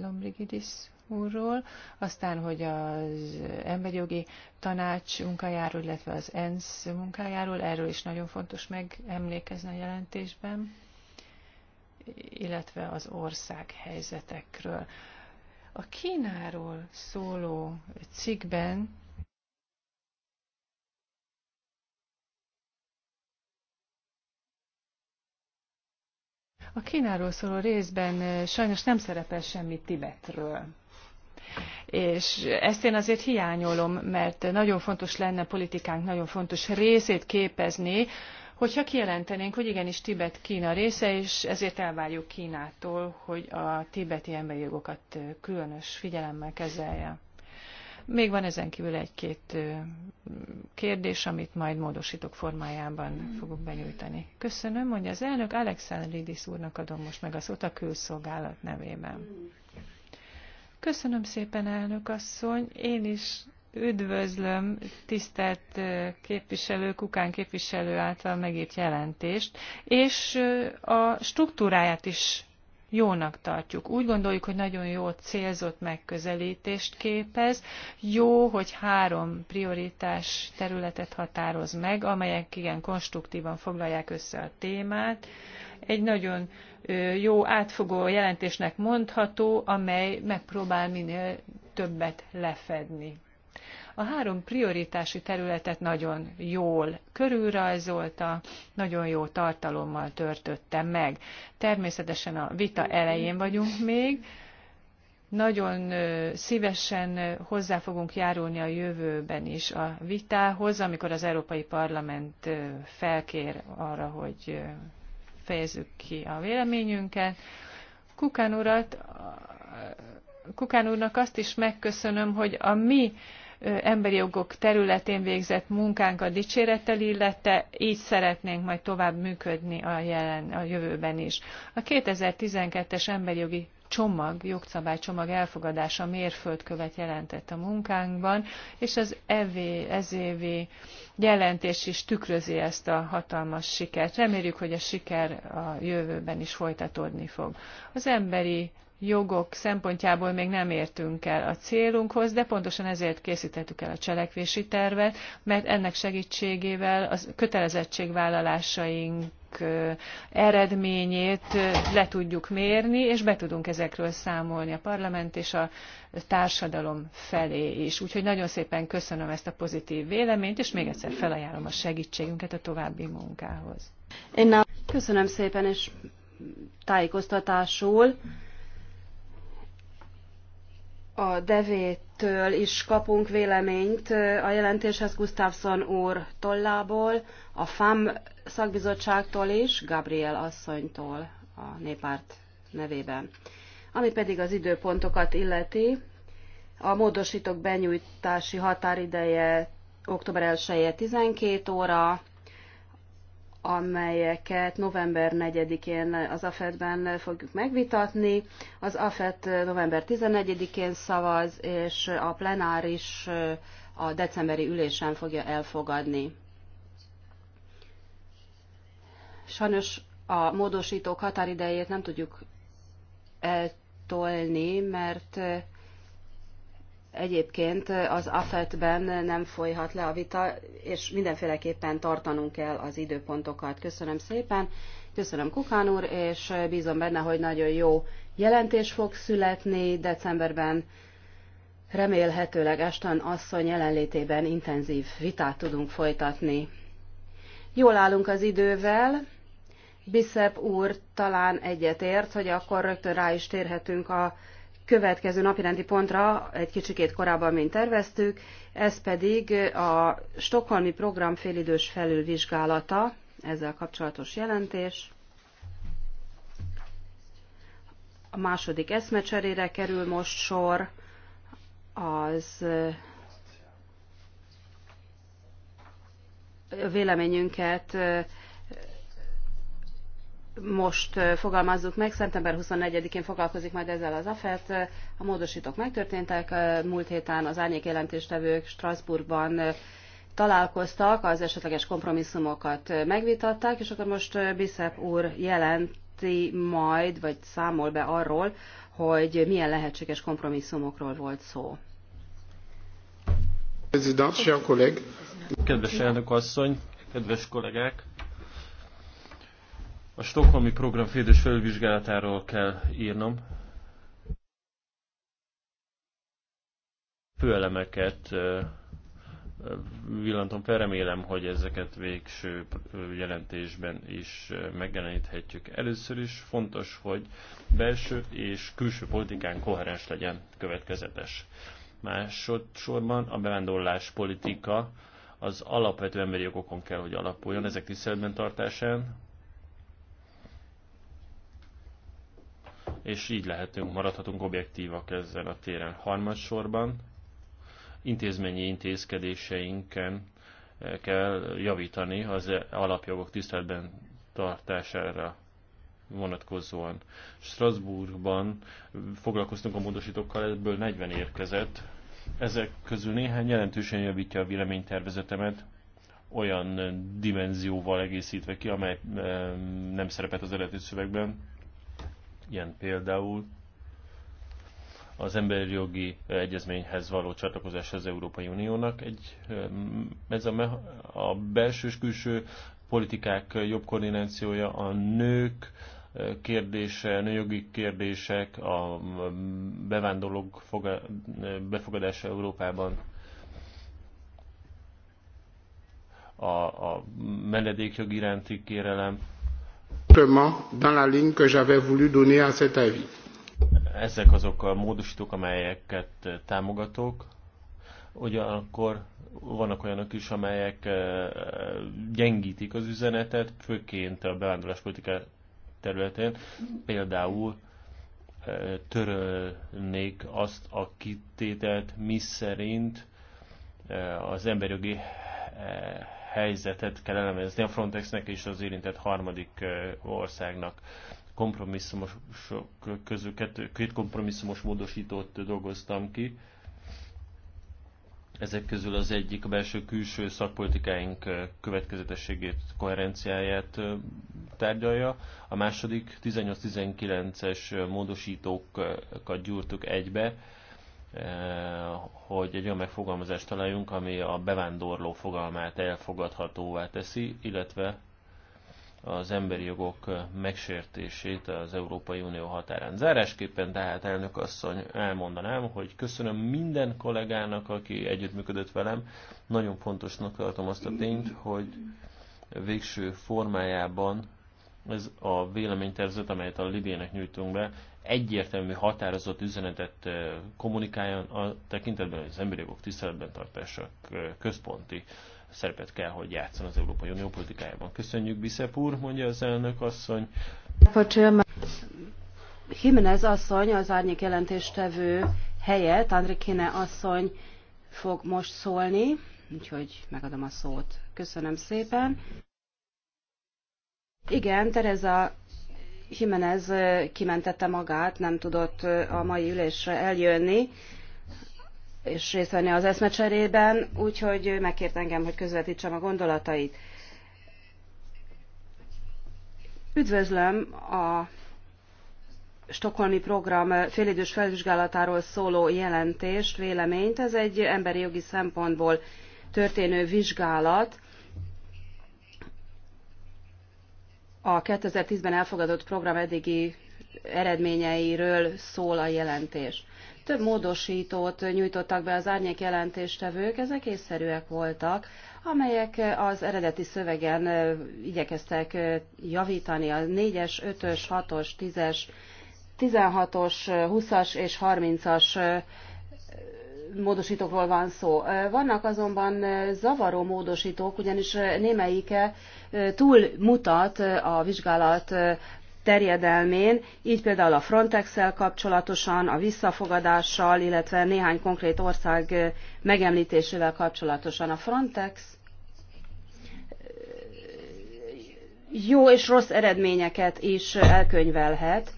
Lombrigidis úrról, aztán, hogy az emberi jogi tanács munkájáról, illetve az ENSZ munkájáról, erről is nagyon fontos megemlékezni a jelentésben, illetve az ország helyzetekről. A Kínáról szóló cikkben A Kínáról szóló részben sajnos nem szerepel semmi Tibetről. És ezt én azért hiányolom, mert nagyon fontos lenne politikánk nagyon fontos részét képezni, hogyha kijelentenénk, hogy igenis Tibet Kína része, és ezért elvárjuk Kínától, hogy a tibeti emberi jogokat különös figyelemmel kezelje. Még van ezen kívül egy-két kérdés, amit majd módosítók formájában fogok benyújtani. Köszönöm, mondja az elnök. Alexandridis úrnak adom most meg a szót a külszolgálat nevében. Köszönöm szépen, elnök asszony. Én is üdvözlöm tisztelt képviselő, Kukán képviselő által megírt jelentést, és a struktúráját is jónak tartjuk. Úgy gondoljuk, hogy nagyon jó célzott megközelítést képez. Jó, hogy három prioritás területet határoz meg, amelyek igen konstruktívan foglalják össze a témát. Egy nagyon jó átfogó jelentésnek mondható, amely megpróbál minél többet lefedni. A három prioritási területet nagyon jól körülrajzolta, nagyon jó tartalommal törtötte meg. Természetesen a vita elején vagyunk még, nagyon szívesen hozzá fogunk járulni a jövőben is a vitához, amikor az Európai Parlament felkér arra, hogy fejezzük ki a véleményünket. Kukán urat Kukán úrnak azt is megköszönöm, hogy a mi emberi jogok területén végzett munkánkat dicsérettel illette, így szeretnénk majd tovább működni a, jelen, a jövőben is. A 2012-es emberi jogi csomag, jogszabálycsomag elfogadása mérföldkövet jelentett a munkánkban, és az EV, ez évi jelentés is tükrözi ezt a hatalmas sikert. Reméljük, hogy a siker a jövőben is folytatódni fog. Az emberi jogok szempontjából még nem értünk el a célunkhoz, de pontosan ezért készítettük el a cselekvési tervet, mert ennek segítségével a kötelezettségvállalásaink eredményét le tudjuk mérni, és be tudunk ezekről számolni a parlament és a társadalom felé is. Úgyhogy nagyon szépen köszönöm ezt a pozitív véleményt, és még egyszer felajánlom a segítségünket a további munkához.
Köszönöm szépen, és tájékoztatásul a devétől is kapunk véleményt a jelentéshez Gustafsson úr tollából, a FAM szakbizottságtól is, Gabriel asszonytól a népárt nevében. Ami pedig az időpontokat illeti, a módosítók benyújtási határideje október 1 -e 12 óra, amelyeket november 4-én az AFET-ben fogjuk megvitatni. Az AFET november 11-én szavaz, és a plenáris a decemberi ülésen fogja elfogadni. Sajnos a módosítók határidejét nem tudjuk eltolni, mert egyébként az AFET-ben nem folyhat le a vita, és mindenféleképpen tartanunk kell az időpontokat. Köszönöm szépen, köszönöm Kukán úr, és bízom benne, hogy nagyon jó jelentés fog születni decemberben. Remélhetőleg Eston asszony jelenlétében intenzív vitát tudunk folytatni. Jól állunk az idővel. Bisszep úr talán egyetért, hogy akkor rögtön rá is térhetünk a következő napirendi pontra egy kicsikét korábban, mint terveztük, ez pedig a Stockholmi Program félidős felülvizsgálata, ezzel kapcsolatos jelentés. A második eszmecserére kerül most sor az véleményünket most fogalmazzuk meg, szeptember 24-én foglalkozik majd ezzel az AFET. A módosítók megtörténtek, múlt héten az árnyék jelentéstevők Strasbourgban találkoztak, az esetleges kompromisszumokat megvitatták, és akkor most Bicep úr jelenti majd, vagy számol be arról, hogy milyen lehetséges kompromisszumokról volt szó.
Kedves elnök asszony, kedves kollégák! A Stockholmi Program félidős felvizsgálatáról kell írnom. Főelemeket villantom fel, remélem, hogy ezeket végső jelentésben is megjeleníthetjük. Először is fontos, hogy belső és külső politikán koherens legyen következetes. Másodszorban a bevándorlás politika az alapvető emberi jogokon kell, hogy alapuljon, ezek tiszteletben tartásán, és így lehetünk, maradhatunk objektívak ezzel a téren. Harmadsorban intézményi intézkedéseinken eh, kell javítani az e- alapjogok tiszteletben tartására vonatkozóan. Strasbourgban foglalkoztunk a módosítókkal, ebből 40 érkezett. Ezek közül néhány jelentősen javítja a véleménytervezetemet, olyan dimenzióval egészítve ki, amely eh, nem szerepelt az eredeti szövegben ilyen például az emberi jogi egyezményhez való csatlakozás az Európai Uniónak. Egy, ez a, a belső és külső politikák jobb koordinációja, a nők eh, kérdése, nőjogi kérdések, a bevándorlók befogadása Európában, a, a menedékjog iránti kérelem, dans la ligne que j'avais voulu donner à cet avis. Ezek azok a módosítók, amelyeket eh, támogatok. Ugyanakkor vannak olyanok is, amelyek eh, gyengítik az üzenetet, főként a bevándorláspolitika területén. Például eh, törölnék azt a kitételt, mi szerint az emberjogi helyzetet kell elemezni a Frontexnek és az érintett harmadik országnak kompromisszumos közül két kompromisszumos módosítót dolgoztam ki. Ezek közül az egyik a belső-külső szakpolitikáink következetességét, koherenciáját tárgyalja, a második 18-19-es módosítókat gyúrtuk egybe, Eh, hogy egy olyan megfogalmazást találjunk, ami a bevándorló fogalmát elfogadhatóvá teszi, illetve az emberi jogok megsértését az Európai Unió határán. Zárásképpen tehát elnök asszony elmondanám, hogy köszönöm minden kollégának, aki együttműködött velem. Nagyon fontosnak tartom azt a tényt, hogy végső formájában ez a véleménytervezet, amelyet a Libének nyújtunk be, egyértelmű, határozott üzenetet kommunikáljon a tekintetben, hogy az emberi jogok tiszteletben tartása központi szerepet kell, hogy játszon az Európai Unió politikájában. Köszönjük, Bicep úr, mondja az elnök asszony.
Jimenez asszony, az árnyék jelentéstevő helyett, Andrikine asszony fog most szólni, úgyhogy megadom a szót. Köszönöm szépen. Igen, Tereza Jimenez kimentette magát, nem tudott a mai ülésre eljönni, és részt venni az eszmecserében, úgyhogy megkért engem, hogy közvetítsem a gondolatait. Üdvözlöm a Stockholmi program félidős felvizsgálatáról szóló jelentést, véleményt. Ez egy emberi jogi szempontból történő vizsgálat, A 2010-ben elfogadott program eddigi eredményeiről szól a jelentés. Több módosítót nyújtottak be az árnyék jelentéstevők, ezek észszerűek voltak, amelyek az eredeti szövegen igyekeztek javítani a 4-es, 5-ös, 6-os, 10-es, 16-os, 20-as és 30-as módosítókról van szó. Vannak azonban zavaró módosítók, ugyanis némelyike túl mutat a vizsgálat terjedelmén, így például a Frontex-el kapcsolatosan, a visszafogadással, illetve néhány konkrét ország megemlítésével kapcsolatosan. A Frontex jó és rossz eredményeket is elkönyvelhet,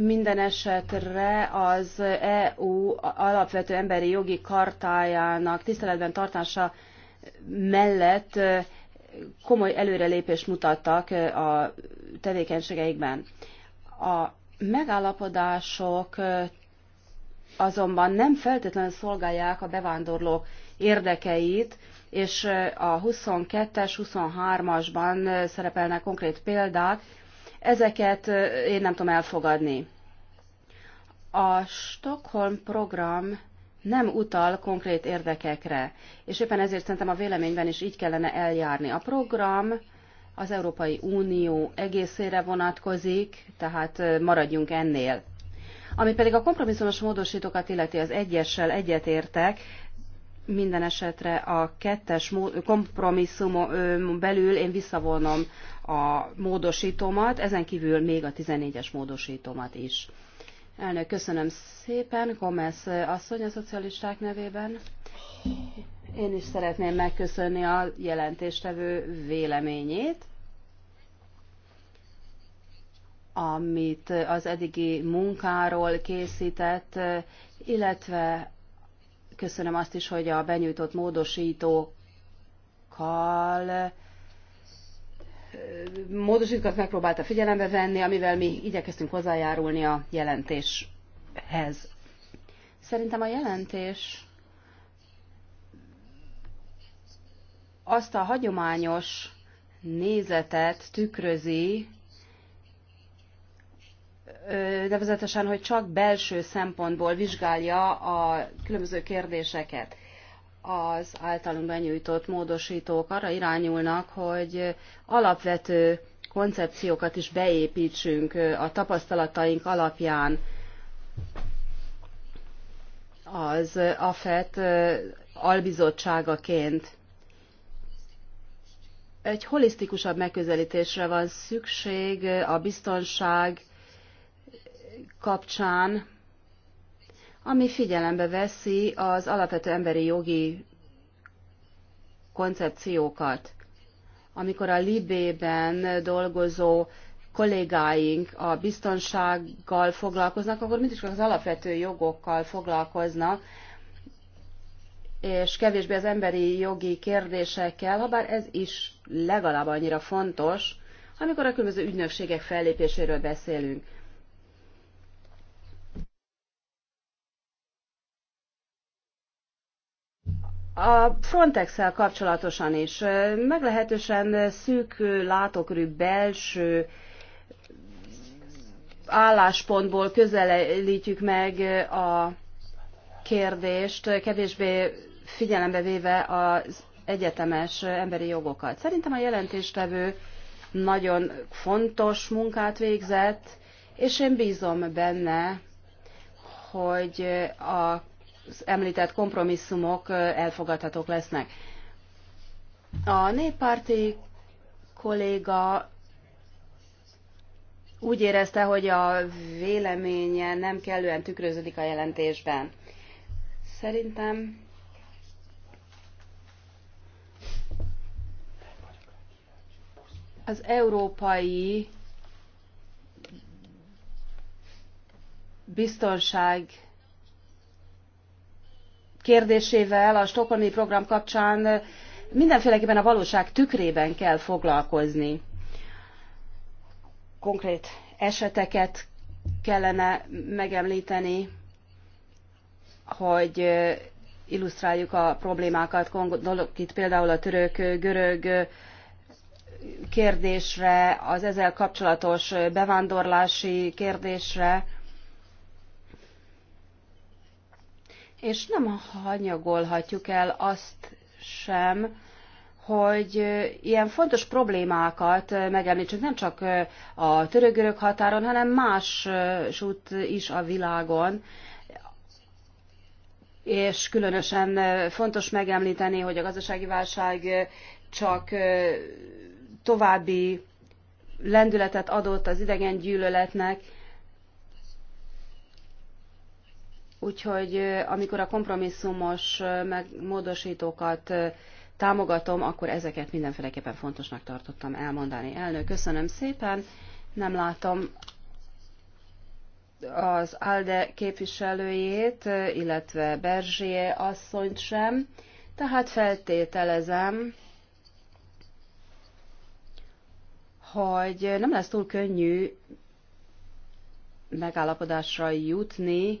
minden esetre az EU alapvető emberi jogi kartájának tiszteletben tartása mellett komoly előrelépést mutattak a tevékenységeikben. A megállapodások azonban nem feltétlenül szolgálják a bevándorlók érdekeit, és a 22-es, 23-asban szerepelnek konkrét példák, Ezeket én nem tudom elfogadni. A Stockholm program nem utal konkrét érdekekre, és éppen ezért szerintem a véleményben is így kellene eljárni. A program az Európai Unió egészére vonatkozik, tehát maradjunk ennél. Ami pedig a kompromisszumos módosítókat illeti az egyessel egyetértek, minden esetre a kettes kompromisszumon belül én visszavonom a módosítómat, ezen kívül még a 14-es módosítómat is. Elnök, köszönöm szépen. Gomez asszony a szocialisták nevében. Én is szeretném megköszönni a jelentéstevő véleményét, amit az eddigi munkáról készített, illetve Köszönöm azt is, hogy a benyújtott módosítókkal módosítókat megpróbálta figyelembe venni, amivel mi igyekeztünk hozzájárulni a jelentéshez. Szerintem a jelentés azt a hagyományos nézetet tükrözi, nevezetesen, hogy csak belső szempontból vizsgálja a különböző kérdéseket. Az általunk benyújtott módosítók arra irányulnak, hogy alapvető koncepciókat is beépítsünk a tapasztalataink alapján az AFET albizottságaként. Egy holisztikusabb megközelítésre van szükség a biztonság, kapcsán, ami figyelembe veszi az alapvető emberi jogi koncepciókat. Amikor a Libében dolgozó kollégáink a biztonsággal foglalkoznak, akkor mindig csak az alapvető jogokkal foglalkoznak, és kevésbé az emberi jogi kérdésekkel, ha bár ez is legalább annyira fontos, amikor a különböző ügynökségek fellépéséről beszélünk. A frontex kapcsolatosan is meglehetősen szűk látókörű belső álláspontból közelítjük meg a kérdést, kevésbé figyelembe véve az egyetemes emberi jogokat. Szerintem a jelentéstevő nagyon fontos munkát végzett, és én bízom benne, hogy a említett kompromisszumok elfogadhatók lesznek. A néppárti kolléga úgy érezte, hogy a véleménye nem kellően tükröződik a jelentésben. Szerintem az európai biztonság kérdésével a Stockholmi program kapcsán mindenféleképpen a valóság tükrében kell foglalkozni. Konkrét eseteket kellene megemlíteni, hogy illusztráljuk a problémákat. Gondolok itt például a török-görög kérdésre, az ezzel kapcsolatos bevándorlási kérdésre, és nem hanyagolhatjuk el azt sem, hogy ilyen fontos problémákat megemlítsünk nem csak a török-görög határon, hanem más út is a világon. És különösen fontos megemlíteni, hogy a gazdasági válság csak további lendületet adott az idegen gyűlöletnek, Úgyhogy amikor a kompromisszumos meg módosítókat támogatom, akkor ezeket mindenféleképpen fontosnak tartottam elmondani. Elnök, köszönöm szépen. Nem látom az ALDE képviselőjét, illetve Berzsie asszonyt sem, tehát feltételezem, hogy nem lesz túl könnyű megállapodásra jutni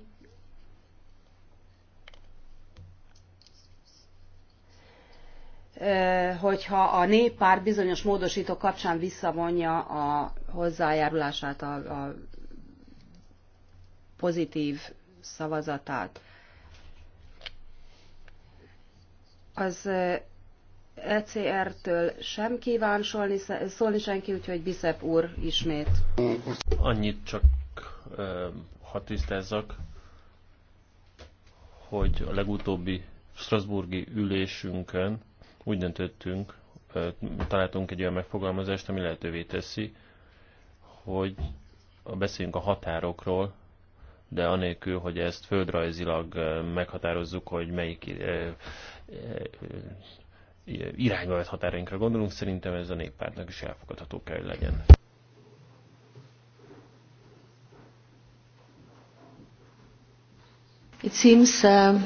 hogyha a néppár bizonyos módosító kapcsán visszavonja a hozzájárulását, a, a pozitív szavazatát. Az ECR-től sem kíván szólni, szólni senki, úgyhogy Biszep úr ismét.
Annyit csak, ha tisztázzak, hogy a legutóbbi Strasburgi ülésünkön úgy döntöttünk, találtunk egy olyan megfogalmazást, ami lehetővé teszi, hogy beszéljünk a határokról, de anélkül, hogy ezt földrajzilag meghatározzuk, hogy melyik irányba vett határainkra gondolunk, szerintem ez a néppártnak is elfogadható kell, hogy legyen.
Uh,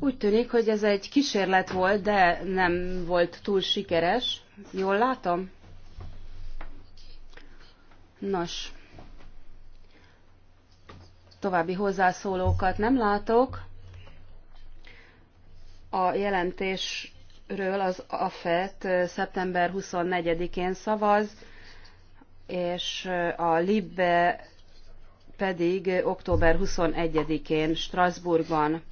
Úgy tűnik, hogy ez egy kísérlet volt, de nem volt túl sikeres. Jól látom? Nos, további hozzászólókat nem látok. A jelentésről az AFET uh, szeptember 24-én szavaz, és uh, a LIBE pedig október 21-én Strasbourgban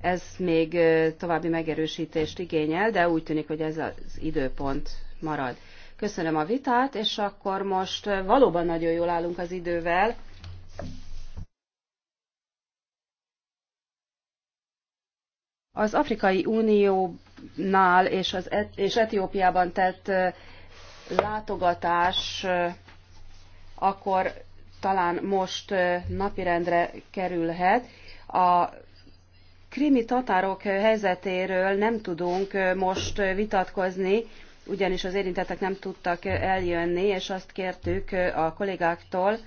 ez még további megerősítést igényel, de úgy tűnik, hogy ez az időpont marad. Köszönöm a vitát, és akkor most valóban nagyon jól állunk az idővel. Az Afrikai Uniónál és, az Et- és Etiópiában tett látogatás akkor talán most napirendre kerülhet. A krimi tatárok helyzetéről nem tudunk most vitatkozni, ugyanis az érintettek nem tudtak eljönni, és azt kértük a kollégáktól,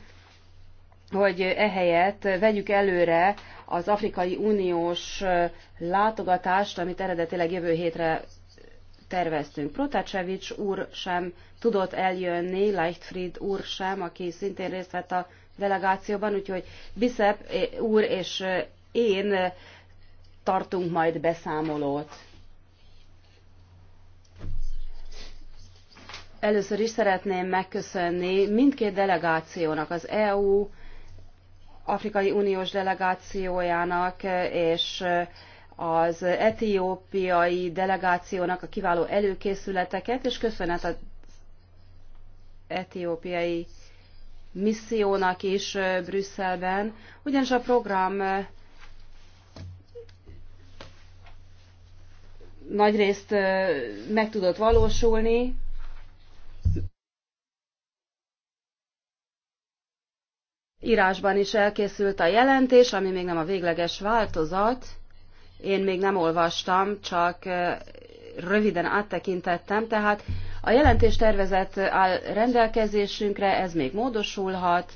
hogy ehelyett vegyük előre az Afrikai Uniós látogatást, amit eredetileg jövő hétre terveztünk. Protacevics úr sem tudott eljönni, Leichtfried úr sem, aki szintén részt vett a delegációban, úgyhogy Bisep úr és én tartunk majd beszámolót. Először is szeretném megköszönni mindkét delegációnak, az EU Afrikai Uniós delegációjának és az etiópiai delegációnak a kiváló előkészületeket, és köszönet az etiópiai missziónak is Brüsszelben, ugyanis a program nagyrészt meg tudott valósulni, Írásban is elkészült a jelentés, ami még nem a végleges változat, én még nem olvastam, csak röviden áttekintettem, tehát a jelentés áll rendelkezésünkre, ez még módosulhat,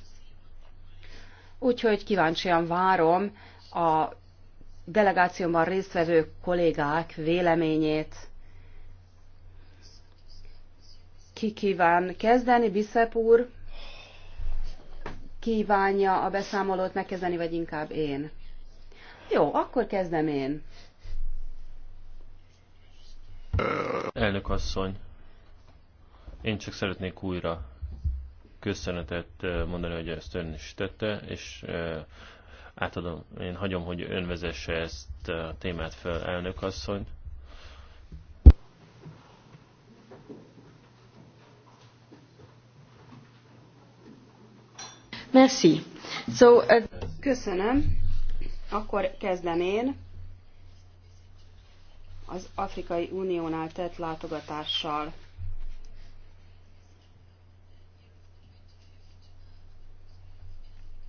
úgyhogy kíváncsian várom a delegációban résztvevő kollégák véleményét. Ki kíván kezdeni, Biszep úr? Kívánja a beszámolót megkezdeni, vagy inkább én? Jó, akkor kezdem én.
Elnök asszony, én csak szeretnék újra köszönetet eh, mondani, hogy ezt ön is tette, és eh, átadom, én hagyom, hogy ön vezesse ezt a témát fel, elnök asszony.
Merci.
So, uh... Köszönöm. Akkor kezdem én az Afrikai Uniónál tett látogatással.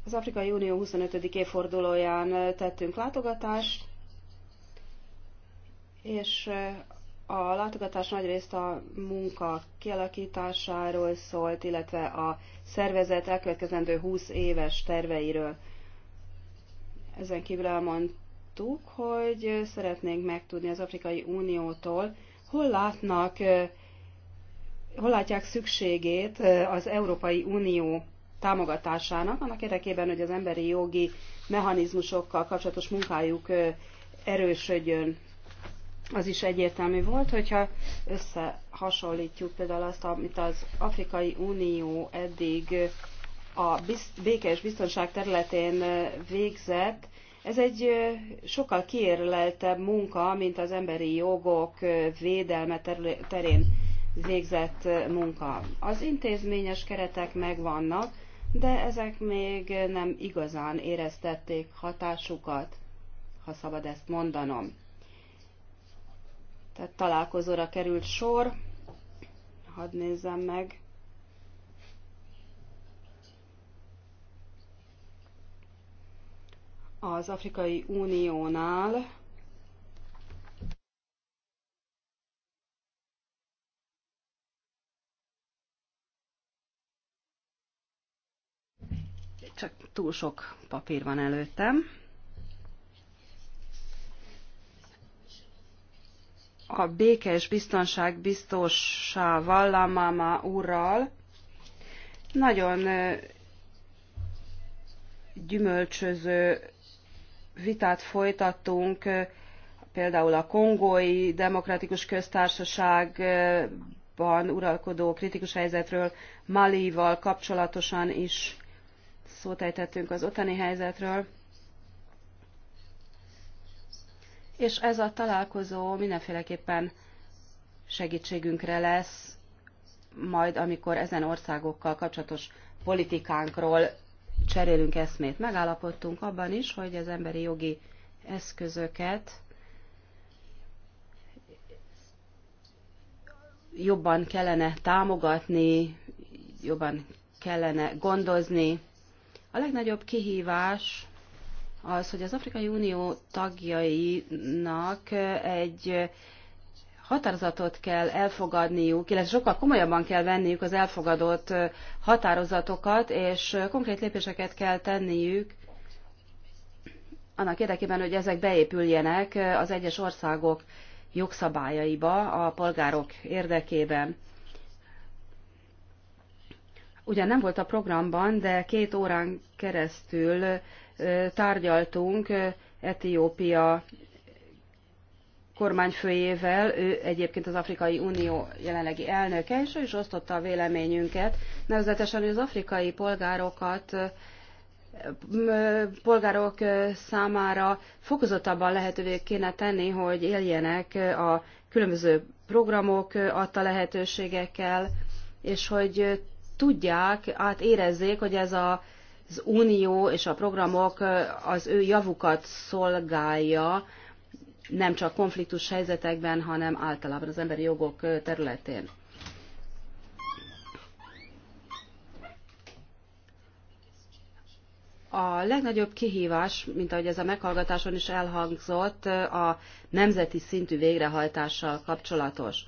Az Afrikai Unió 25. évfordulóján eh, tettünk látogatást, és eh, a látogatás nagyrészt a munka kialakításáról szólt, illetve a szervezet elkövetkezendő 20 éves terveiről. Ezen kívül elmondtuk, hogy szeretnénk megtudni az Afrikai Uniótól, hol látnak, hol látják szükségét az Európai Unió támogatásának, annak érdekében, hogy az emberi jogi mechanizmusokkal kapcsolatos munkájuk erősödjön. Az is egyértelmű volt, hogyha összehasonlítjuk például azt, amit az Afrikai Unió eddig a békés biztonság területén végzett, ez egy sokkal kiérleltebb munka, mint az emberi jogok védelme terén végzett munka. Az intézményes keretek megvannak, de ezek még nem igazán éreztették hatásukat, ha szabad ezt mondanom. Tehát találkozóra került sor, hadd nézzem meg. az Afrikai Uniónál, csak túl sok papír van előttem. A békés biztonság biztossá Lamama úrral nagyon gyümölcsöző vitát folytattunk például a kongói demokratikus köztársaságban uralkodó kritikus helyzetről, Malival kapcsolatosan is szót ejtettünk az ottani helyzetről. És ez a találkozó mindenféleképpen segítségünkre lesz, majd amikor ezen országokkal kapcsolatos politikánkról cserélünk eszmét. Megállapodtunk abban is, hogy az emberi jogi eszközöket jobban kellene támogatni, jobban kellene gondozni. A legnagyobb kihívás az, hogy az Afrikai Unió tagjainak egy határozatot kell elfogadniuk, illetve sokkal komolyabban kell venniük az elfogadott határozatokat, és konkrét lépéseket kell tenniük annak érdekében, hogy ezek beépüljenek az egyes országok jogszabályaiba a polgárok érdekében. Ugyan nem volt a programban, de két órán keresztül tárgyaltunk Etiópia kormányfőjével, ő egyébként az Afrikai Unió jelenlegi elnöke, és ő is osztotta a véleményünket, nevezetesen az afrikai polgárokat polgárok számára fokozottabban lehetővé kéne tenni, hogy éljenek a különböző programok adta lehetőségekkel, és hogy tudják, átérezzék, hogy ez a, az unió és a programok az ő javukat szolgálja, nem csak konfliktus helyzetekben, hanem általában az emberi jogok területén. A legnagyobb kihívás, mint ahogy ez a meghallgatáson is elhangzott, a nemzeti szintű végrehajtással kapcsolatos.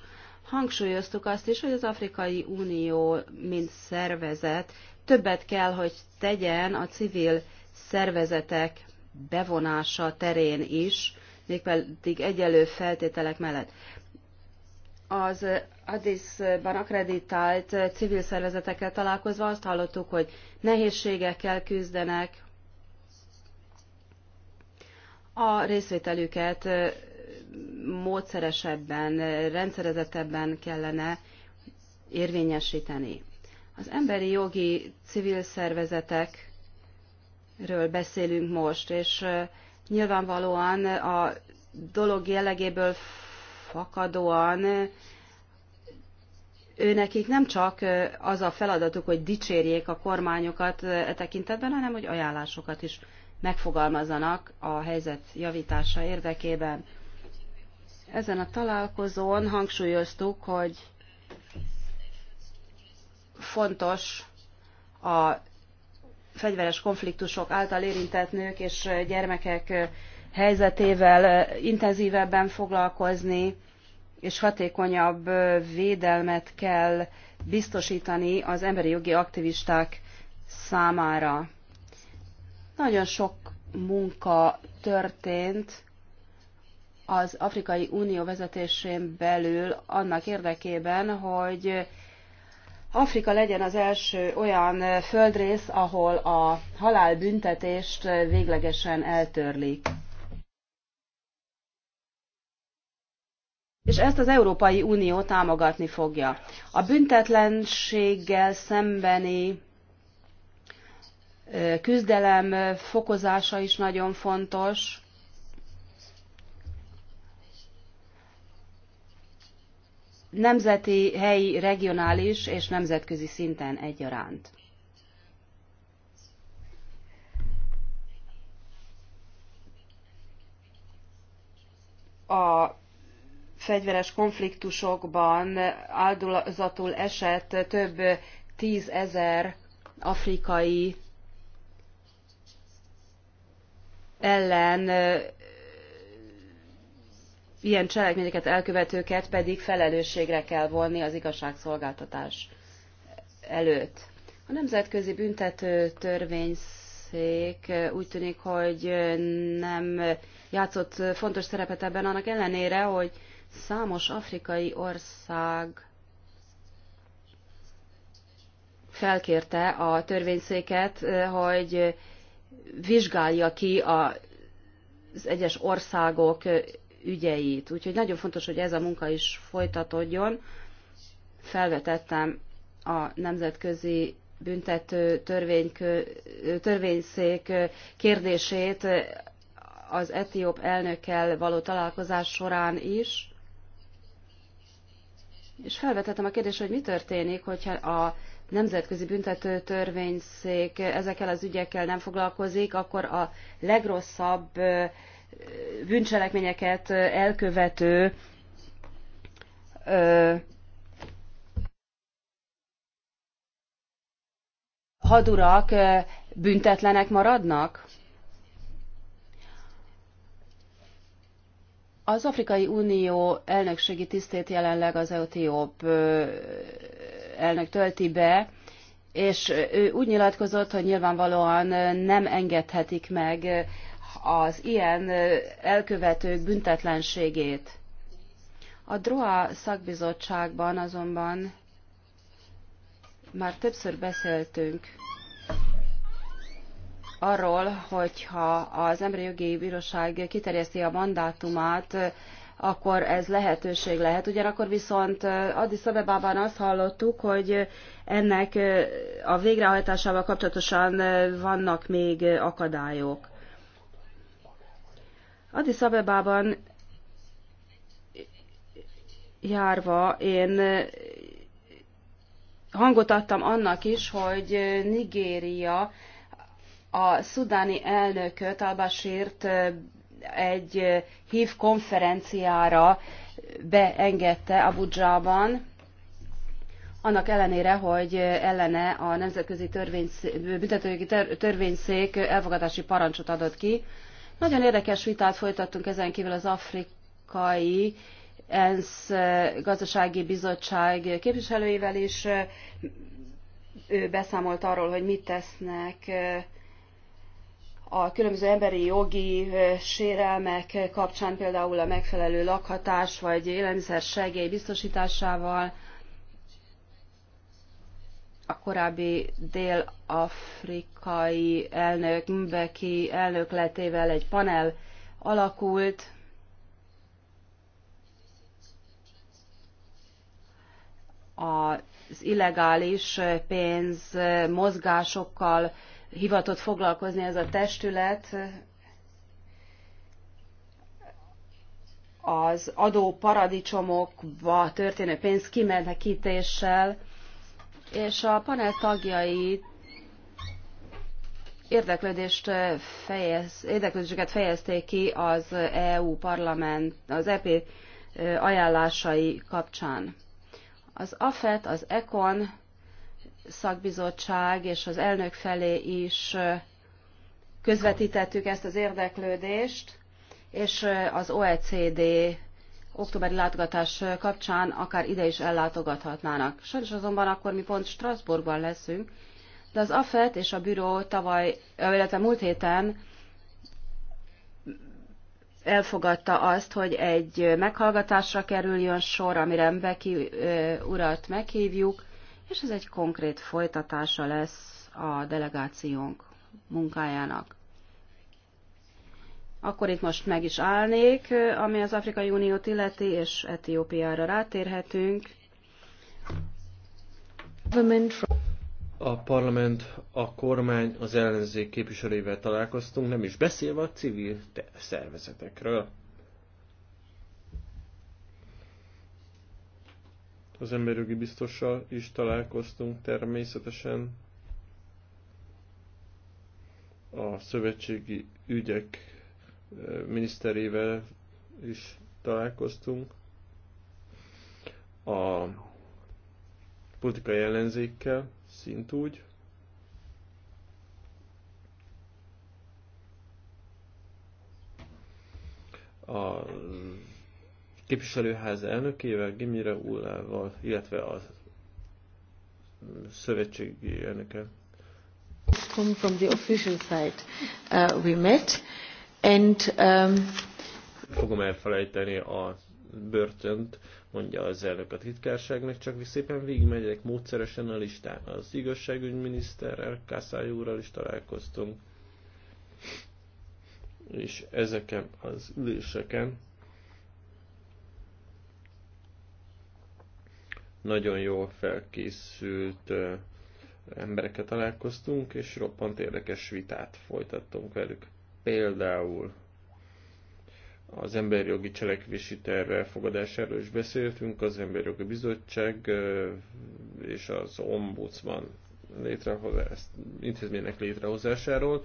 Hangsúlyoztuk azt is, hogy az Afrikai Unió, mint szervezet, többet kell, hogy tegyen a civil szervezetek bevonása terén is, mégpedig egyelő feltételek mellett. Az Addisban akreditált civil szervezetekkel találkozva azt hallottuk, hogy nehézségekkel küzdenek, a részvételüket módszeresebben, rendszerezettebben kellene érvényesíteni. Az emberi jogi civil szervezetekről beszélünk most, és Nyilvánvalóan a dolog jellegéből fakadóan őnekik nem csak az a feladatuk, hogy dicsérjék a kormányokat e tekintetben, hanem hogy ajánlásokat is megfogalmazzanak a helyzet javítása érdekében. Ezen a találkozón hangsúlyoztuk, hogy fontos a fegyveres konfliktusok által érintett nők és gyermekek helyzetével intenzívebben foglalkozni, és hatékonyabb védelmet kell biztosítani az emberi jogi aktivisták számára. Nagyon sok munka történt az Afrikai Unió vezetésén belül annak érdekében, hogy Afrika legyen az első olyan földrész, ahol a halálbüntetést véglegesen eltörlik. És ezt az Európai Unió támogatni fogja. A büntetlenséggel szembeni küzdelem fokozása is nagyon fontos. nemzeti, helyi, regionális és nemzetközi szinten egyaránt. a fegyveres konfliktusokban áldozatul esett több tízezer afrikai ellen ilyen cselekményeket elkövetőket pedig felelősségre kell vonni az igazságszolgáltatás előtt. A Nemzetközi Büntető Törvényszék úgy tűnik, hogy nem játszott fontos szerepet ebben, annak ellenére, hogy számos afrikai ország felkérte a törvényszéket, hogy vizsgálja ki az egyes országok ügyeit. Úgyhogy nagyon fontos, hogy ez a munka is folytatódjon. Felvetettem a nemzetközi büntető törvényszék kérdését az etióp elnökkel való találkozás során is. És felvetettem a kérdést, hogy mi történik, hogyha a nemzetközi büntető törvényszék ezekkel az ügyekkel nem foglalkozik, akkor a legrosszabb bűncselekményeket elkövető hadurak büntetlenek maradnak? Az Afrikai Unió elnökségi tisztét jelenleg az Etióp elnök tölti be, és ő úgy nyilatkozott, hogy nyilvánvalóan nem engedhetik meg az ilyen elkövetők büntetlenségét. A DROA szakbizottságban azonban már többször beszéltünk arról, hogyha az Emberi Jogi Bíróság kiterjeszti a mandátumát, akkor ez lehetőség lehet. Ugyanakkor viszont Addis Abebában azt hallottuk, hogy ennek a végrehajtásával kapcsolatosan vannak még akadályok. Addis Abebában járva én hangot adtam annak is, hogy Nigéria a szudáni elnököt, Albasírt egy hív konferenciára beengedte Abudzsában, annak ellenére, hogy ellene a Nemzetközi Törvényszék, Büntetőjogi Törvényszék elfogadási parancsot adott ki, nagyon érdekes vitát folytattunk ezen kívül az afrikai ENSZ eh, gazdasági bizottság képviselőivel is. Eh, ő beszámolt arról, hogy mit tesznek eh, a különböző emberi jogi sérelmek kapcsán, például a megfelelő lakhatás vagy élelmiszer segély biztosításával a korábbi dél-afrikai elnök Mbeki elnökletével egy panel alakult, az illegális pénz mozgásokkal hivatott foglalkozni ez a testület, az adó paradicsomokba történő pénz kimenekítéssel, és a panel tagjai érdeklődést fejez, érdeklődéseket fejezték ki az EU parlament, az EP ajánlásai kapcsán. Az AFET, az ECON szakbizottság és az elnök felé is közvetítettük ezt az érdeklődést, és az OECD októberi látogatás kapcsán akár ide is ellátogathatnának. Sajnos azonban akkor mi pont Strasbourgban leszünk, de az AFET és a büró tavaly, illetve múlt héten elfogadta azt, hogy egy meghallgatásra kerüljön sor, amire Beki urat meghívjuk, és ez egy konkrét folytatása lesz a delegációnk munkájának akkor itt most meg is állnék, ami az Afrikai Uniót illeti, és Etiópiára rátérhetünk.
A parlament, a kormány, az ellenzék képviselőivel találkoztunk, nem is beszélve a civil szervezetekről. Az emberjogi biztossal is találkoztunk természetesen. A szövetségi ügyek miniszterével is találkoztunk. A politikai ellenzékkel szintúgy. A képviselőház elnökével, Gimire Ullával, illetve a szövetségi elnöke.
From the official side, uh, we met. And, um...
Fogom elfelejteni a börtönt, mondja az elnök a titkárságnak, csak szépen végigmegyek módszeresen a listán. Az igazságügyminiszterrel, Kászály úrral is találkoztunk. És ezeken az üléseken nagyon jól felkészült uh, embereket találkoztunk, és roppant érdekes vitát folytattunk velük. Például az jogi cselekvési terv elfogadásáról is beszéltünk, az jogi bizottság és az ombudsman létrehozás, intézménynek létrehozásáról.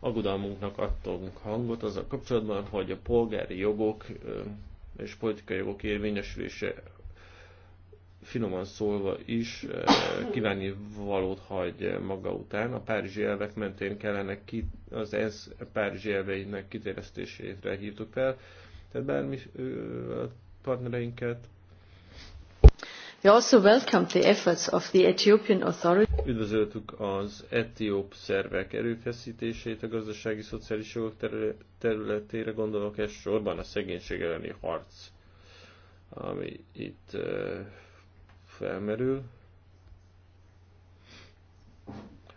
Aggodalmunknak adtunk hangot azzal kapcsolatban, hogy a polgári jogok és politikai jogok érvényesülése finoman szólva is eh, kívánni valót hagy maga után. A párizsi elvek mentén kellene ki, az ENSZ párizsi elveinek kiterjesztésére hívtuk fel, tehát bármi partnereinket.
We also welcome the efforts of the Ethiopian authority.
Üdvözöltük az etióp szervek erőfeszítését a gazdasági szociális jogok területére, gondolok elsősorban a szegénység elleni harc, ami itt eh, felmerül.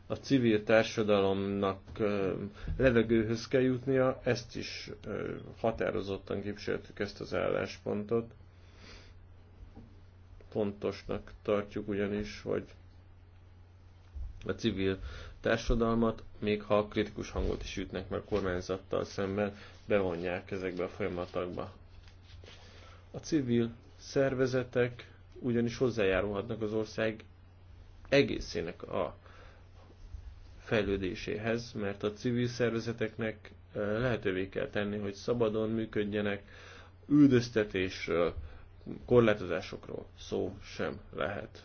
A civil társadalomnak levegőhöz kell jutnia, ezt is határozottan képviseltük ezt az álláspontot. Fontosnak tartjuk ugyanis, hogy a civil társadalmat, még ha kritikus hangot is ütnek meg kormányzattal szemben, bevonják ezekbe a folyamatokba. A civil szervezetek ugyanis hozzájárulhatnak az ország egészének a fejlődéséhez, mert a civil szervezeteknek eh, lehetővé kell tenni, hogy szabadon működjenek, üldöztetésről, korlátozásokról szó sem lehet.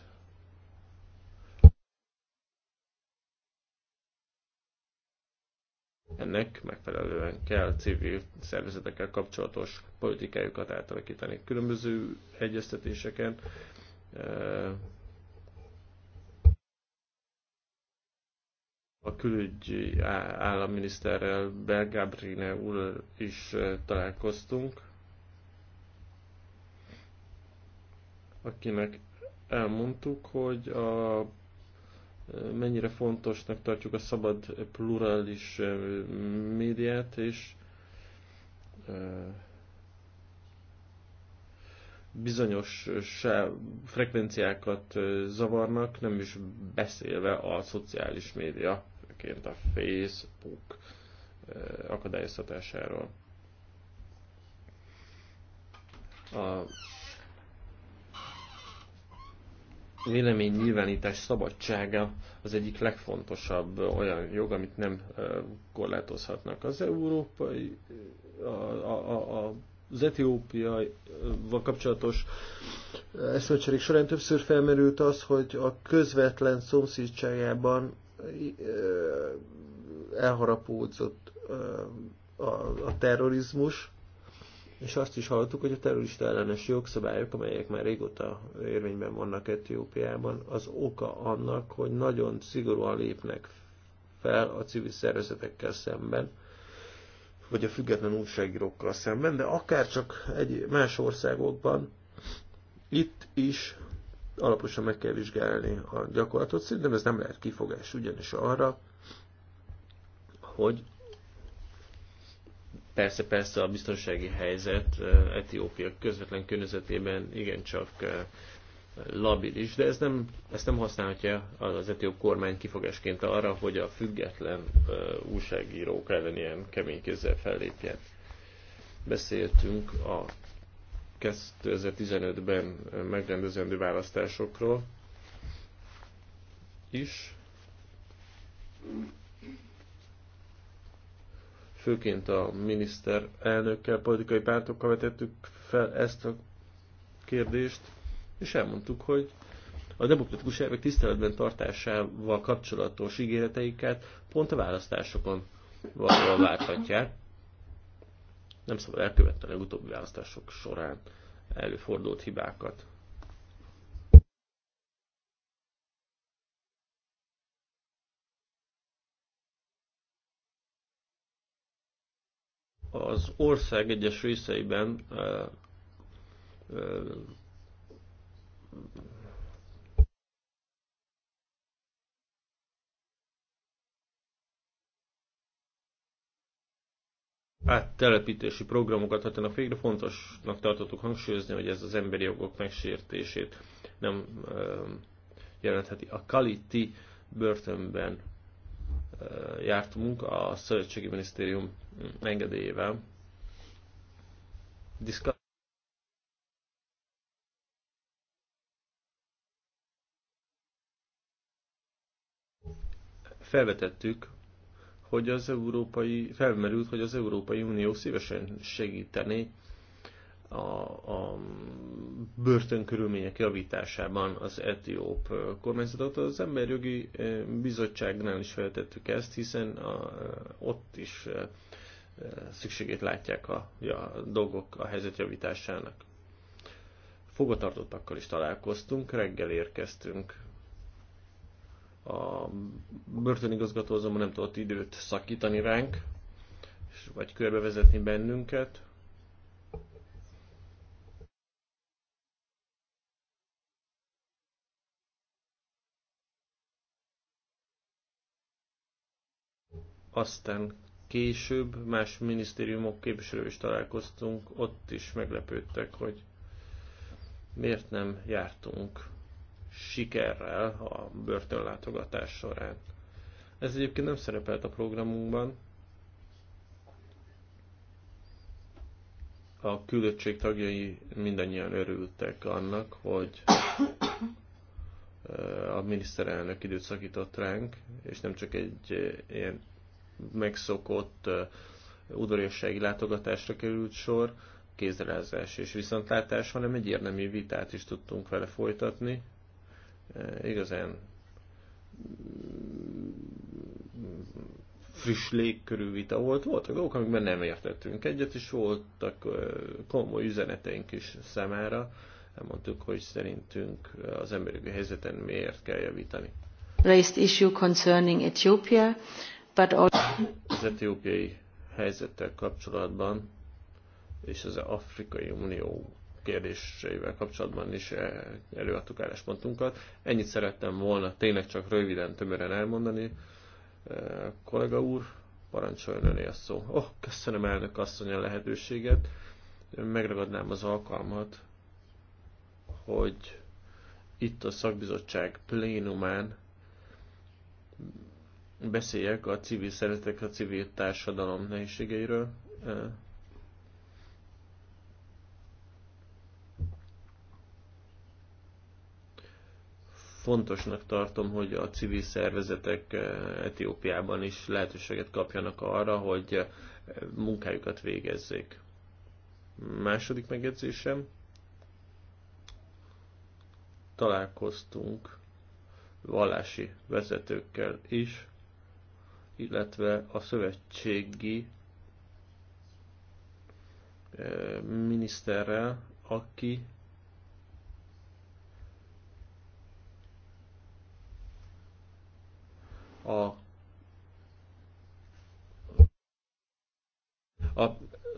Ennek megfelelően kell civil szervezetekkel kapcsolatos politikájukat átalakítani. Különböző egyeztetéseken eh, a külügyi államminiszterrel, Belgabrine úr is eh, találkoztunk, akinek elmondtuk, hogy a mennyire fontosnak tartjuk a szabad pluralis médiát, és bizonyos frekvenciákat zavarnak, nem is beszélve a szociális média, főként a Facebook akadályoztatásáról. A nyilvánítás szabadsága az egyik legfontosabb olyan jog, amit nem korlátozhatnak. Az európai, a, a, a, az etiópiaival kapcsolatos eszmecserék során többször felmerült az, hogy a közvetlen szomszédságában elharapódzott a, a terrorizmus, és azt is hallottuk, hogy a terrorista ellenes jogszabályok, amelyek már régóta érvényben vannak Etiópiában, az oka annak, hogy nagyon szigorúan lépnek fel a civil szervezetekkel szemben, vagy a független újságírókkal szemben, de akár csak egy más országokban itt is alaposan meg kell vizsgálni a gyakorlatot. Szerintem ez nem lehet kifogás ugyanis arra, hogy Persze, persze a biztonsági helyzet Etiópia közvetlen környezetében igencsak labilis, de ez nem, ezt nem használhatja az etióp kormány kifogásként arra, hogy a független újságírók ellen ilyen kemény kézzel fellépjen. Beszéltünk a 2015-ben megrendezendő választásokról is főként a miniszter elnökkel, politikai pártokkal vetettük fel ezt a kérdést, és elmondtuk, hogy a demokratikus elvek tiszteletben tartásával kapcsolatos ígéreteiket pont a választásokon valóban várhatják. Nem szabad elkövetni a legutóbbi választások során előfordult hibákat. az ország egyes részeiben áttelepítési programokat hajtanak végre, fontosnak tartottuk hangsúlyozni, hogy ez az emberi jogok megsértését nem jelentheti. A Kaliti börtönben jártunk a Szövetségi Minisztérium engedélyével. felvetettük, hogy az Európai, felmerült, hogy az Európai Unió szívesen segítené a, a börtönkörülmények javításában az etióp kormányzatot. Az Emberjogi eh, Bizottságnál is feltettük ezt, hiszen a, eh, ott is eh, szükségét látják a, a dolgok a helyzet javításának. Fogatartottakkal is találkoztunk, reggel érkeztünk. A börtönigazgató azonban nem tudott időt szakítani ránk, vagy körbevezetni bennünket, Aztán később más minisztériumok képviselő is találkoztunk, ott is meglepődtek, hogy miért nem jártunk sikerrel a börtönlátogatás során. Ez egyébként nem szerepelt a programunkban. A küldöttség tagjai mindannyian örültek annak, hogy a miniszterelnök időt szakított ránk, és nem csak egy ilyen megszokott udvariassági látogatásra került sor, kézrelázás és viszontlátás, hanem egy érdemi vitát is tudtunk vele folytatni. Igazán mm, friss légkörű vita volt, voltak dolgok, amikben nem értettünk egyet, és voltak komoly üzeneteink is számára. Elmondtuk, hogy szerintünk az emberi helyzeten miért kell javítani.
Raised issue concerning Ethiopia, but also...
Az etiópiai helyzettel kapcsolatban és az Afrikai Unió kérdéseivel kapcsolatban is e- előadtuk álláspontunkat. Ennyit szerettem volna tényleg csak röviden, tömören elmondani. E, kollega úr, parancsoljon öné a szó. Oh, köszönöm elnök asszony a lehetőséget. Megragadnám az alkalmat, hogy itt a szakbizottság plénumán beszéljek a civil szeretek, a civil társadalom nehézségeiről. Fontosnak tartom, hogy a civil szervezetek Etiópiában is lehetőséget kapjanak arra, hogy munkájukat végezzék. Második megjegyzésem. Találkoztunk vallási vezetőkkel is, illetve a szövetségi miniszterrel, aki a, a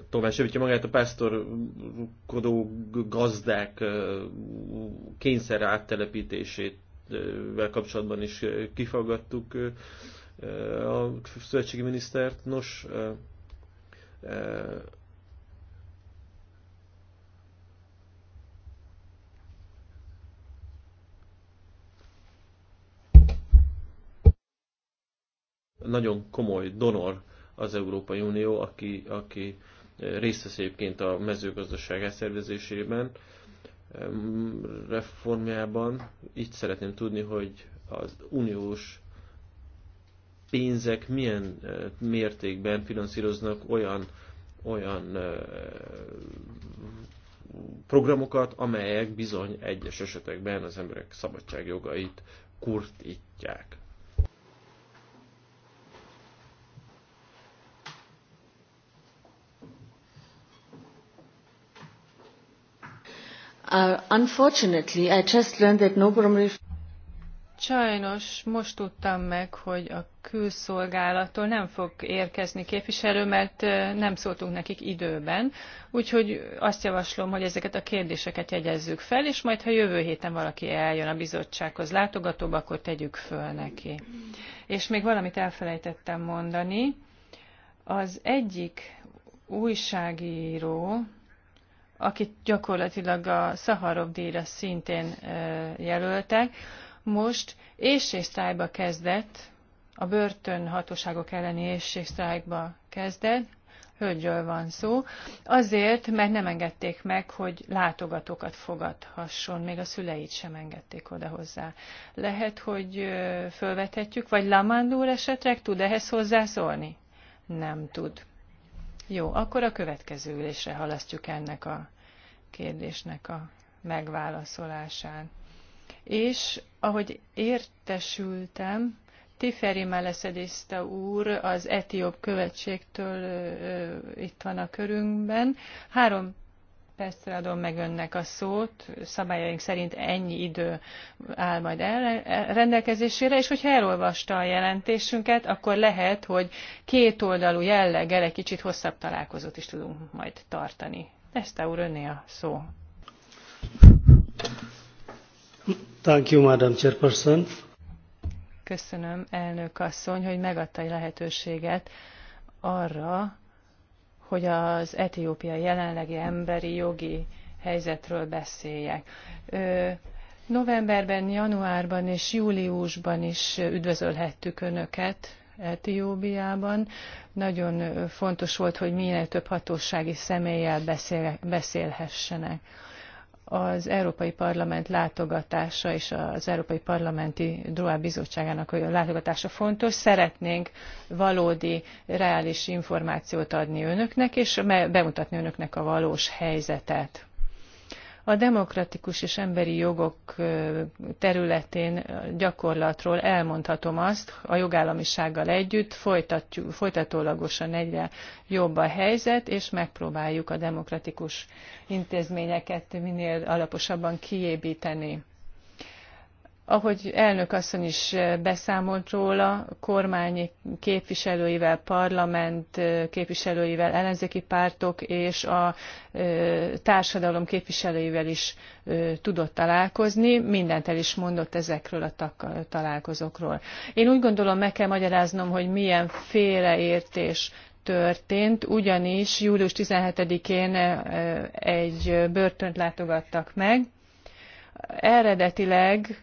tovább Sövítja magát a pásztorkodó gazdák kényszer áttelepítését vel kapcsolatban is kifaggattuk a szövetségi minisztert. Nos, nagyon komoly donor az Európai Unió, aki, aki részt vesz egyébként a mezőgazdaság elszervezésében, reformjában. Így szeretném tudni, hogy az uniós pénzek milyen mértékben finanszíroznak olyan, olyan programokat, amelyek bizony egyes esetekben az emberek szabadságjogait kurtítják.
Uh, unfortunately, I just learned that no problem. Sajnos most
tudtam meg, hogy a külszolgálattól nem fog érkezni képviselő, mert nem szóltunk nekik időben. Úgyhogy azt javaslom, hogy ezeket a kérdéseket jegyezzük fel, és majd ha jövő héten valaki eljön a bizottsághoz látogatóba, akkor tegyük föl neki. És még valamit elfelejtettem mondani. Az egyik újságíró, akit gyakorlatilag a Szaharov díjra szintén jelöltek, most éjségsztrájkba kezdett, a börtön hatóságok elleni éjségsztrájkba kezdett, hölgyről van szó, azért, mert nem engedték meg, hogy látogatókat fogadhasson, még a szüleit sem engedték oda hozzá. Lehet, hogy fölvethetjük, vagy Lamándúr esetleg tud ehhez hozzászólni? Nem tud. Jó, akkor a következő ülésre halasztjuk ennek a kérdésnek a megválaszolását és ahogy értesültem, Tiferi Meleszediszta úr az etióp követségtől itt van a körünkben. Három Persze adom meg önnek a szót, szabályaink szerint ennyi idő áll majd el, e, rendelkezésére, és hogyha elolvasta a jelentésünket, akkor lehet, hogy kétoldalú jelleggel egy kicsit hosszabb találkozót is tudunk majd tartani. Ezt úr, önné a szó.
Thank you, Madam Chairperson.
Köszönöm, elnök asszony, hogy megadta a lehetőséget arra, hogy az etiópiai jelenlegi emberi jogi helyzetről beszéljek. Ö, novemberben, januárban és júliusban is üdvözölhettük Önöket Etiópiában. Nagyon fontos volt, hogy minél több hatósági személlyel beszél, beszélhessenek az Európai Parlament látogatása és az Európai Parlamenti Droá Bizottságának a látogatása fontos. Szeretnénk valódi, reális információt adni önöknek, és bemutatni önöknek a valós helyzetet. A demokratikus és emberi jogok területén gyakorlatról elmondhatom azt, a jogállamisággal együtt folytatjuk, folytatólagosan egyre jobb a helyzet, és megpróbáljuk a demokratikus intézményeket minél alaposabban kiébíteni. Ahogy elnök asszony is eh, beszámolt róla, kormány képviselőivel, parlament eh, képviselőivel, ellenzéki pártok és a eh, társadalom képviselőivel is tudott találkozni, mindent el is mondott ezekről a találkozókról. Én úgy gondolom, meg kell magyaráznom, hogy milyen félreértés történt, ugyanis július 17-én egy börtönt látogattak meg, Eredetileg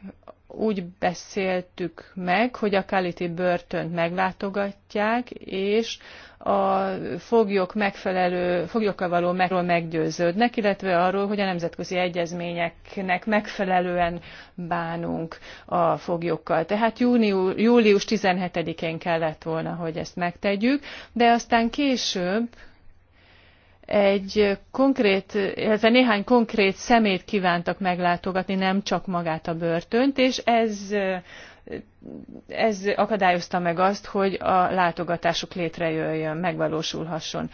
úgy beszéltük meg, hogy a Kaliti börtönt meglátogatják, és a foglyok megfelelő, foglyokkal való megről meggyőződnek, illetve arról, hogy a nemzetközi egyezményeknek megfelelően bánunk a foglyokkal. Tehát júniú, július 17-én kellett volna, hogy ezt megtegyük, de aztán később egy konkrét, illetve néhány konkrét szemét kívántak meglátogatni, nem csak magát a börtönt, és ez, ez akadályozta meg azt, hogy a látogatásuk létrejöjjön, megvalósulhasson.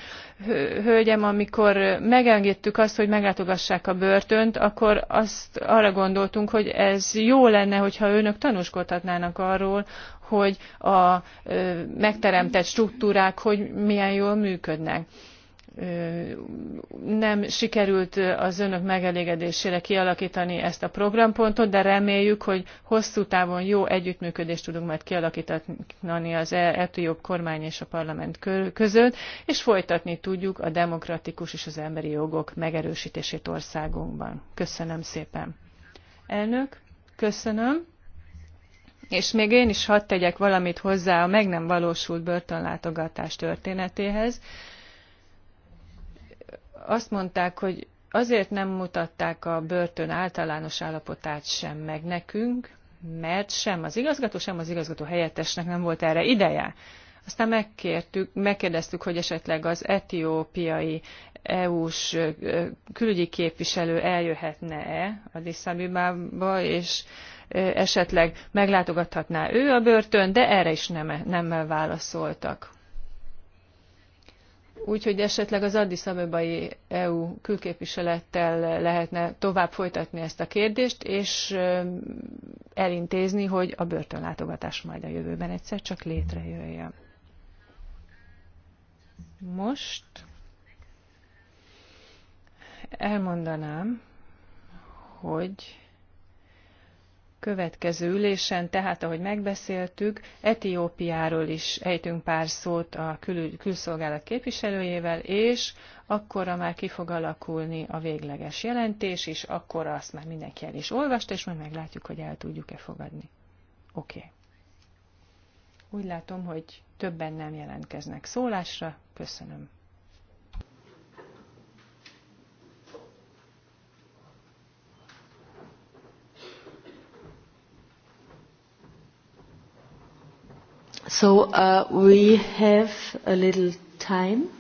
Hölgyem, amikor megengedtük azt, hogy meglátogassák a börtönt, akkor azt arra gondoltunk, hogy ez jó lenne, hogyha önök tanúskodhatnának arról, hogy a megteremtett struktúrák, hogy milyen jól működnek nem sikerült az önök megelégedésére kialakítani ezt a programpontot, de reméljük, hogy hosszú távon jó együttműködést tudunk majd kialakítani az e- etióp kormány és a parlament között, és folytatni tudjuk a demokratikus és az emberi jogok megerősítését országunkban. Köszönöm szépen. Elnök, köszönöm. És még én is hadd tegyek valamit hozzá a meg nem valósult börtönlátogatás történetéhez azt mondták, hogy azért nem mutatták a börtön általános állapotát sem meg nekünk, mert sem az igazgató, sem az igazgató helyettesnek nem volt erre ideje. Aztán megkértük, megkérdeztük, hogy esetleg az etiópiai EU-s külügyi képviselő eljöhetne-e Addis Abibába, és esetleg meglátogathatná ő a börtön, de erre is nem, nem válaszoltak. Úgyhogy esetleg az Addis Abebai EU külképviselettel lehetne tovább folytatni ezt a kérdést, és elintézni, hogy a börtönlátogatás majd a jövőben egyszer csak létrejöjjön. Most elmondanám, hogy következő ülésen, tehát ahogy megbeszéltük, Etiópiáról is ejtünk pár szót a kül- külszolgálat képviselőjével, és akkorra már ki fog alakulni a végleges jelentés, és akkor azt már mindenki el is olvasta, és majd meglátjuk, hogy el tudjuk-e fogadni. Oké. Okay. Úgy látom, hogy többen nem jelentkeznek szólásra. Köszönöm.
So uh, we have a little time.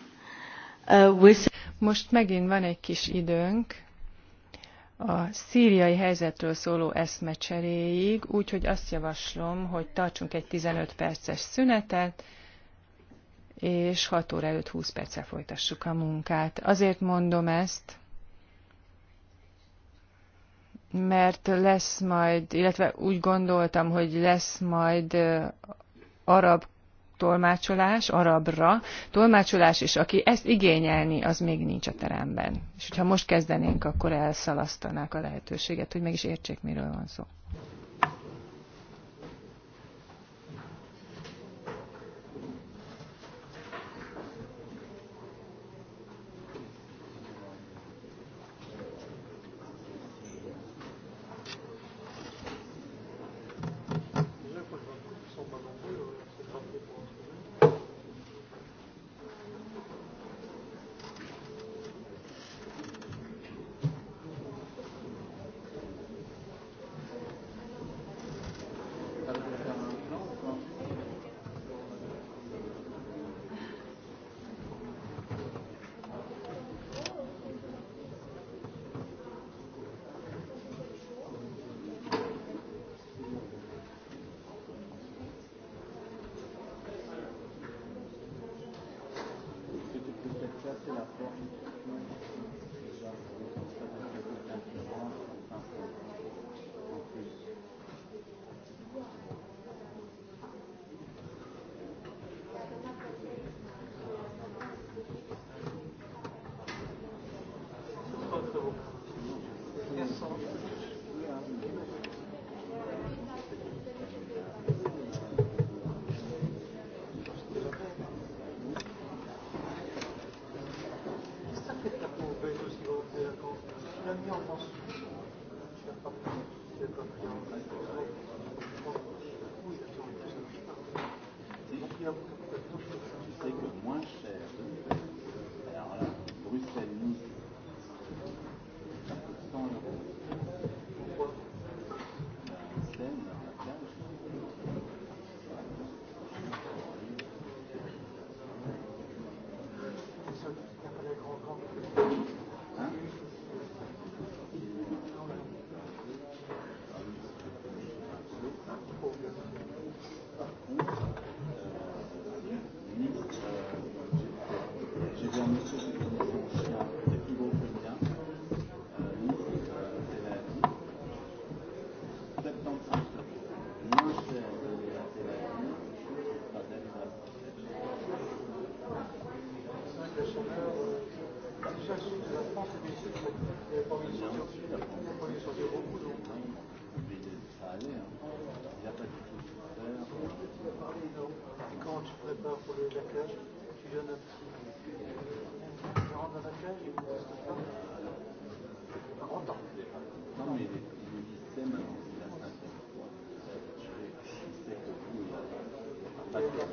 Uh, with... Most megint van egy kis időnk a
szíriai helyzetről szóló eszmecseréig, úgyhogy azt javaslom, hogy tartsunk egy 15 perces szünetet, és 6 óra előtt 20 perccel folytassuk a munkát. Azért mondom ezt, mert lesz majd, illetve úgy gondoltam, hogy lesz majd arab tolmácsolás, arabra tolmácsolás, és aki ezt igényelni, az még nincs a teremben. És hogyha most kezdenénk, akkor elszalasztanák a lehetőséget, hogy meg is értsék, miről van szó.
Köszönöm.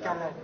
Carlos.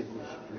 Jézus.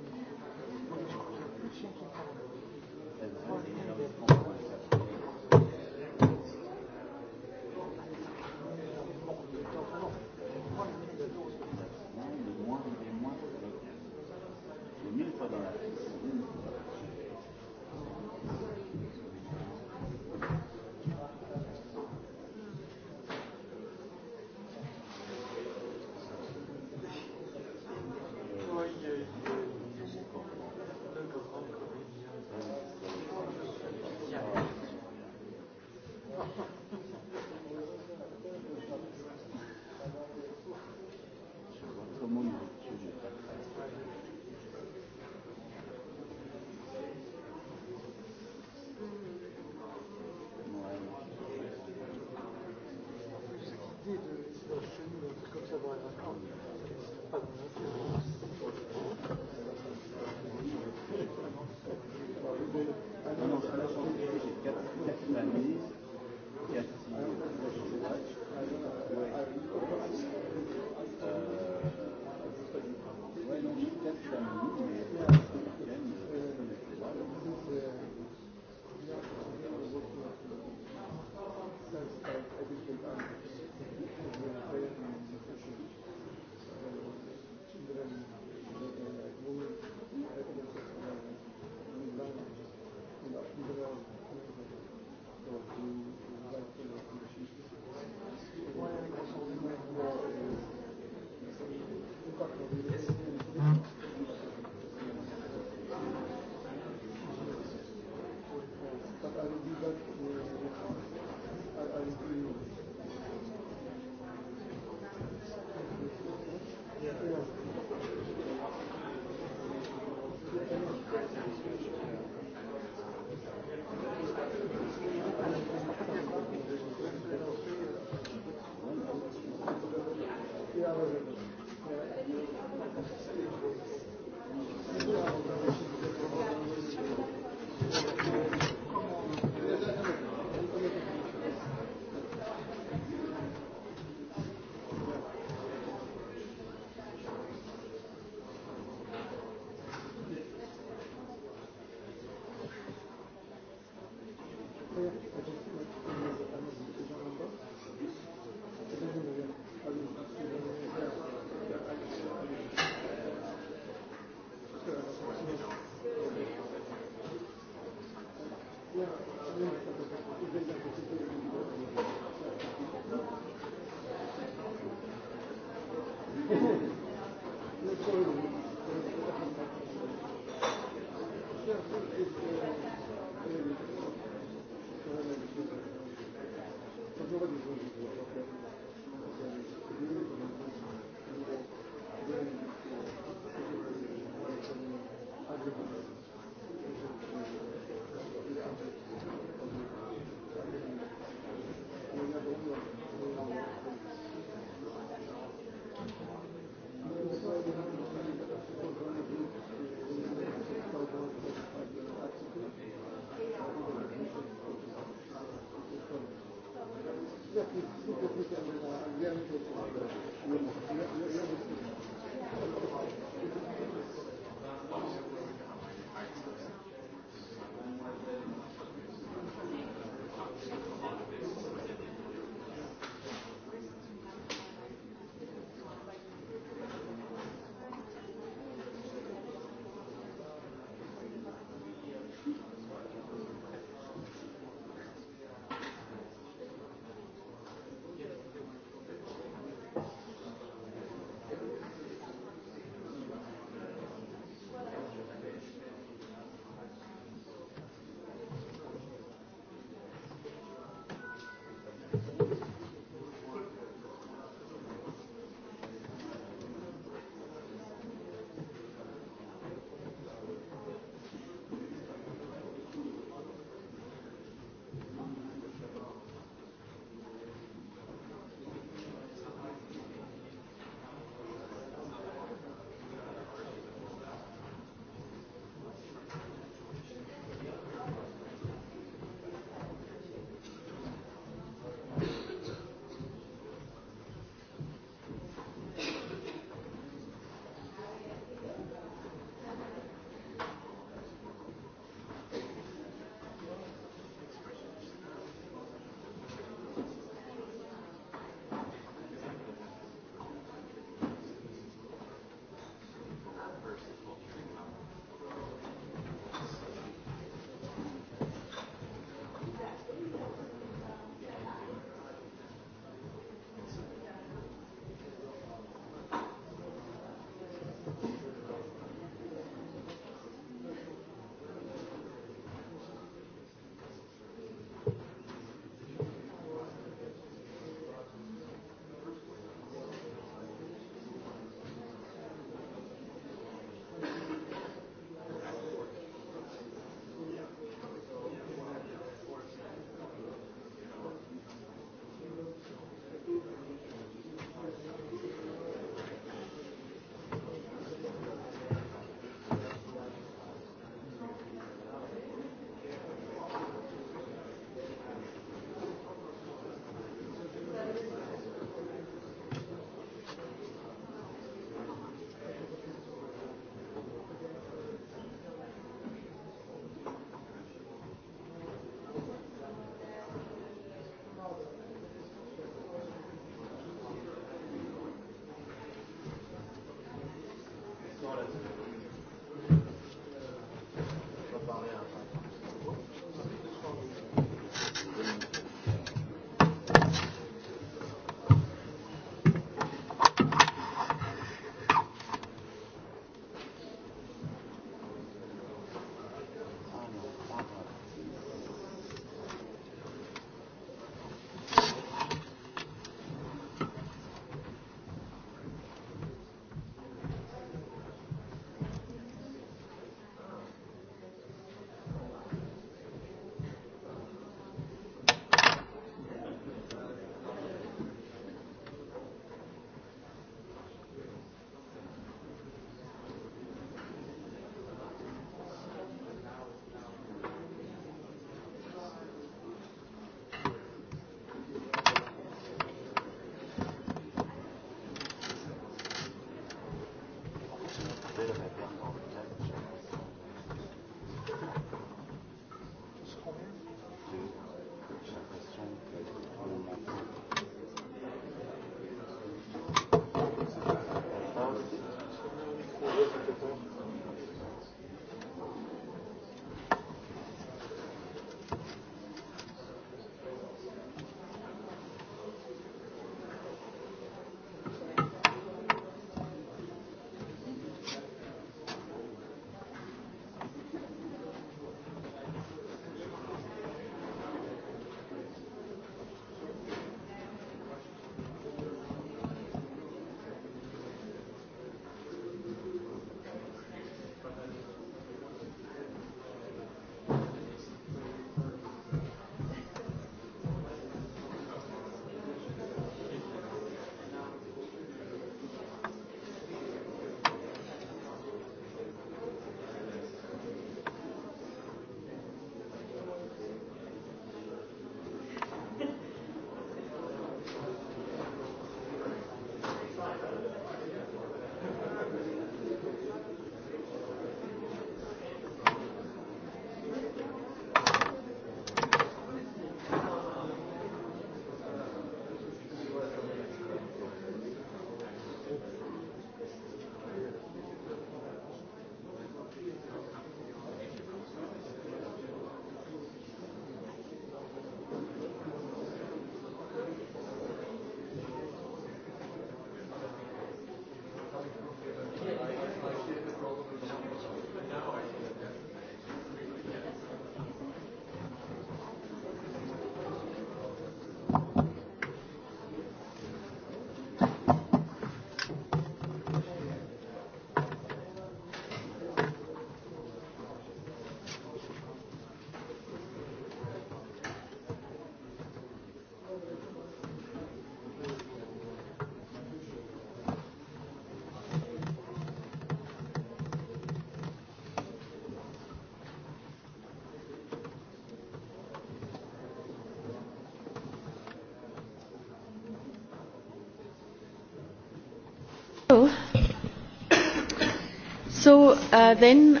uh, then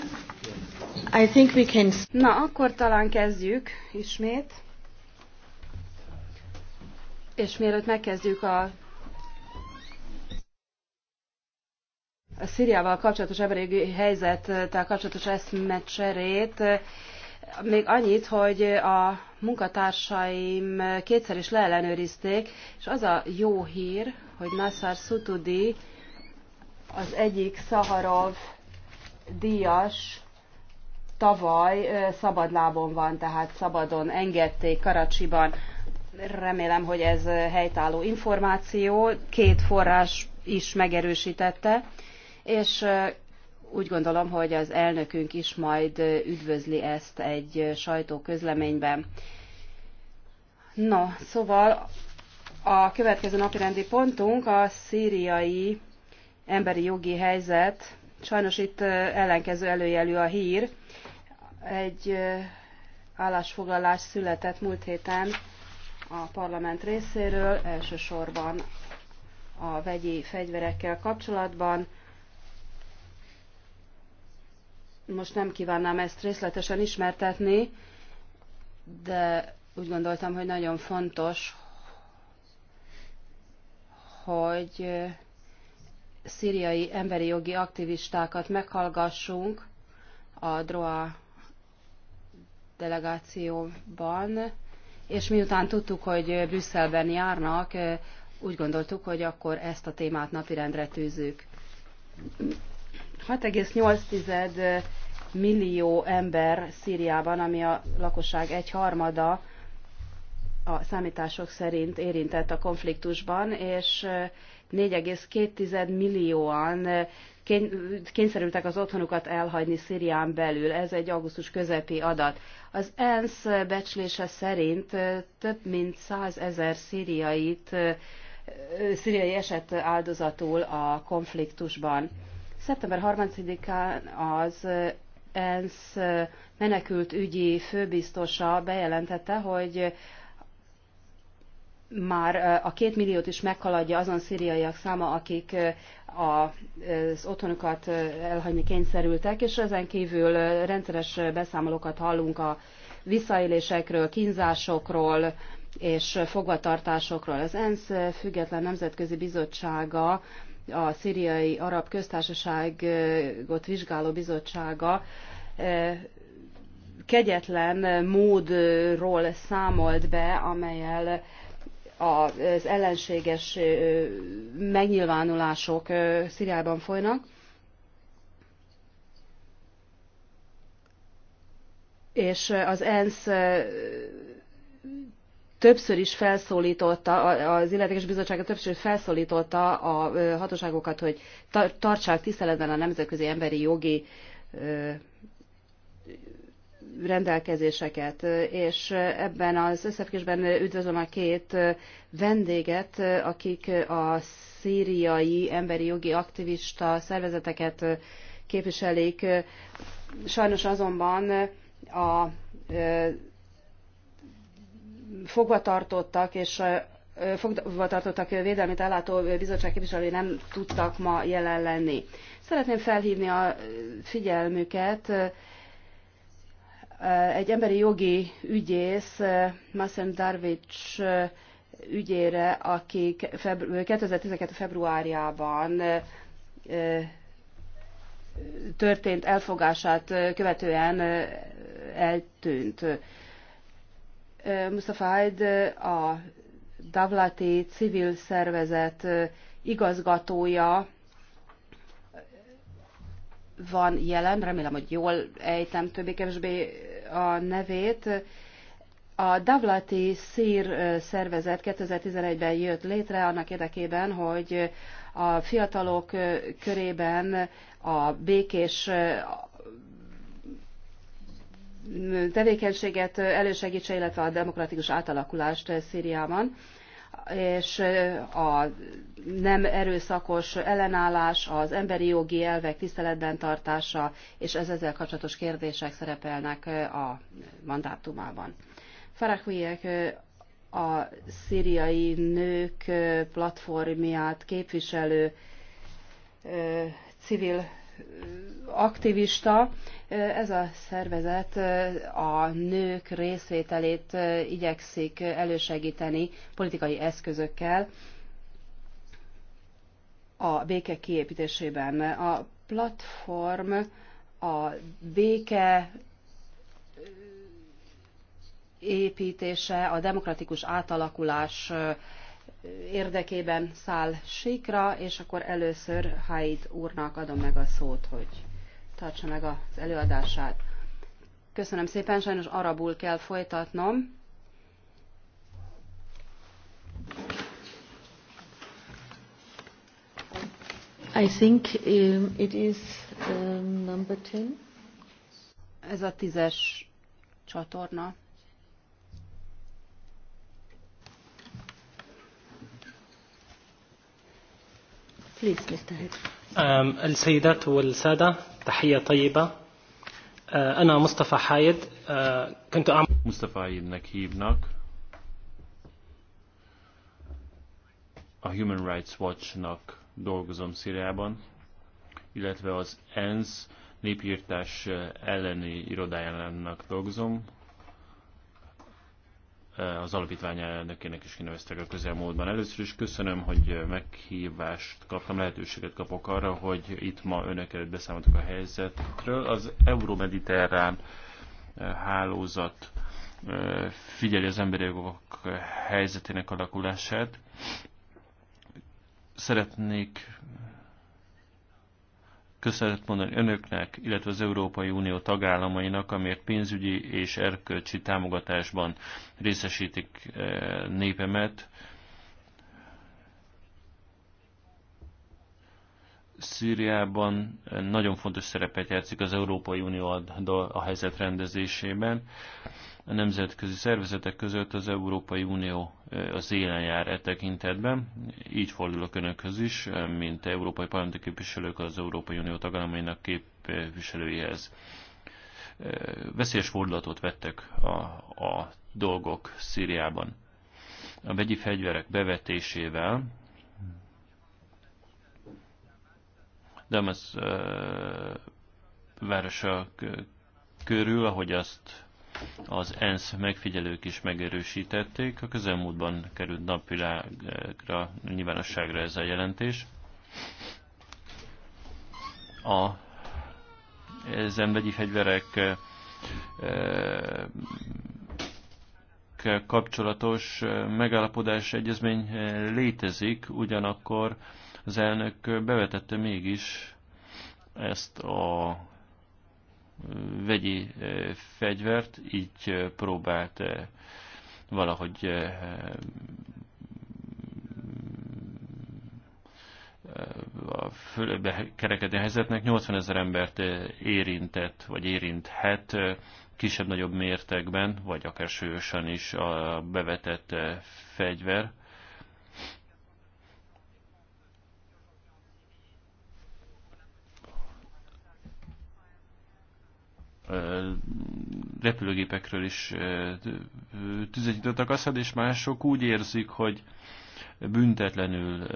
I think we can... Na,
akkor talán kezdjük ismét. És mielőtt megkezdjük a, a Szíriával kapcsolatos emberi tehát kapcsolatos eszmecserét, még annyit, hogy a munkatársaim kétszer is leellenőrizték, és az a jó hír, hogy Nassar Sutudi, az egyik Szaharov díjas tavaly szabadlábon van, tehát szabadon engedték Karacsiban. Remélem, hogy ez helytálló információ. Két forrás is megerősítette, és úgy gondolom, hogy az elnökünk is majd üdvözli ezt egy sajtóközleményben. No, szóval a következő napirendi pontunk a szíriai emberi jogi helyzet Sajnos itt ellenkező előjelű a hír. Egy állásfoglalás született múlt héten a parlament részéről, elsősorban a vegyi fegyverekkel kapcsolatban. Most nem kívánnám ezt részletesen ismertetni, de úgy gondoltam, hogy nagyon fontos, hogy szíriai emberi jogi aktivistákat meghallgassunk a DROA delegációban, és miután tudtuk, hogy Brüsszelben járnak, úgy gondoltuk, hogy akkor ezt a témát napirendre tűzzük. 6,8 millió ember Szíriában, ami a lakosság egy harmada a számítások szerint érintett a konfliktusban, és 4,2 millióan kényszerültek az otthonukat elhagyni Szírián belül. Ez egy augusztus közepi adat. Az ENSZ becslése szerint több mint 100 ezer szíriait, szíriai eset áldozatul a konfliktusban. Szeptember 30-án az ENSZ menekült ügyi főbiztosa bejelentette, hogy már a két milliót is meghaladja azon szíriaiak száma, akik az otthonukat elhagyni kényszerültek, és ezen kívül rendszeres beszámolókat hallunk a visszaélésekről, kínzásokról és fogvatartásokról. Az ENSZ független nemzetközi bizottsága a szíriai arab köztársaságot vizsgáló bizottsága kegyetlen módról számolt be, amelyel az ellenséges megnyilvánulások Szíriában folynak, és az ENSZ többször is felszólította, az illetékes bizottsága többször felszólította a hatóságokat, hogy tartsák tiszteletben a nemzetközi emberi jogi rendelkezéseket, és ebben az összefüggésben üdvözlöm a két vendéget, akik a szíriai emberi jogi aktivista szervezeteket képviselik. Sajnos azonban a fogvatartottak és fogvatartottak védelmét ellátó bizottság képviselői nem tudtak ma jelen lenni. Szeretném felhívni a figyelmüket egy emberi jogi ügyész, Masen Darvics ügyére, aki 2012. februárjában történt elfogását követően eltűnt. Mustafa Haid a Davlati civil szervezet igazgatója van jelen, remélem, hogy jól ejtem többé-kevésbé a nevét. A Davlati Szír szervezet 2011-ben jött létre annak érdekében, hogy a fiatalok körében a békés tevékenységet elősegítse, illetve a demokratikus átalakulást Szíriában és a nem erőszakos ellenállás, az emberi jogi elvek tiszteletben tartása, és ez ezzel kapcsolatos kérdések szerepelnek a mandátumában. Farahuiek a szíriai nők platformját képviselő civil aktivista, ez a szervezet eh, a nők részvételét eh, igyekszik elősegíteni politikai eszközökkel a béke kiépítésében. A platform a béke eh, építése, a demokratikus átalakulás érdekében száll síkra, és akkor először Haid úrnak adom meg a szót, hogy tartsa meg az előadását. Köszönöm szépen, sajnos arabul kell folytatnom.
I think um, it is
um, number 10. Ez a tízes csatorna.
السيدات والسادة تحية طيبة. أنا مصطفى حايد كنت أعمل مصطفى حايدnek hívnak. A Human Rights Watch-nak dolgozom Szíriában, illetve az ENSZ népírtás elleni irodájának dolgozom az alapítvány elnökének is kineveztek a közelmúltban. Először is köszönöm, hogy meghívást kaptam, lehetőséget kapok arra, hogy itt ma önök előtt beszámoltak a helyzetről. Az Euromediterrán eh, hálózat eh, figyeli az emberi jogok helyzetének alakulását. Szeretnék köszönet mondani önöknek, illetve az Európai Unió tagállamainak, amért pénzügyi és erkölcsi támogatásban részesítik eh, népemet. Szíriában eh, nagyon fontos szerepet játszik az Európai Unió a helyzet rendezésében a nemzetközi szervezetek között az Európai Unió az élen jár e tekintetben. Így fordulok Önökhöz is, mint európai parlamenti képviselők az Európai Unió tagállamainak képviselőihez. Veszélyes fordulatot vettek a, a dolgok Szíriában. A vegyi fegyverek bevetésével Damasz városa körül, ahogy azt az ENSZ megfigyelők is megerősítették. A közelmúltban került napvilágra, nyilvánosságra ez a jelentés. A ezen vegyi fegyverek e, e, kapcsolatos e, megállapodás egyezmény létezik, ugyanakkor az elnök bevetette mégis ezt a vegyi eh, fegyvert, így eh, próbált eh, valahogy a fölbe kerekedő helyzetnek 80 ezer embert érintett, vagy érinthet kisebb-nagyobb mértékben, vagy akár sősen is a bevetett fegyver. repülőgépekről is tüzet nyitottak Assad, és mások úgy érzik, hogy büntetlenül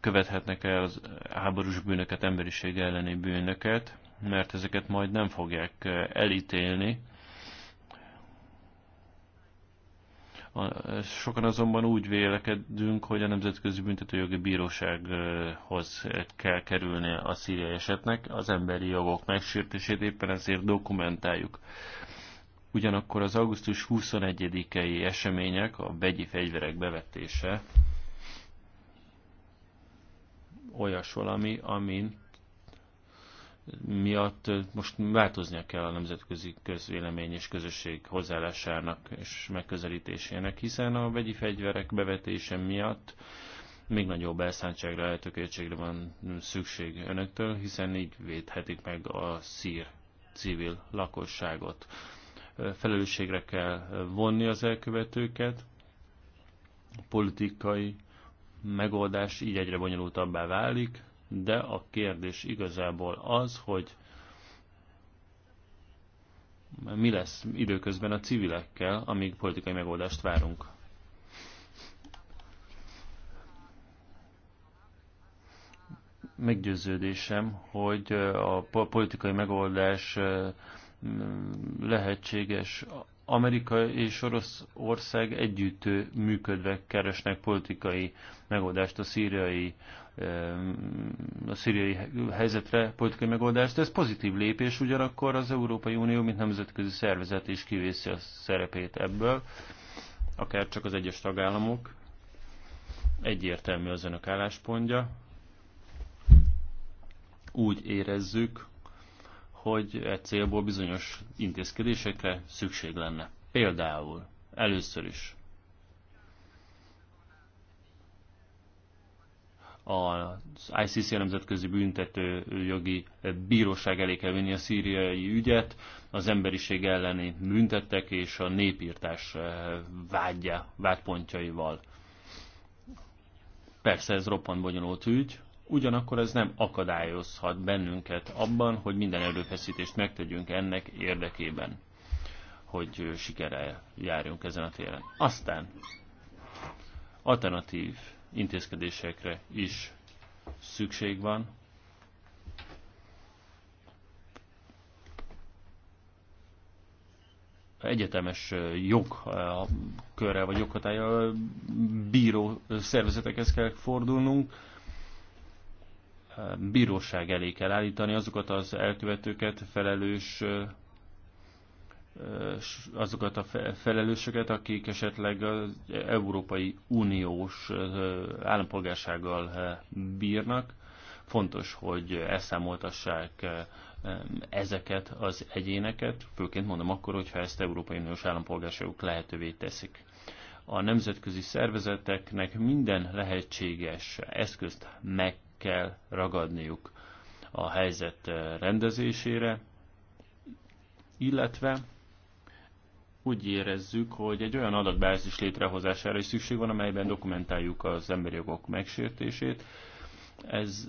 követhetnek el az háborús bűnöket, emberiség elleni bűnöket, mert ezeket majd nem fogják elítélni, Sokan azonban úgy vélekedünk, hogy a Nemzetközi Büntetőjogi Bírósághoz kell kerülni a szíriai esetnek, az emberi jogok megsértését éppen ezért dokumentáljuk. Ugyanakkor az augusztus 21-i események, a begyi fegyverek bevetése olyas valami, amin miatt most változnia kell a nemzetközi közvélemény és közösség hozzáállásának és megközelítésének, hiszen a vegyi fegyverek bevetése miatt még nagyobb elszántságra, eltökéltségre van szükség önöktől, hiszen így védhetik meg a szír civil lakosságot. Felelősségre kell vonni az elkövetőket, politikai megoldás így egyre bonyolultabbá válik, de a kérdés igazából az, hogy mi lesz időközben a civilekkel, amíg politikai megoldást várunk. Meggyőződésem, hogy a politikai megoldás lehetséges. Amerika és Oroszország együtt működve keresnek politikai megoldást a szíriai Ehm, a szíriai helyzetre politikai megoldást. Ez pozitív lépés, ugyanakkor az Európai Unió, mint nemzetközi szervezet is kivészi a szerepét ebből, akár csak az egyes tagállamok. Egyértelmű az önök álláspontja. Úgy érezzük, hogy e célból bizonyos intézkedésekre szükség lenne. Például először is az ICC nemzetközi büntető jogi bíróság elé kell vinni a szíriai ügyet, az emberiség elleni büntettek és a népírtás eh, vágyja, vádpontjaival. Persze ez roppant bonyolult ügy, ugyanakkor ez nem akadályozhat bennünket abban, hogy minden erőfeszítést megtegyünk ennek érdekében, hogy sikerrel járjunk ezen a téren. Aztán alternatív intézkedésekre is szükség van. egyetemes jogkörrel vagy joghatája bíró szervezetekhez kell fordulnunk, bíróság elé kell állítani azokat az elkövetőket, felelős azokat a felelősöket, akik esetleg az Európai Uniós állampolgársággal bírnak. Fontos, hogy elszámoltassák ezeket az egyéneket, főként mondom akkor, hogyha ezt Európai Uniós állampolgárságuk lehetővé teszik. A nemzetközi szervezeteknek minden lehetséges eszközt meg kell ragadniuk a helyzet rendezésére, illetve úgy érezzük, hogy egy olyan adatbázis létrehozására is szükség van, amelyben dokumentáljuk az emberi jogok megsértését. Ez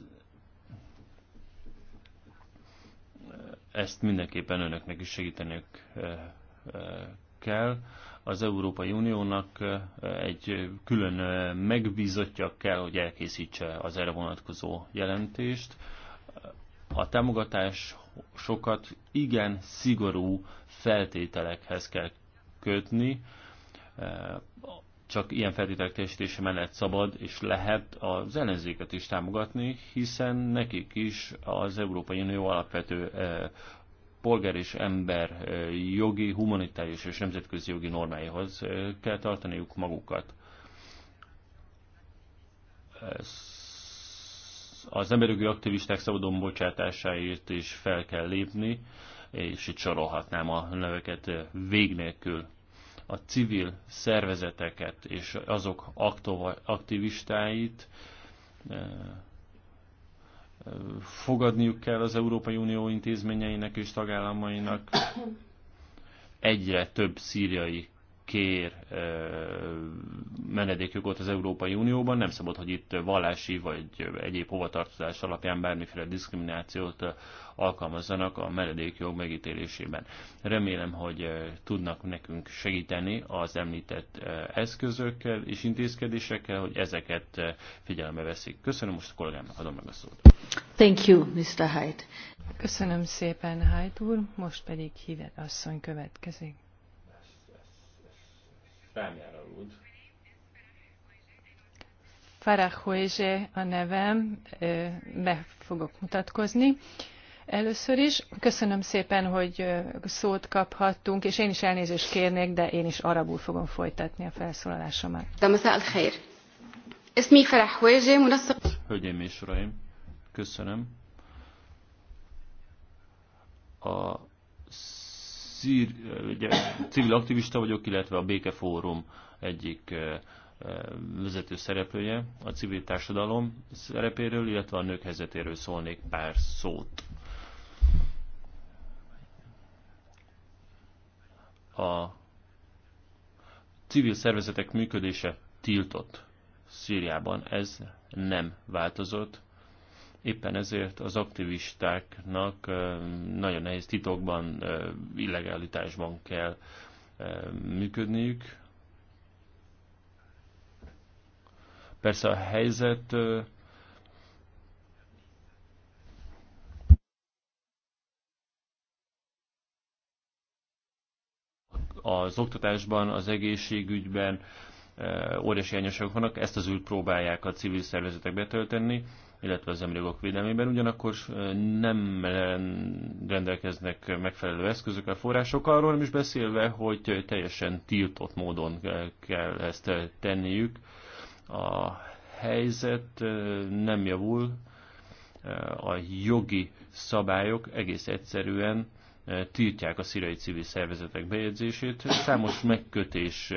ezt mindenképpen önöknek is segítenek eh, eh, kell. Az Európai Uniónak eh, egy külön megbízottja kell, hogy elkészítse az erre vonatkozó jelentést. A támogatás sokat igen szigorú feltételekhez kell kötni, e, csak ilyen feltételek teljesítése mellett szabad, és lehet az ellenzéket is támogatni, hiszen nekik is az Európai Unió alapvető e, polgár és ember e, jogi, humanitárius és nemzetközi jogi normáihoz kell tartaniuk magukat. Az emberjogi aktivisták szabadon bocsátásáért is fel kell lépni, és itt sorolhatnám a neveket vég nélkül. A civil szervezeteket és azok aktivistáit fogadniuk kell az Európai Unió intézményeinek és tagállamainak. Egyre több szíriai kér menedékjogot az Európai Unióban, nem szabad, hogy itt vallási vagy egyéb hovatartozás alapján bármiféle diszkriminációt alkalmazzanak a menedékjog megítélésében. Remélem, hogy tudnak nekünk segíteni az említett eszközökkel és intézkedésekkel, hogy ezeket figyelembe veszik. Köszönöm, most a kollégámnak adom meg a szót. Thank you,
Mr. Hyde. Köszönöm
szépen, Hyde úr. Most pedig Hivet asszony következik.
Rámjár alud.
a nevem, be fogok mutatkozni. Először is köszönöm szépen, hogy szót kaphattunk, és én is elnézést kérnék, de én is arabul fogom folytatni a felszólalásomat.
Hölgyeim és uraim, köszönöm. A szír, eh, ugye, civil aktivista vagyok, illetve a Békefórum egyik eh, eh, vezető szereplője a civil társadalom szerepéről, illetve a nők helyzetéről szólnék pár szót. A civil szervezetek működése tiltott Szíriában, ez nem változott, Éppen ezért az aktivistáknak nagyon nehéz titokban, illegalitásban kell működniük. Persze a helyzet az oktatásban, az egészségügyben óriási anyosok vannak, ezt az ült próbálják a civil szervezetek betölteni, illetve az emberi jogok védelmében, ugyanakkor nem rendelkeznek megfelelő eszközökkel, forrásokkal, arról nem is beszélve, hogy teljesen tiltott módon kell ezt tenniük. A helyzet nem javul, a jogi szabályok egész egyszerűen tiltják a szirai civil szervezetek bejegyzését. Számos megkötés,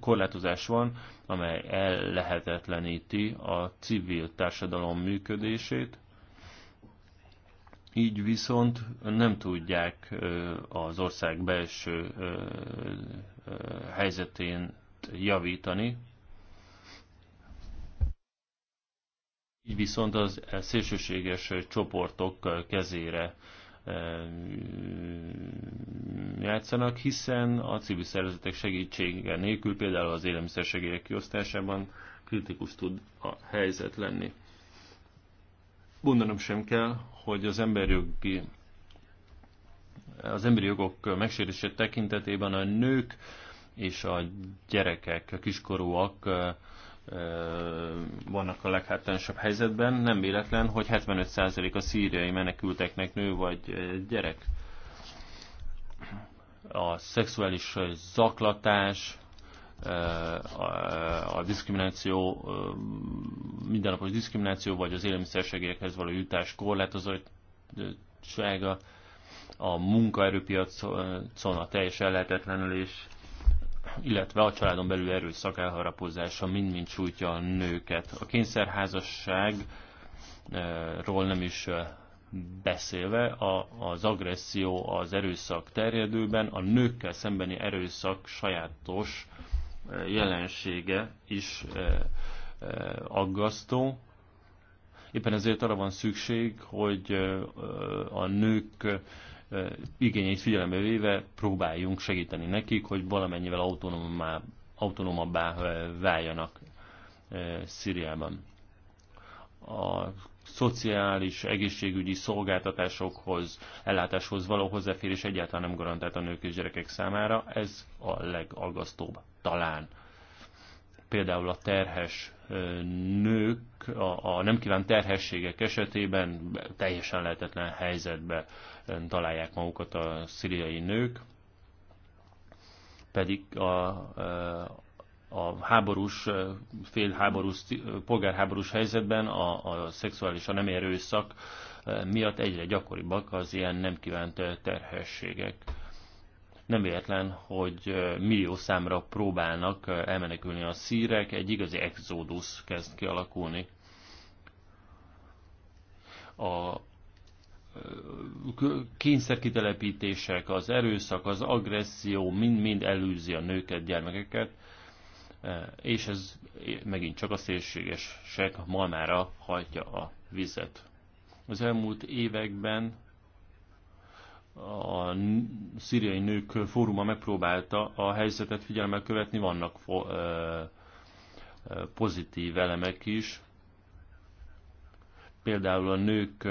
korlátozás van, amely ellehetetleníti a civil társadalom működését, így viszont nem tudják az ország belső helyzetén javítani. Így viszont az szélsőséges csoportok kezére játszanak, hiszen a civil szervezetek segítsége nélkül, például az élelmiszersegélyek kiosztásában kritikus tud a helyzet lenni. Mondanom sem kell, hogy az emberjogi az emberi jogok megsérését tekintetében a nők és a gyerekek, a kiskorúak vannak a leghátrányosabb helyzetben. Nem véletlen, hogy 75% a szíriai menekülteknek nő vagy gyerek. A szexuális zaklatás, a diszkrimináció, mindennapos diszkrimináció, vagy az élelmiszersegélyekhez való jutás korlátozottsága, a munkaerőpiacon a teljes ellehetetlenülés, illetve a családon belül erőszak elharapozása mind-mind sújtja a nőket. A kényszerházasságról eh, nem is eh, beszélve, a, az agresszió, az erőszak terjedőben, a nőkkel szembeni erőszak sajátos eh, jelensége is aggasztó. Éppen ezért arra van szükség, hogy a nők igényeit figyelembe véve próbáljunk segíteni nekik, hogy valamennyivel autonómabbá váljanak Szíriában. A szociális, egészségügyi szolgáltatásokhoz, ellátáshoz való hozzáférés egyáltalán nem garantált a nők és gyerekek számára. Ez a legaggasztóbb talán. Például a terhes nők a, a nem kívánt terhességek esetében teljesen lehetetlen helyzetbe találják magukat a szíriai nők, pedig a, a háborús, félháborús, polgárháborús helyzetben a, a szexuális, a nem erőszak miatt egyre gyakoribbak az ilyen nem kívánt terhességek. Nem véletlen, hogy millió számra próbálnak elmenekülni a szírek, egy igazi exodus kezd kialakulni. A kényszerkitelepítések, az erőszak, az agresszió mind-mind elűzi a nőket, gyermekeket, és ez megint csak a szélségesek malmára hajtja a vizet. Az elmúlt években a szíriai nők fóruma megpróbálta a helyzetet figyelemmel követni, vannak pozitív elemek is. Például a nők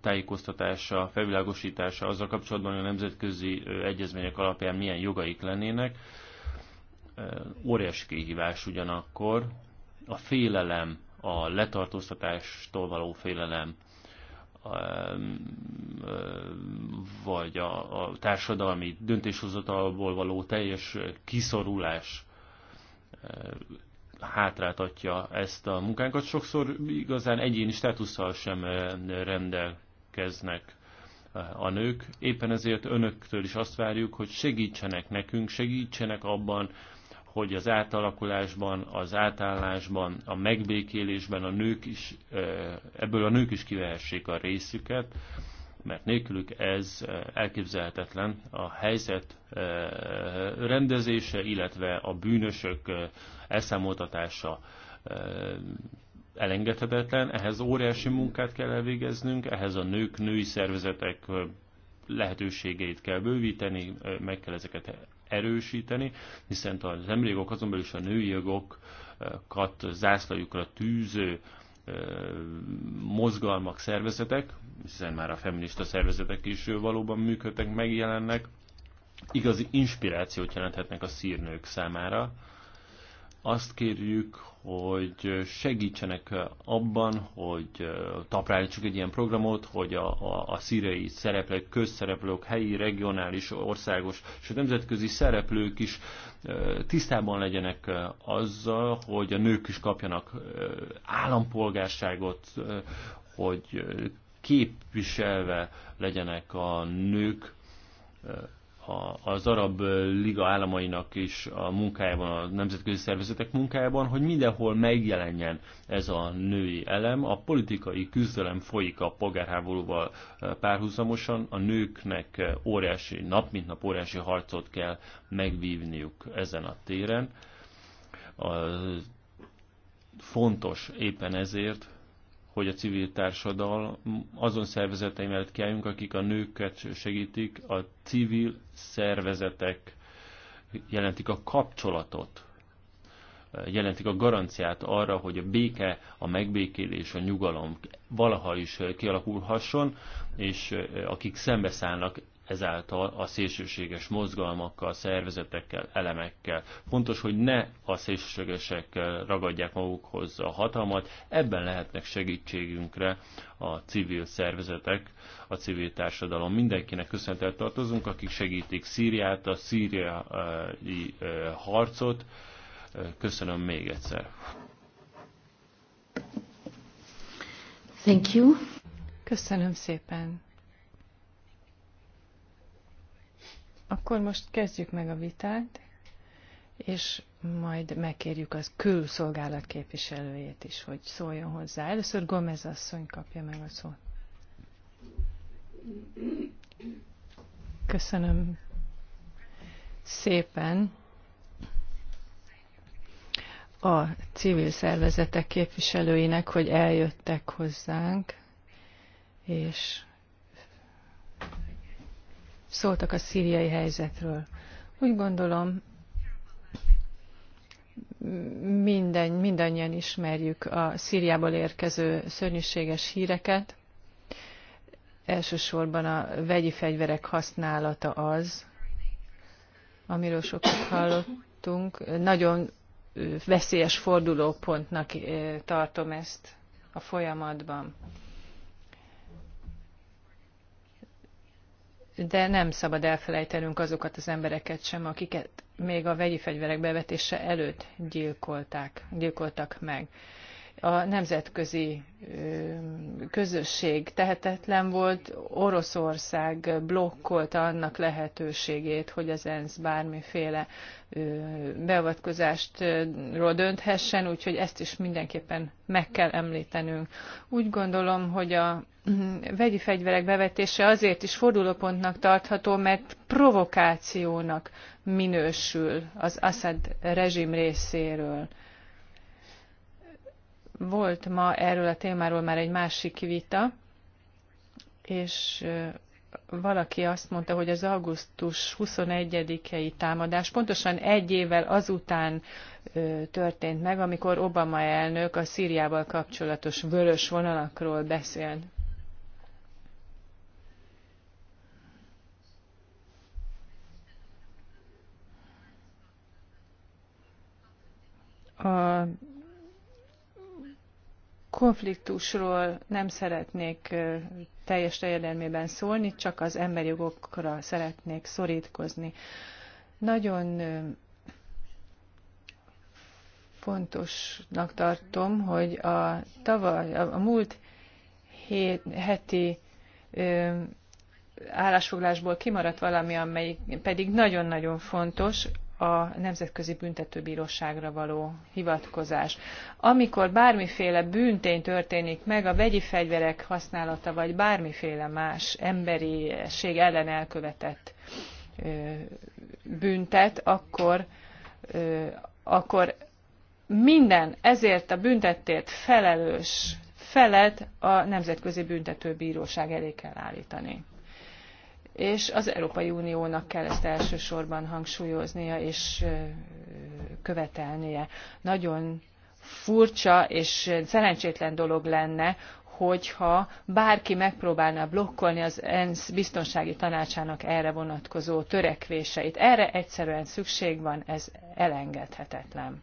tájékoztatása, felvilágosítása azzal kapcsolatban, hogy a nemzetközi egyezmények alapján milyen jogaik lennének. Óriási kihívás ugyanakkor. A félelem, a letartóztatástól való félelem, vagy a, a társadalmi döntéshozatalból való teljes kiszorulás hátráltatja ezt a munkánkat. Sokszor igazán egyéni státusszal sem rendelkeznek a nők. Éppen ezért önöktől is azt várjuk, hogy segítsenek nekünk, segítsenek abban, hogy az átalakulásban, az átállásban, a megbékélésben a nők is, ebből a nők is kivehessék a részüket, mert nélkülük ez elképzelhetetlen. A helyzet rendezése, illetve a bűnösök elszámoltatása elengedhetetlen, ehhez óriási munkát kell elvégeznünk, ehhez a nők, női szervezetek lehetőségeit kell bővíteni, meg kell ezeket erősíteni, hiszen az emberi azon belül is a női jogokat zászlajukra tűző mozgalmak, szervezetek, hiszen már a feminista szervezetek is valóban működtek, megjelennek, igazi inspirációt jelenthetnek a szírnők számára, azt kérjük, hogy segítsenek abban, hogy taprálítsuk egy ilyen programot, hogy a, a, a szírei szereplők, közszereplők, helyi, regionális, országos, sőt nemzetközi szereplők is tisztában legyenek azzal, hogy a nők is kapjanak állampolgárságot, hogy képviselve legyenek a nők az arab liga államainak is a munkájában, a nemzetközi szervezetek munkájában, hogy mindenhol megjelenjen ez a női elem. A politikai küzdelem folyik a polgárháborúval párhuzamosan, a nőknek óriási, nap mint nap óriási harcot kell megvívniuk ezen a téren. A, fontos éppen ezért, hogy a civil társadalom azon szervezetei mellett kiálljunk, akik a nőket segítik, a civil szervezetek jelentik a kapcsolatot, jelentik a garanciát arra, hogy a béke, a megbékélés, a nyugalom valaha is kialakulhasson, és eh, akik szembeszállnak ezáltal a szélsőséges mozgalmakkal, szervezetekkel, elemekkel. Fontos, hogy ne a szélsőségesek eh, ragadják magukhoz a hatalmat, ebben lehetnek segítségünkre a civil szervezetek, a civil társadalom. Mindenkinek köszöntel tartozunk, akik segítik Szíriát, a szíriai eh, harcot. Eh, köszönöm még egyszer.
Thank you.
Köszönöm szépen. Akkor most kezdjük meg a vitát, és majd megkérjük az külszolgálat képviselőjét is, hogy szóljon hozzá. Először Gomez asszony kapja meg a szót. Köszönöm szépen a civil szervezetek képviselőinek, hogy eljöttek hozzánk, és szóltak a szíriai helyzetről. Úgy gondolom, minden, mindannyian ismerjük a Szíriából érkező szörnyűséges híreket. Elsősorban a vegyi fegyverek használata az, amiről sokat hallottunk. Nagyon veszélyes fordulópontnak tartom ezt a folyamatban. de nem szabad elfelejtenünk azokat az embereket sem, akiket még a vegyi fegyverek bevetése előtt gyilkolták, gyilkoltak meg. A nemzetközi közösség tehetetlen volt, Oroszország blokkolta annak lehetőségét, hogy az ENSZ bármiféle beavatkozástról dönthessen, úgyhogy ezt is mindenképpen meg kell említenünk. Úgy gondolom, hogy a Mm, vegyi fegyverek bevetése azért is fordulópontnak tartható, mert provokációnak minősül az Assad rezsim részéről. Volt ma erről a témáról már egy másik vita, és valaki azt mondta, hogy az augusztus 21-i támadás pontosan egy évvel azután történt meg, amikor Obama elnök a Szíriával kapcsolatos vörös vonalakról beszélt. A konfliktusról nem szeretnék teljes terjedelmében szólni, csak az emberi jogokra szeretnék szorítkozni. Nagyon fontosnak tartom, hogy a, tavaly, a, múlt hét, heti állásfoglásból kimaradt valami, amely pedig nagyon-nagyon fontos, a Nemzetközi Büntetőbíróságra való hivatkozás. Amikor bármiféle bűntény történik meg, a vegyi fegyverek használata, vagy bármiféle más emberiség ellen elkövetett büntet, akkor, akkor minden ezért a büntettért felelős felet a Nemzetközi Büntetőbíróság elé kell állítani és az Európai Uniónak kell ezt elsősorban hangsúlyoznia és követelnie. Nagyon furcsa és szerencsétlen dolog lenne, hogyha bárki megpróbálná blokkolni az ENSZ biztonsági tanácsának erre vonatkozó törekvéseit. Erre egyszerűen szükség van, ez elengedhetetlen.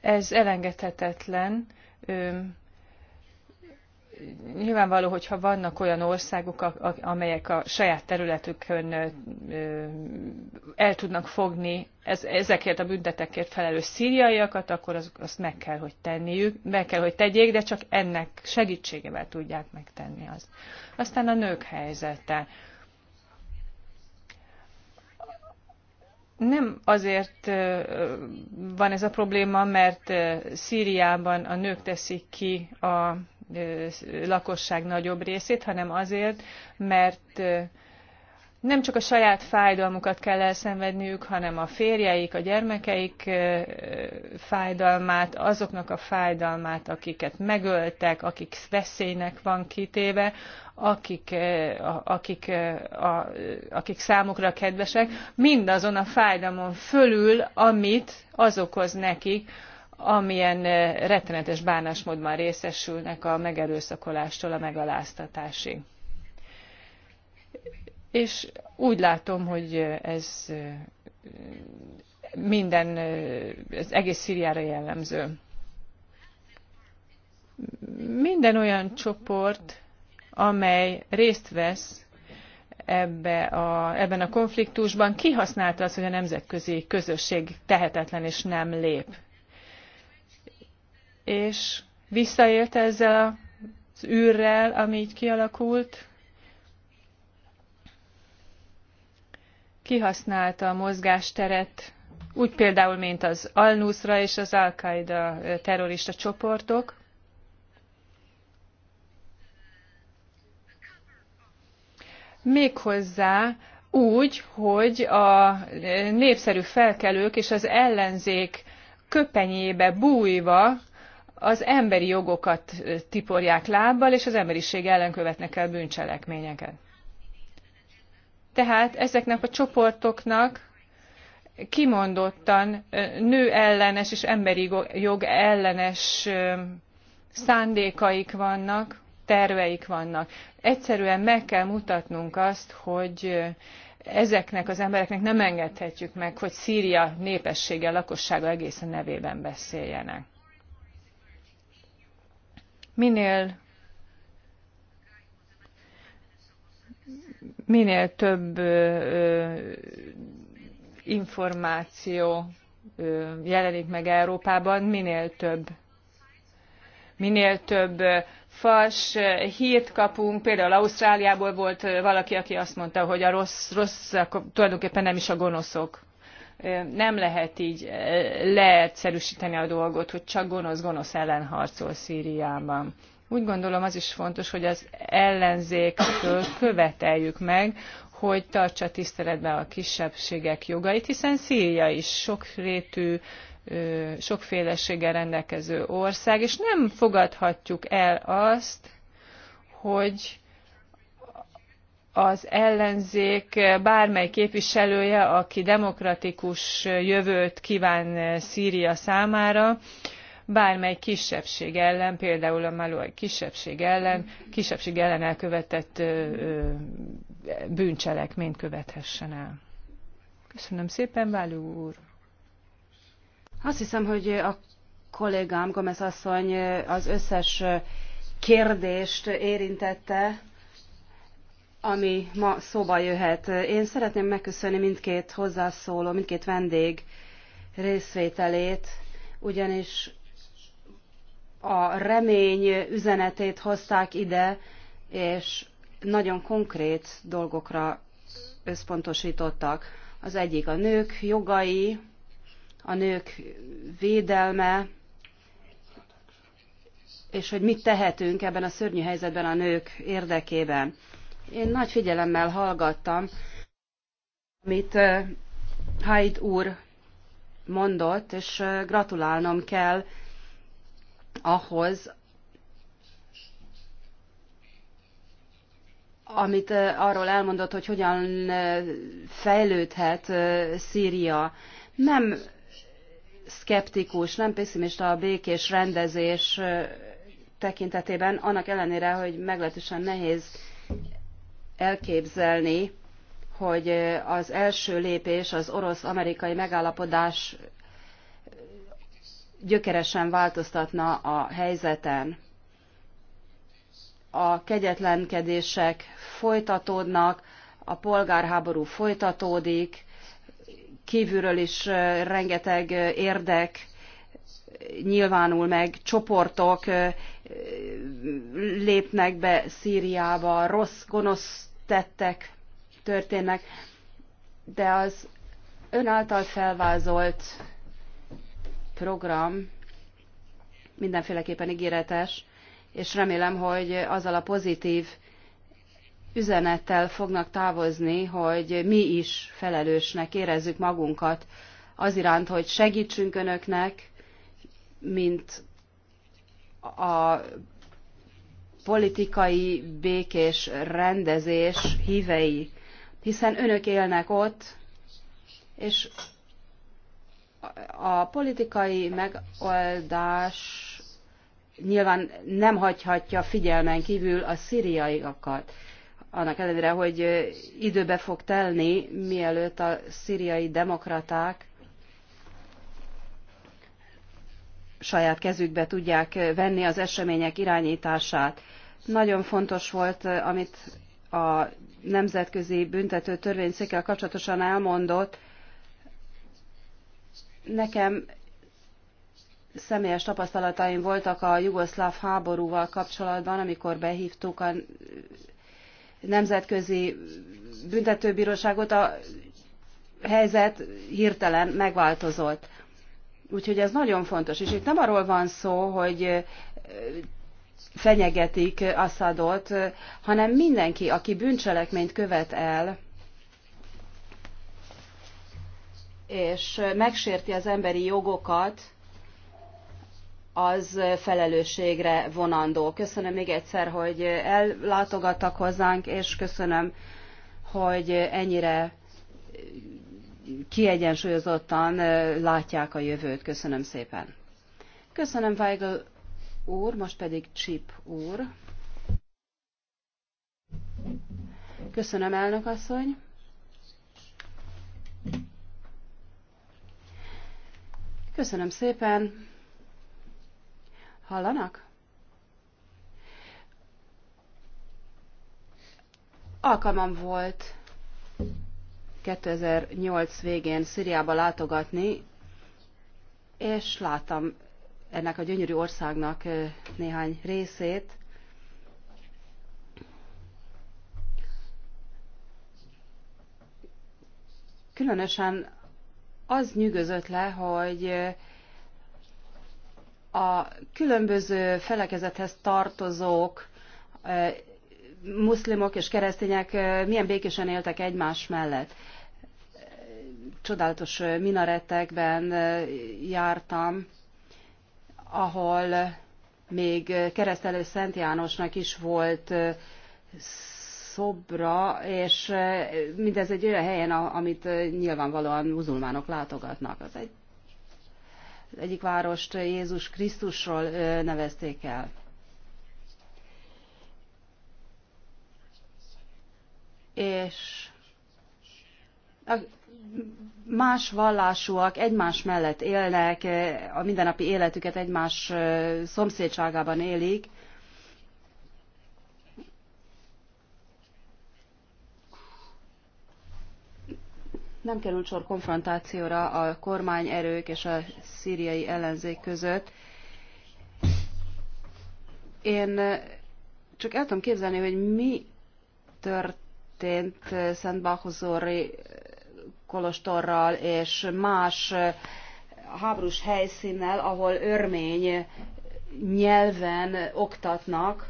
Ez elengedhetetlen. Nyilvánvaló, hogyha vannak olyan országok, amelyek a saját területükön el tudnak fogni ezekért a büntetekért felelős szíriaiakat, akkor az, azt meg kell, hogy tenniük, meg kell, hogy tegyék, de csak ennek segítségevel tudják megtenni azt. Aztán a nők helyzete nem azért van ez a probléma, mert Szíriában a nők teszik ki a lakosság nagyobb részét, hanem azért, mert nem csak a saját fájdalmukat kell elszenvedniük, hanem a férjeik, a gyermekeik fájdalmát, azoknak a fájdalmát, akiket megöltek, akik veszélynek van kitéve, akik, akik, akik számukra kedvesek, mindazon a fájdalmon fölül, amit az okoz nekik, amilyen rettenetes bánásmódban részesülnek a megerőszakolástól a megaláztatásig és úgy látom, hogy ez minden, ez egész Szíriára jellemző. Minden olyan csoport, amely részt vesz ebbe a, ebben a konfliktusban, kihasználta azt, hogy a nemzetközi közösség tehetetlen és nem lép. És visszaélt ezzel az űrrel, ami így kialakult, kihasználta a mozgásteret, úgy például, mint az Al-Nusra és az Al-Qaeda terrorista csoportok, méghozzá úgy, hogy a népszerű felkelők és az ellenzék köpenyébe bújva az emberi jogokat tiporják lábbal, és az emberiség ellen követnek el bűncselekményeket. Tehát ezeknek a csoportoknak kimondottan nő ellenes és emberi jog ellenes szándékaik vannak, terveik vannak. Egyszerűen meg kell mutatnunk azt, hogy ezeknek az embereknek nem engedhetjük meg, hogy Szíria népessége, lakossága egészen nevében beszéljenek. Minél minél több információ jelenik meg Európában, minél több minél több fals hírt kapunk. Például Ausztráliából volt valaki, aki azt mondta, hogy a rossz, rossz tulajdonképpen nem is a gonoszok. Nem lehet így leegyszerűsíteni a dolgot, hogy csak gonosz-gonosz ellen harcol Szíriában. Úgy gondolom az is fontos, hogy az ellenzéktől követeljük meg, hogy tartsa tiszteletben a kisebbségek jogait, hiszen Szíria is sokrétű, sokféleséggel rendelkező ország, és nem fogadhatjuk el azt, hogy az ellenzék bármely képviselője, aki demokratikus jövőt kíván Szíria számára, bármely kisebbség ellen, például a malai kisebbség ellen, kisebbség ellen elkövetett bűncselekményt követhessen el. Köszönöm
szépen, Váló úr. Azt hiszem, hogy a kollégám, Gomez asszony az összes kérdést érintette, ami ma szóba jöhet. Én szeretném megköszönni mindkét hozzászóló, mindkét vendég részvételét, ugyanis a remény üzenetét hozták ide, és nagyon konkrét dolgokra összpontosítottak. Az egyik a nők jogai, a nők védelme, és hogy mit tehetünk ebben a szörnyű helyzetben a nők érdekében. Én nagy figyelemmel hallgattam, amit Haid úr mondott, és gratulálnom kell ahhoz, amit arról elmondott, hogy hogyan fejlődhet Szíria. Nem szkeptikus, nem pessimista a békés rendezés tekintetében, annak ellenére, hogy meglehetősen nehéz elképzelni, hogy az első lépés az orosz-amerikai megállapodás gyökeresen változtatna a helyzeten. A kegyetlenkedések folytatódnak, a polgárháború folytatódik, kívülről is rengeteg érdek nyilvánul meg, csoportok lépnek be Szíriába, rossz, gonosz tettek történnek, de az ön által felvázolt program mindenféleképpen ígéretes, és remélem, hogy azzal a pozitív üzenettel fognak távozni, hogy mi is felelősnek érezzük magunkat az iránt, hogy segítsünk önöknek, mint a politikai békés rendezés hívei, hiszen önök élnek ott, és a politikai megoldás nyilván nem hagyhatja figyelmen kívül a szíriaiakat. Annak ellenére, hogy időbe fog telni, mielőtt a szíriai demokraták saját kezükbe tudják venni az események irányítását. Nagyon fontos volt, amit a Nemzetközi Büntető Törvényszékkel kapcsolatosan elmondott, Nekem személyes tapasztalataim voltak a jugoszláv háborúval kapcsolatban, amikor behívtuk a nemzetközi büntetőbíróságot, a helyzet hirtelen megváltozott. Úgyhogy ez nagyon fontos. És itt nem arról van szó, hogy fenyegetik Assadot, hanem mindenki, aki bűncselekményt követ el, és megsérti az emberi jogokat, az felelősségre vonandó. Köszönöm még egyszer, hogy ellátogattak hozzánk, és köszönöm, hogy ennyire kiegyensúlyozottan látják a jövőt. Köszönöm szépen. Köszönöm Weigl úr, most pedig Csip úr. Köszönöm elnök asszony. Köszönöm szépen. Hallanak? Alkalmam volt 2008 végén Szíriába látogatni, és láttam ennek a gyönyörű országnak néhány részét. Különösen az nyűgözött le, hogy eh, a különböző felekezethez tartozók, eh, muszlimok és keresztények eh, milyen békésen éltek egymás mellett. Csodálatos minaretekben jártam, ahol még keresztelő Szent Jánosnak is volt szobra, és mindez egy olyan helyen, amit nyilvánvalóan muzulmánok látogatnak. Az egy, az egyik várost Jézus Krisztusról nevezték el. És a más vallásúak egymás mellett élnek, a mindennapi életüket egymás szomszédságában élik, nem került sor konfrontációra a kormányerők és a szíriai ellenzék között. Én eh, csak el tudom képzelni, hogy mi történt eh, Szentbalhozóri eh, kolostorral és más háborús helyszínnel, ahol örmény nyelven oktatnak.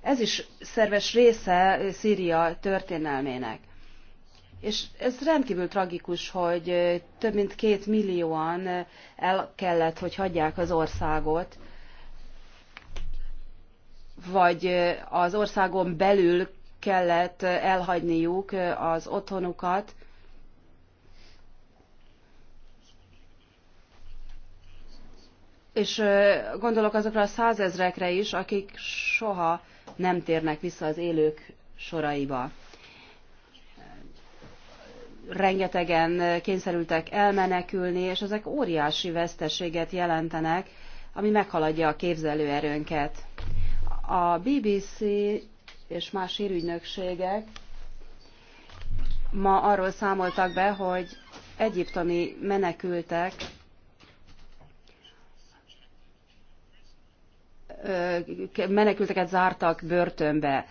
Ez is szerves része Szíria történelmének. És ez rendkívül tragikus, hogy több mint két millióan el kellett, hogy hagyják az országot, vagy az országon belül kellett elhagyniuk az otthonukat. És gondolok azokra a százezrekre is, akik soha nem térnek vissza az élők soraiba rengetegen kényszerültek elmenekülni, és ezek óriási veszteséget jelentenek, ami meghaladja a képzelőerőnket. A BBC és más hírügynökségek ma arról számoltak be, hogy egyiptomi menekültek menekülteket zártak börtönbe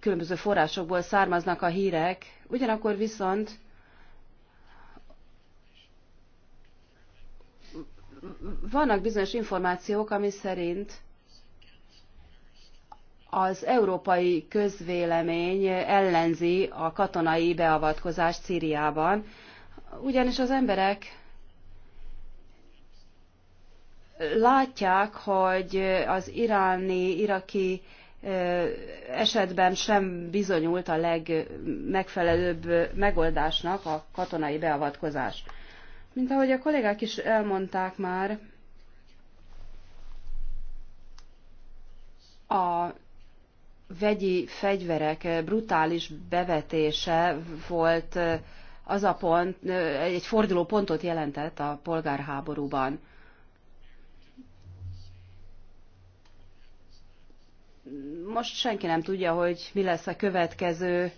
különböző forrásokból származnak a hírek, ugyanakkor viszont vannak bizonyos információk, ami szerint az európai közvélemény ellenzi a katonai beavatkozást Szíriában, ugyanis az emberek látják, hogy az iráni, iraki esetben sem bizonyult a legmegfelelőbb megoldásnak a katonai beavatkozás. Mint ahogy a kollégák is elmondták már, a vegyi fegyverek brutális bevetése volt az a pont, egy fordulópontot jelentett a polgárháborúban. most senki nem tudja, hogy mi lesz a következő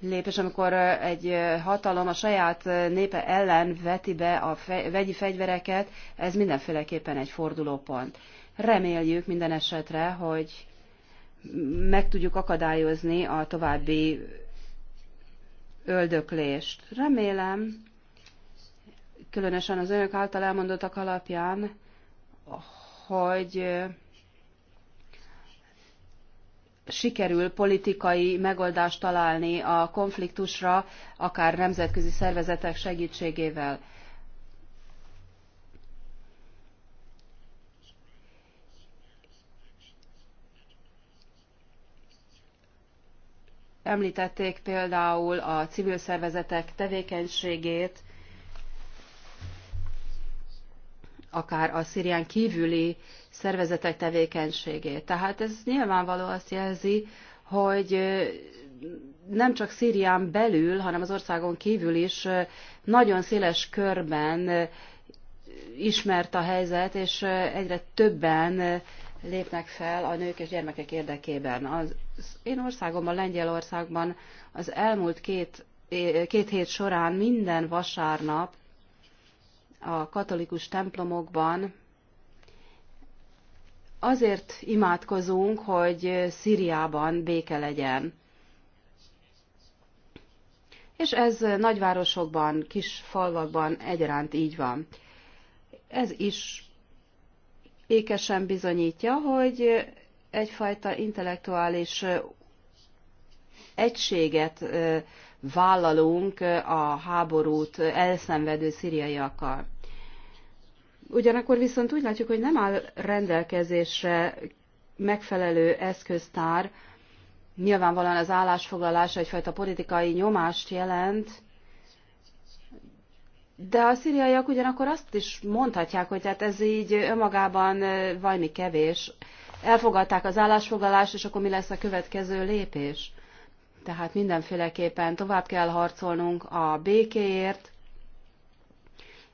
lépés, amikor egy hatalom a saját népe ellen veti be a fej, vegyi fegyvereket, ez mindenféleképpen egy fordulópont. Reméljük minden esetre, hogy meg tudjuk akadályozni a további öldöklést. Remélem, különösen az önök által elmondottak alapján, hogy sikerül politikai megoldást találni a konfliktusra, akár nemzetközi szervezetek segítségével. Említették például a civil szervezetek tevékenységét, akár a Szírián kívüli szervezetek tevékenységét. Tehát ez nyilvánvaló azt jelzi, hogy nem csak Szírián belül, hanem az országon kívül is nagyon széles körben ismert a helyzet, és egyre többen lépnek fel a nők és gyermekek érdekében. Az én országomban, Lengyelországban az elmúlt két, két hét során minden vasárnap a katolikus templomokban azért imádkozunk, hogy Szíriában béke legyen. És ez nagyvárosokban, kis falvakban egyaránt így van. Ez is ékesen bizonyítja, hogy egyfajta intellektuális egységet vállalunk a háborút elszenvedő szíriaiakkal. Ugyanakkor viszont úgy látjuk, hogy nem áll rendelkezésre megfelelő eszköztár, nyilvánvalóan az állásfoglalása egyfajta politikai nyomást jelent, de a szíriaiak ugyanakkor azt is mondhatják, hogy hát ez így önmagában valami kevés. Elfogadták az állásfoglalást, és akkor mi lesz a következő lépés? Tehát mindenféleképpen tovább kell harcolnunk a békéért,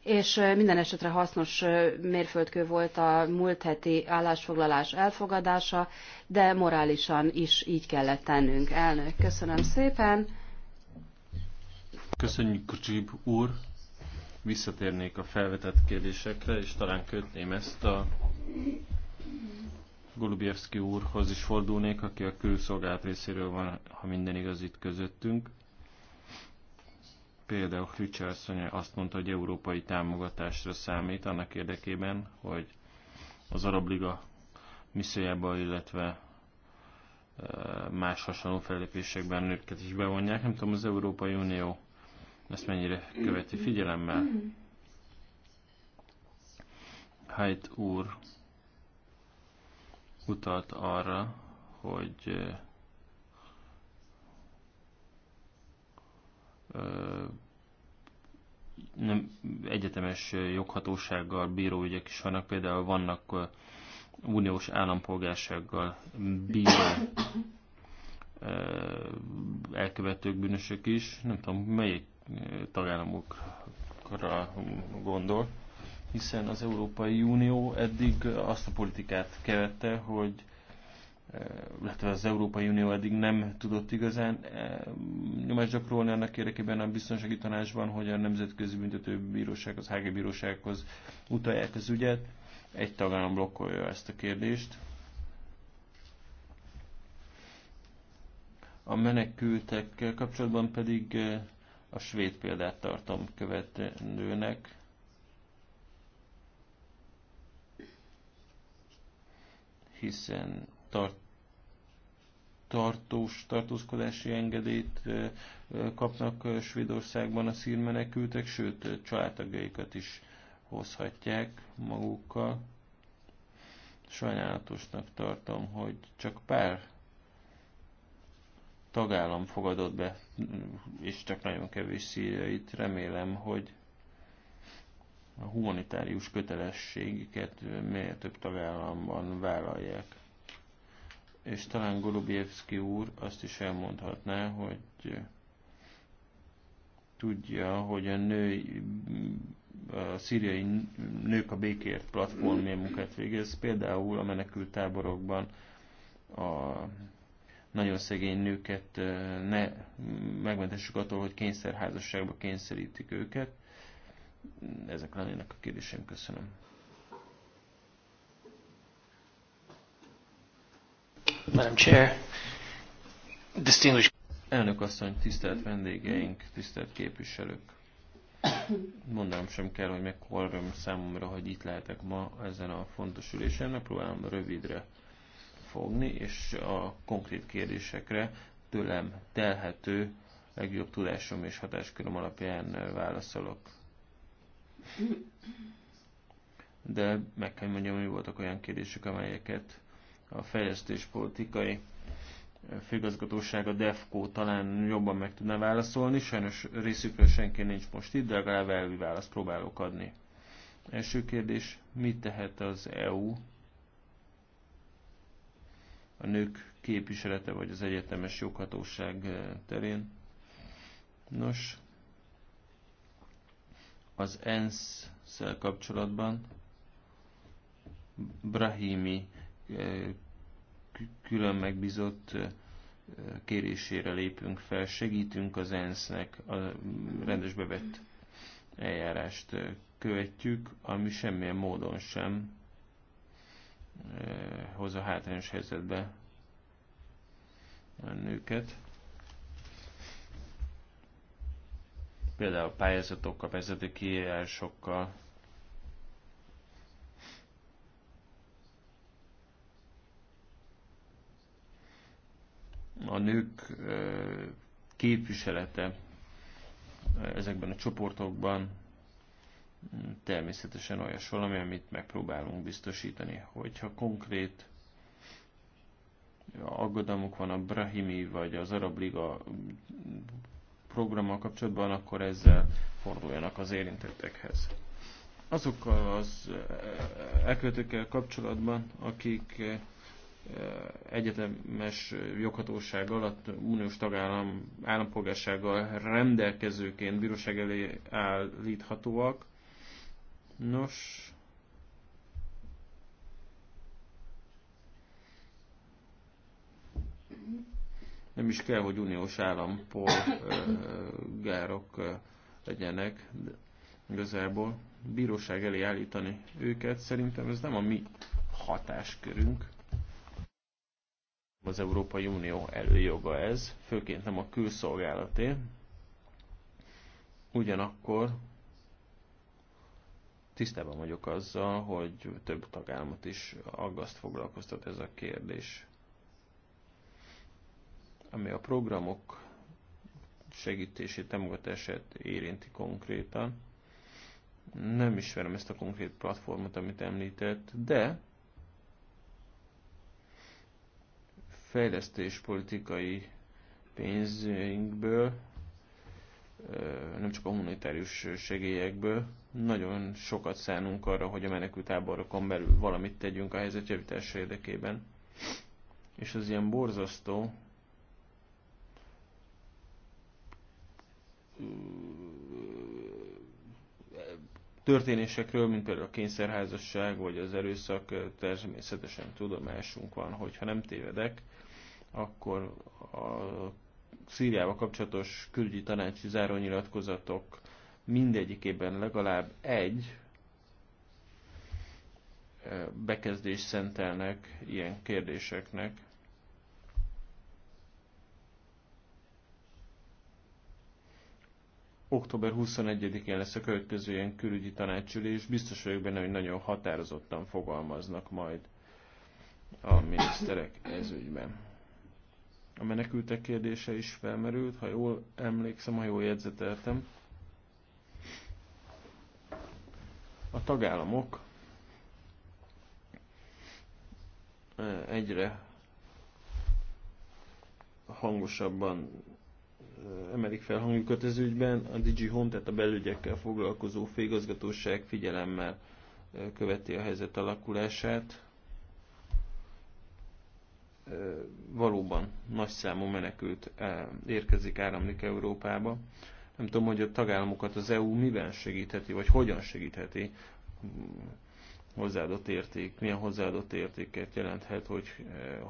és minden esetre hasznos mérföldkő volt a múlt heti állásfoglalás elfogadása, de morálisan is így kellett tennünk. Elnök, köszönöm szépen.
Köszönjük, Csib úr. Visszatérnék a felvetett kérdésekre, és talán kötném ezt a Golubievski úrhoz is fordulnék, aki a külszolgálat részéről van, ha minden igaz itt közöttünk. Például Klücse azt mondta, hogy európai támogatásra számít annak érdekében, hogy az Arab Liga missziójába, illetve e, más hasonló fellépésekben nőket is bevonják. Nem tudom, az Európai Unió ezt mennyire követi figyelemmel. Hajt úr utalt arra, hogy e, e, nem egyetemes joghatósággal bíró ügyek is vannak, például vannak uniós állampolgársággal bíró elkövetők, bűnösök is, nem tudom, melyik tagállamokra gondol, hiszen az Európai Unió eddig azt a politikát követte, hogy Eh, illetve az Európai Unió eddig nem tudott igazán eh, nyomást gyakorolni annak érdekében a biztonsági tanácsban, hogy a Nemzetközi az HG Bírósághoz utalják az ügyet. Egy tagállam blokkolja ezt a kérdést. A menekültekkel kapcsolatban pedig eh, a svéd példát tartom követőnek, hiszen tart tartós tartózkodási engedélyt kapnak Svédországban a szírmenekültek, sőt családtagjaikat is hozhatják magukkal. Sajnálatosnak tartom, hogy csak pár tagállam fogadott be, mm, és csak nagyon kevés szíriait. Remélem, hogy a humanitárius kötelességüket minél több tagállamban vállalják és talán Golubievski úr azt is elmondhatná, hogy eh, tudja, hogy a női, mm, a szíriai nők a békért platformja munkát végez, például a menekült táborokban a nagyon szegény nőket eh, ne megmentessük attól, hogy kényszerházasságba kényszerítik őket. Ezek lennének a kérdésem. Köszönöm. Madam Chair, distinguished... Elnök asszony, tisztelt vendégeink, tisztelt képviselők. Mondanom sem kell, hogy megkorrom számomra, hogy itt lehetek ma ezen a fontos ülésen. Megpróbálom rövidre fogni, és a konkrét kérdésekre tőlem telhető legjobb tudásom és hatásköröm alapján válaszolok. De meg kell mondjam, hogy voltak olyan kérdések, amelyeket a fejlesztéspolitikai eh, főigazgatóság, a DEFCO talán jobban meg tudna válaszolni. Sajnos részükről senki nincs most itt, de legalább elvi választ próbálok adni. Első kérdés, mit tehet az EU a nők képviselete vagy az egyetemes joghatóság eh, terén? Nos, az ENSZ-szel kapcsolatban Brahimi eh, külön megbízott kérésére lépünk fel, segítünk az ENSZ-nek, a rendes bevett eljárást követjük, ami semmilyen módon sem hoz a hátrányos helyzetbe a nőket. Például pályázatokkal, pályázati kiírásokkal, a nők képviselete ezekben a csoportokban mm, természetesen olyas valami, amit megpróbálunk biztosítani. Hogyha konkrét aggodalmuk van a Brahimi vagy az Arab Liga mm, programmal kapcsolatban, akkor ezzel forduljanak az érintettekhez. Azokkal az elkövetőkkel kapcsolatban, akik egyetemes joghatóság alatt uniós tagállam állampolgársággal rendelkezőként bíróság elé állíthatóak. Nos, nem is kell, hogy uniós állampolgárok legyenek de igazából bíróság elé állítani őket. Szerintem ez nem a mi hatáskörünk az Európai Unió előjoga ez, főként nem a külszolgálaté. Ugyanakkor tisztában vagyok azzal, hogy több tagállamot is aggaszt foglalkoztat ez a kérdés. Ami a programok segítését, támogatását érinti konkrétan, nem ismerem ezt a konkrét platformot, amit említett, de fejlesztéspolitikai pénzünkből, nem csak a humanitárius segélyekből, nagyon sokat szánunk arra, hogy a menekültáborokon belül valamit tegyünk a helyzet javítása érdekében. És az ilyen borzasztó történésekről, mint például a kényszerházasság vagy az erőszak, természetesen tudomásunk van, hogyha nem tévedek, akkor a Szíriával kapcsolatos külügyi tanácsi zárónyilatkozatok mindegyikében legalább egy bekezdés szentelnek ilyen kérdéseknek. Október 21-én lesz a következő ilyen külügyi tanácsülés. Biztos vagyok benne, hogy nagyon határozottan fogalmaznak majd a miniszterek ezügyben a menekültek kérdése is felmerült, ha jól emlékszem, ha jól jegyzeteltem. A tagállamok eh, egyre hangosabban eh, emelik fel hangjukat ez ügyben. A Digi Home, tehát a belügyekkel foglalkozó főigazgatóság figyelemmel eh, követi a helyzet alakulását valóban nagy számú menekült érkezik, áramlik Európába. Nem tudom, hogy a tagállamokat az EU miben segítheti, vagy hogyan segítheti hozzáadott érték, milyen hozzáadott értéket jelenthet, hogy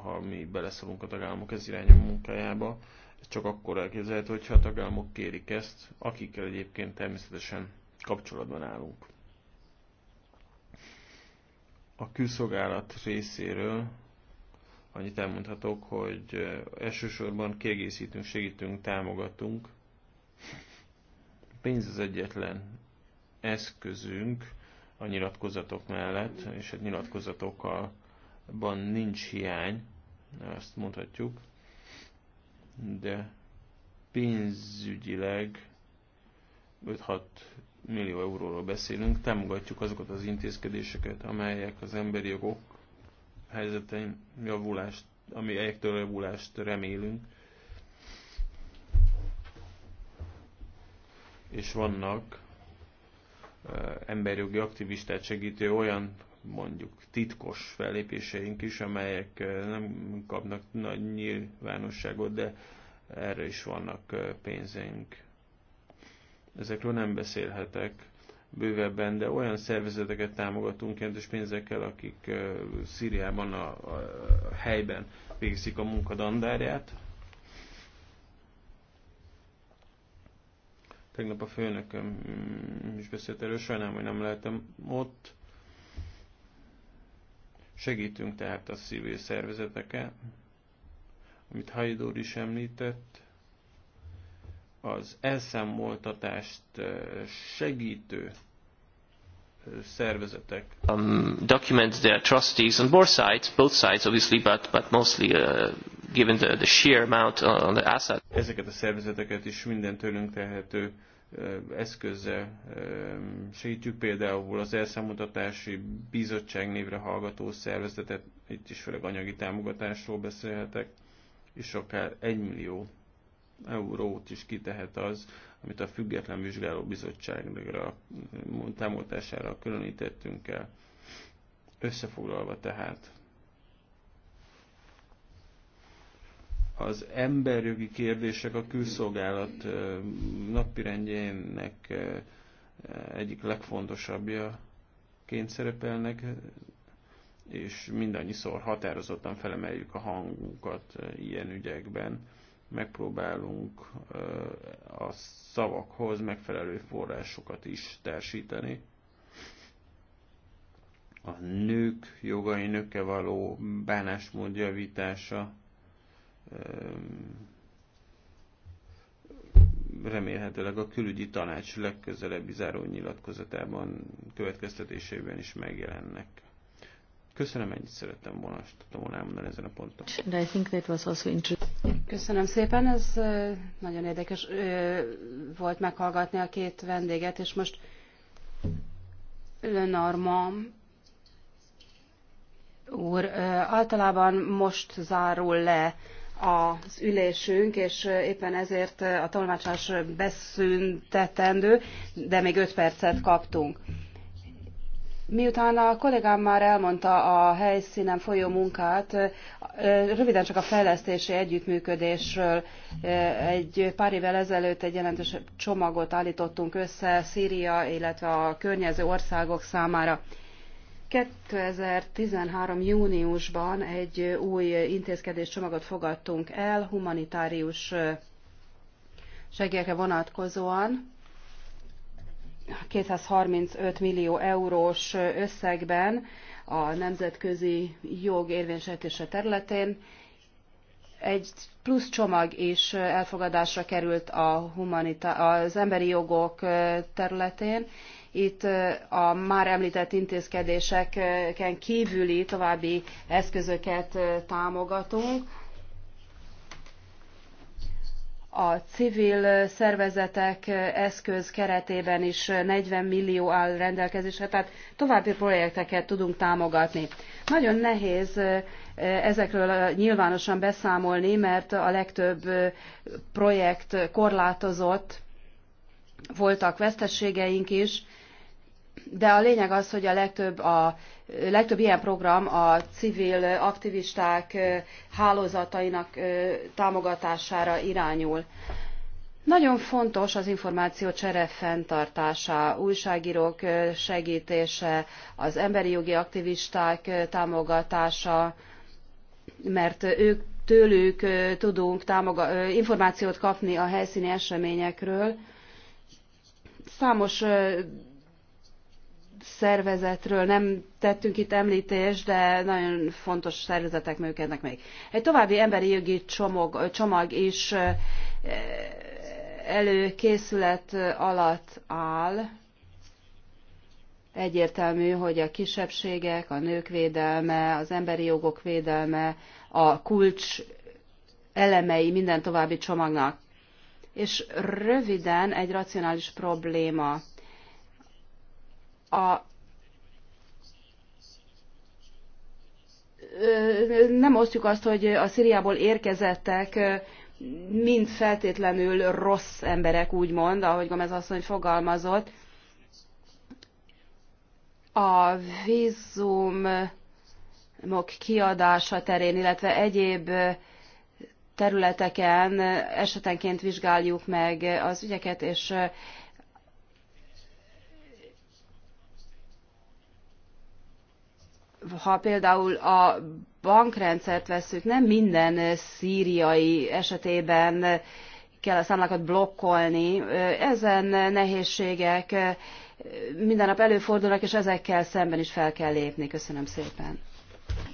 ha mi beleszólunk a tagállamok ez irányú munkájába, ez csak akkor elképzelhető, hogyha a tagállamok kérik ezt, akikkel egyébként természetesen kapcsolatban állunk. A külszolgálat részéről annyit elmondhatok, hogy elsősorban kiegészítünk, segítünk, támogatunk. A pénz az egyetlen eszközünk a nyilatkozatok mellett, és a nyilatkozatokban nincs hiány, azt mondhatjuk, de pénzügyileg 5-6 millió euróról beszélünk, támogatjuk azokat az intézkedéseket, amelyek az emberi jogok helyzetein javulást, ami egyektől javulást remélünk. És vannak emberjogi aktivistát segítő olyan mondjuk titkos fellépéseink is, amelyek nem kapnak nagy nyilvánosságot, de erre is vannak pénzeink. Ezekről nem beszélhetek, bővebben, de olyan szervezeteket támogatunk jelentős pénzekkel, akik Szíriában a, a helyben végzik a munkadandárját. Tegnap a főnököm mm, is beszélt erről, sajnálom, hogy nem lehetem ott. Segítünk tehát a civil szervezeteket, amit Hajdor is említett az elszámoltatást segítő szervezetek. Um, document their trustees on both sides, both sides obviously, but, but mostly uh, given the, the sheer amount uh, on the asset. Ezeket a szervezeteket is minden tőlünk tehető eszközzel segítjük, például az elszámoltatási bizottság névre hallgató szervezetet, itt is főleg anyagi támogatásról beszélhetek, és akár egy millió eurót is kitehet az, amit a Független Vizsgáló Bizottságra mm, támogatására különítettünk el. Összefoglalva tehát, az emberjogi kérdések a külszolgálat napirendjének egyik ként szerepelnek, és mindannyiszor határozottan felemeljük a hangunkat ilyen ügyekben megpróbálunk a szavakhoz megfelelő forrásokat is társítani. A nők jogai nőke való bánásmód javítása remélhetőleg a külügyi tanács legközelebbi záró nyilatkozatában, következtetéseiben is megjelennek. Köszönöm, ennyit szerettem volna, és tudtam volna elmondani ezen a ponton.
And I think
that was also
Köszönöm szépen, ez nagyon érdekes volt meghallgatni a két vendéget, és most Lenormand úr, általában most zárul le az ülésünk, és éppen ezért a tolmácsás beszüntetendő, de még öt percet kaptunk. Miután a kollégám már elmondta a helyszínen folyó munkát, röviden csak a fejlesztési együttműködésről egy pár évvel ezelőtt egy jelentős csomagot állítottunk össze Szíria, illetve a környező országok számára. 2013. júniusban egy új intézkedés csomagot fogadtunk el humanitárius segélyekre vonatkozóan. 235 millió eurós összegben a nemzetközi jog érvényesítése területén. Egy plusz csomag is elfogadásra került a humanita- az emberi jogok területén. Itt a már említett intézkedéseken kívüli további eszközöket támogatunk a civil szervezetek eszköz keretében is 40 millió áll rendelkezésre, tehát további projekteket tudunk támogatni. Nagyon nehéz ezekről nyilvánosan beszámolni, mert a legtöbb projekt korlátozott, voltak veszteségeink is, de a lényeg az, hogy a legtöbb a legtöbb ilyen program a civil aktivisták hálózatainak támogatására irányul. Nagyon fontos az információ csere fenntartása, újságírók segítése, az emberi jogi aktivisták támogatása, mert ők tőlük tudunk támoga- információt kapni a helyszíni eseményekről. Számos szervezetről nem tettünk itt említést, de nagyon fontos szervezetek működnek még. Egy további emberi jogi csomag, csomag is előkészület alatt áll. Egyértelmű, hogy a kisebbségek, a nők védelme, az emberi jogok védelme, a kulcs elemei minden további csomagnak. És röviden egy racionális probléma a nem osztjuk azt, hogy a Szíriából érkezettek mind feltétlenül rossz emberek, úgymond, ahogy Gomez asszony fogalmazott. A vízumok kiadása terén, illetve egyéb területeken esetenként vizsgáljuk meg az ügyeket, és ha például a bankrendszert veszük, nem minden szíriai esetében kell a számlákat blokkolni. Ezen nehézségek minden nap előfordulnak, és ezekkel szemben is fel kell lépni. Köszönöm szépen.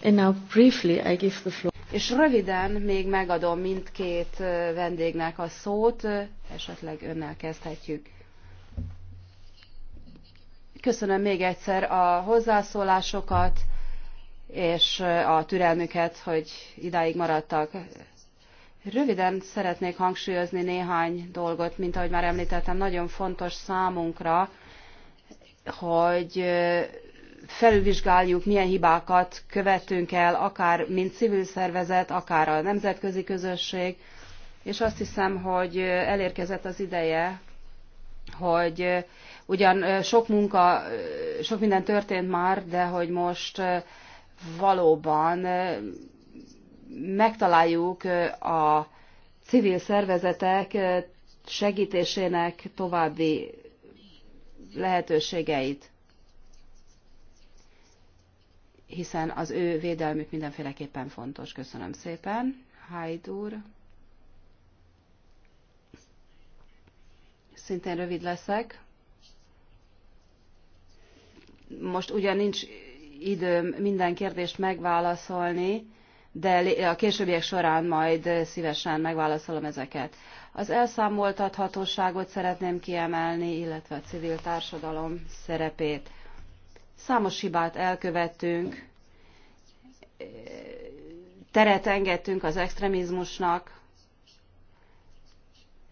And now briefly
I give the floor.
És röviden még megadom mindkét vendégnek a szót, esetleg önnel kezdhetjük. Köszönöm még egyszer a hozzászólásokat és a türelmüket, hogy idáig maradtak. Röviden szeretnék hangsúlyozni néhány dolgot, mint ahogy már említettem, nagyon fontos számunkra, hogy felülvizsgáljuk, milyen hibákat követünk el, akár mint civil szervezet, akár a nemzetközi közösség, és azt hiszem, hogy elérkezett az ideje, hogy ugyan sok munka, sok minden történt már, de hogy most valóban megtaláljuk a civil szervezetek segítésének további lehetőségeit, hiszen az ő védelmük mindenféleképpen fontos. Köszönöm szépen. Hajd úr. Szintén rövid leszek. Most ugyan nincs időm minden kérdést megválaszolni, de a későbbiek során majd szívesen megválaszolom ezeket. Az elszámoltathatóságot szeretném kiemelni, illetve a civil társadalom szerepét. Számos hibát elkövettünk, teret engedtünk az extremizmusnak,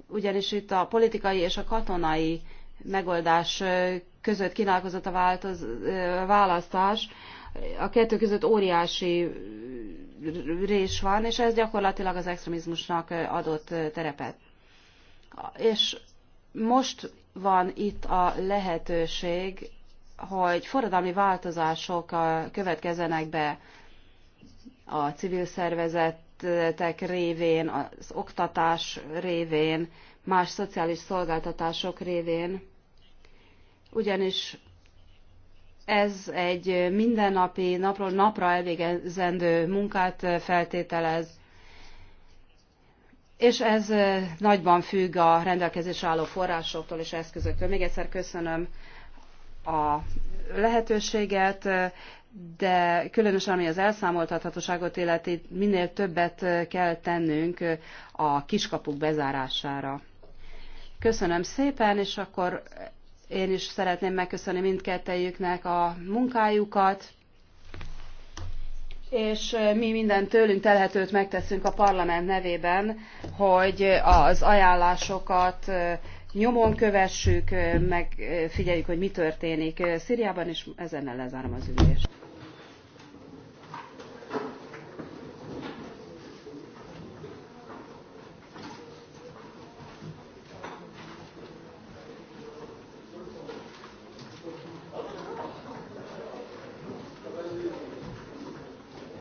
ugyanis itt a politikai és a katonai megoldás között kínálkozott a változ, választás, a kettő között óriási rés van, és ez gyakorlatilag az extremizmusnak adott terepet. És most van itt a lehetőség, hogy forradalmi változások következenek be a civil szervezetek révén, az oktatás révén, más szociális szolgáltatások révén, ugyanis ez egy mindennapi, napról napra elvégezendő munkát feltételez, és ez nagyban függ a rendelkezés álló forrásoktól és eszközöktől. Még egyszer köszönöm a lehetőséget, de különösen ami az elszámoltathatóságot illeti, minél többet kell tennünk a kiskapuk bezárására. Köszönöm szépen, és akkor én is szeretném megköszönni mindkettőjüknek a munkájukat, és mi minden tőlünk telhetőt megteszünk a parlament nevében, hogy az ajánlásokat nyomon kövessük, megfigyeljük, hogy mi történik Szíriában, és ezennel lezárom az ülést.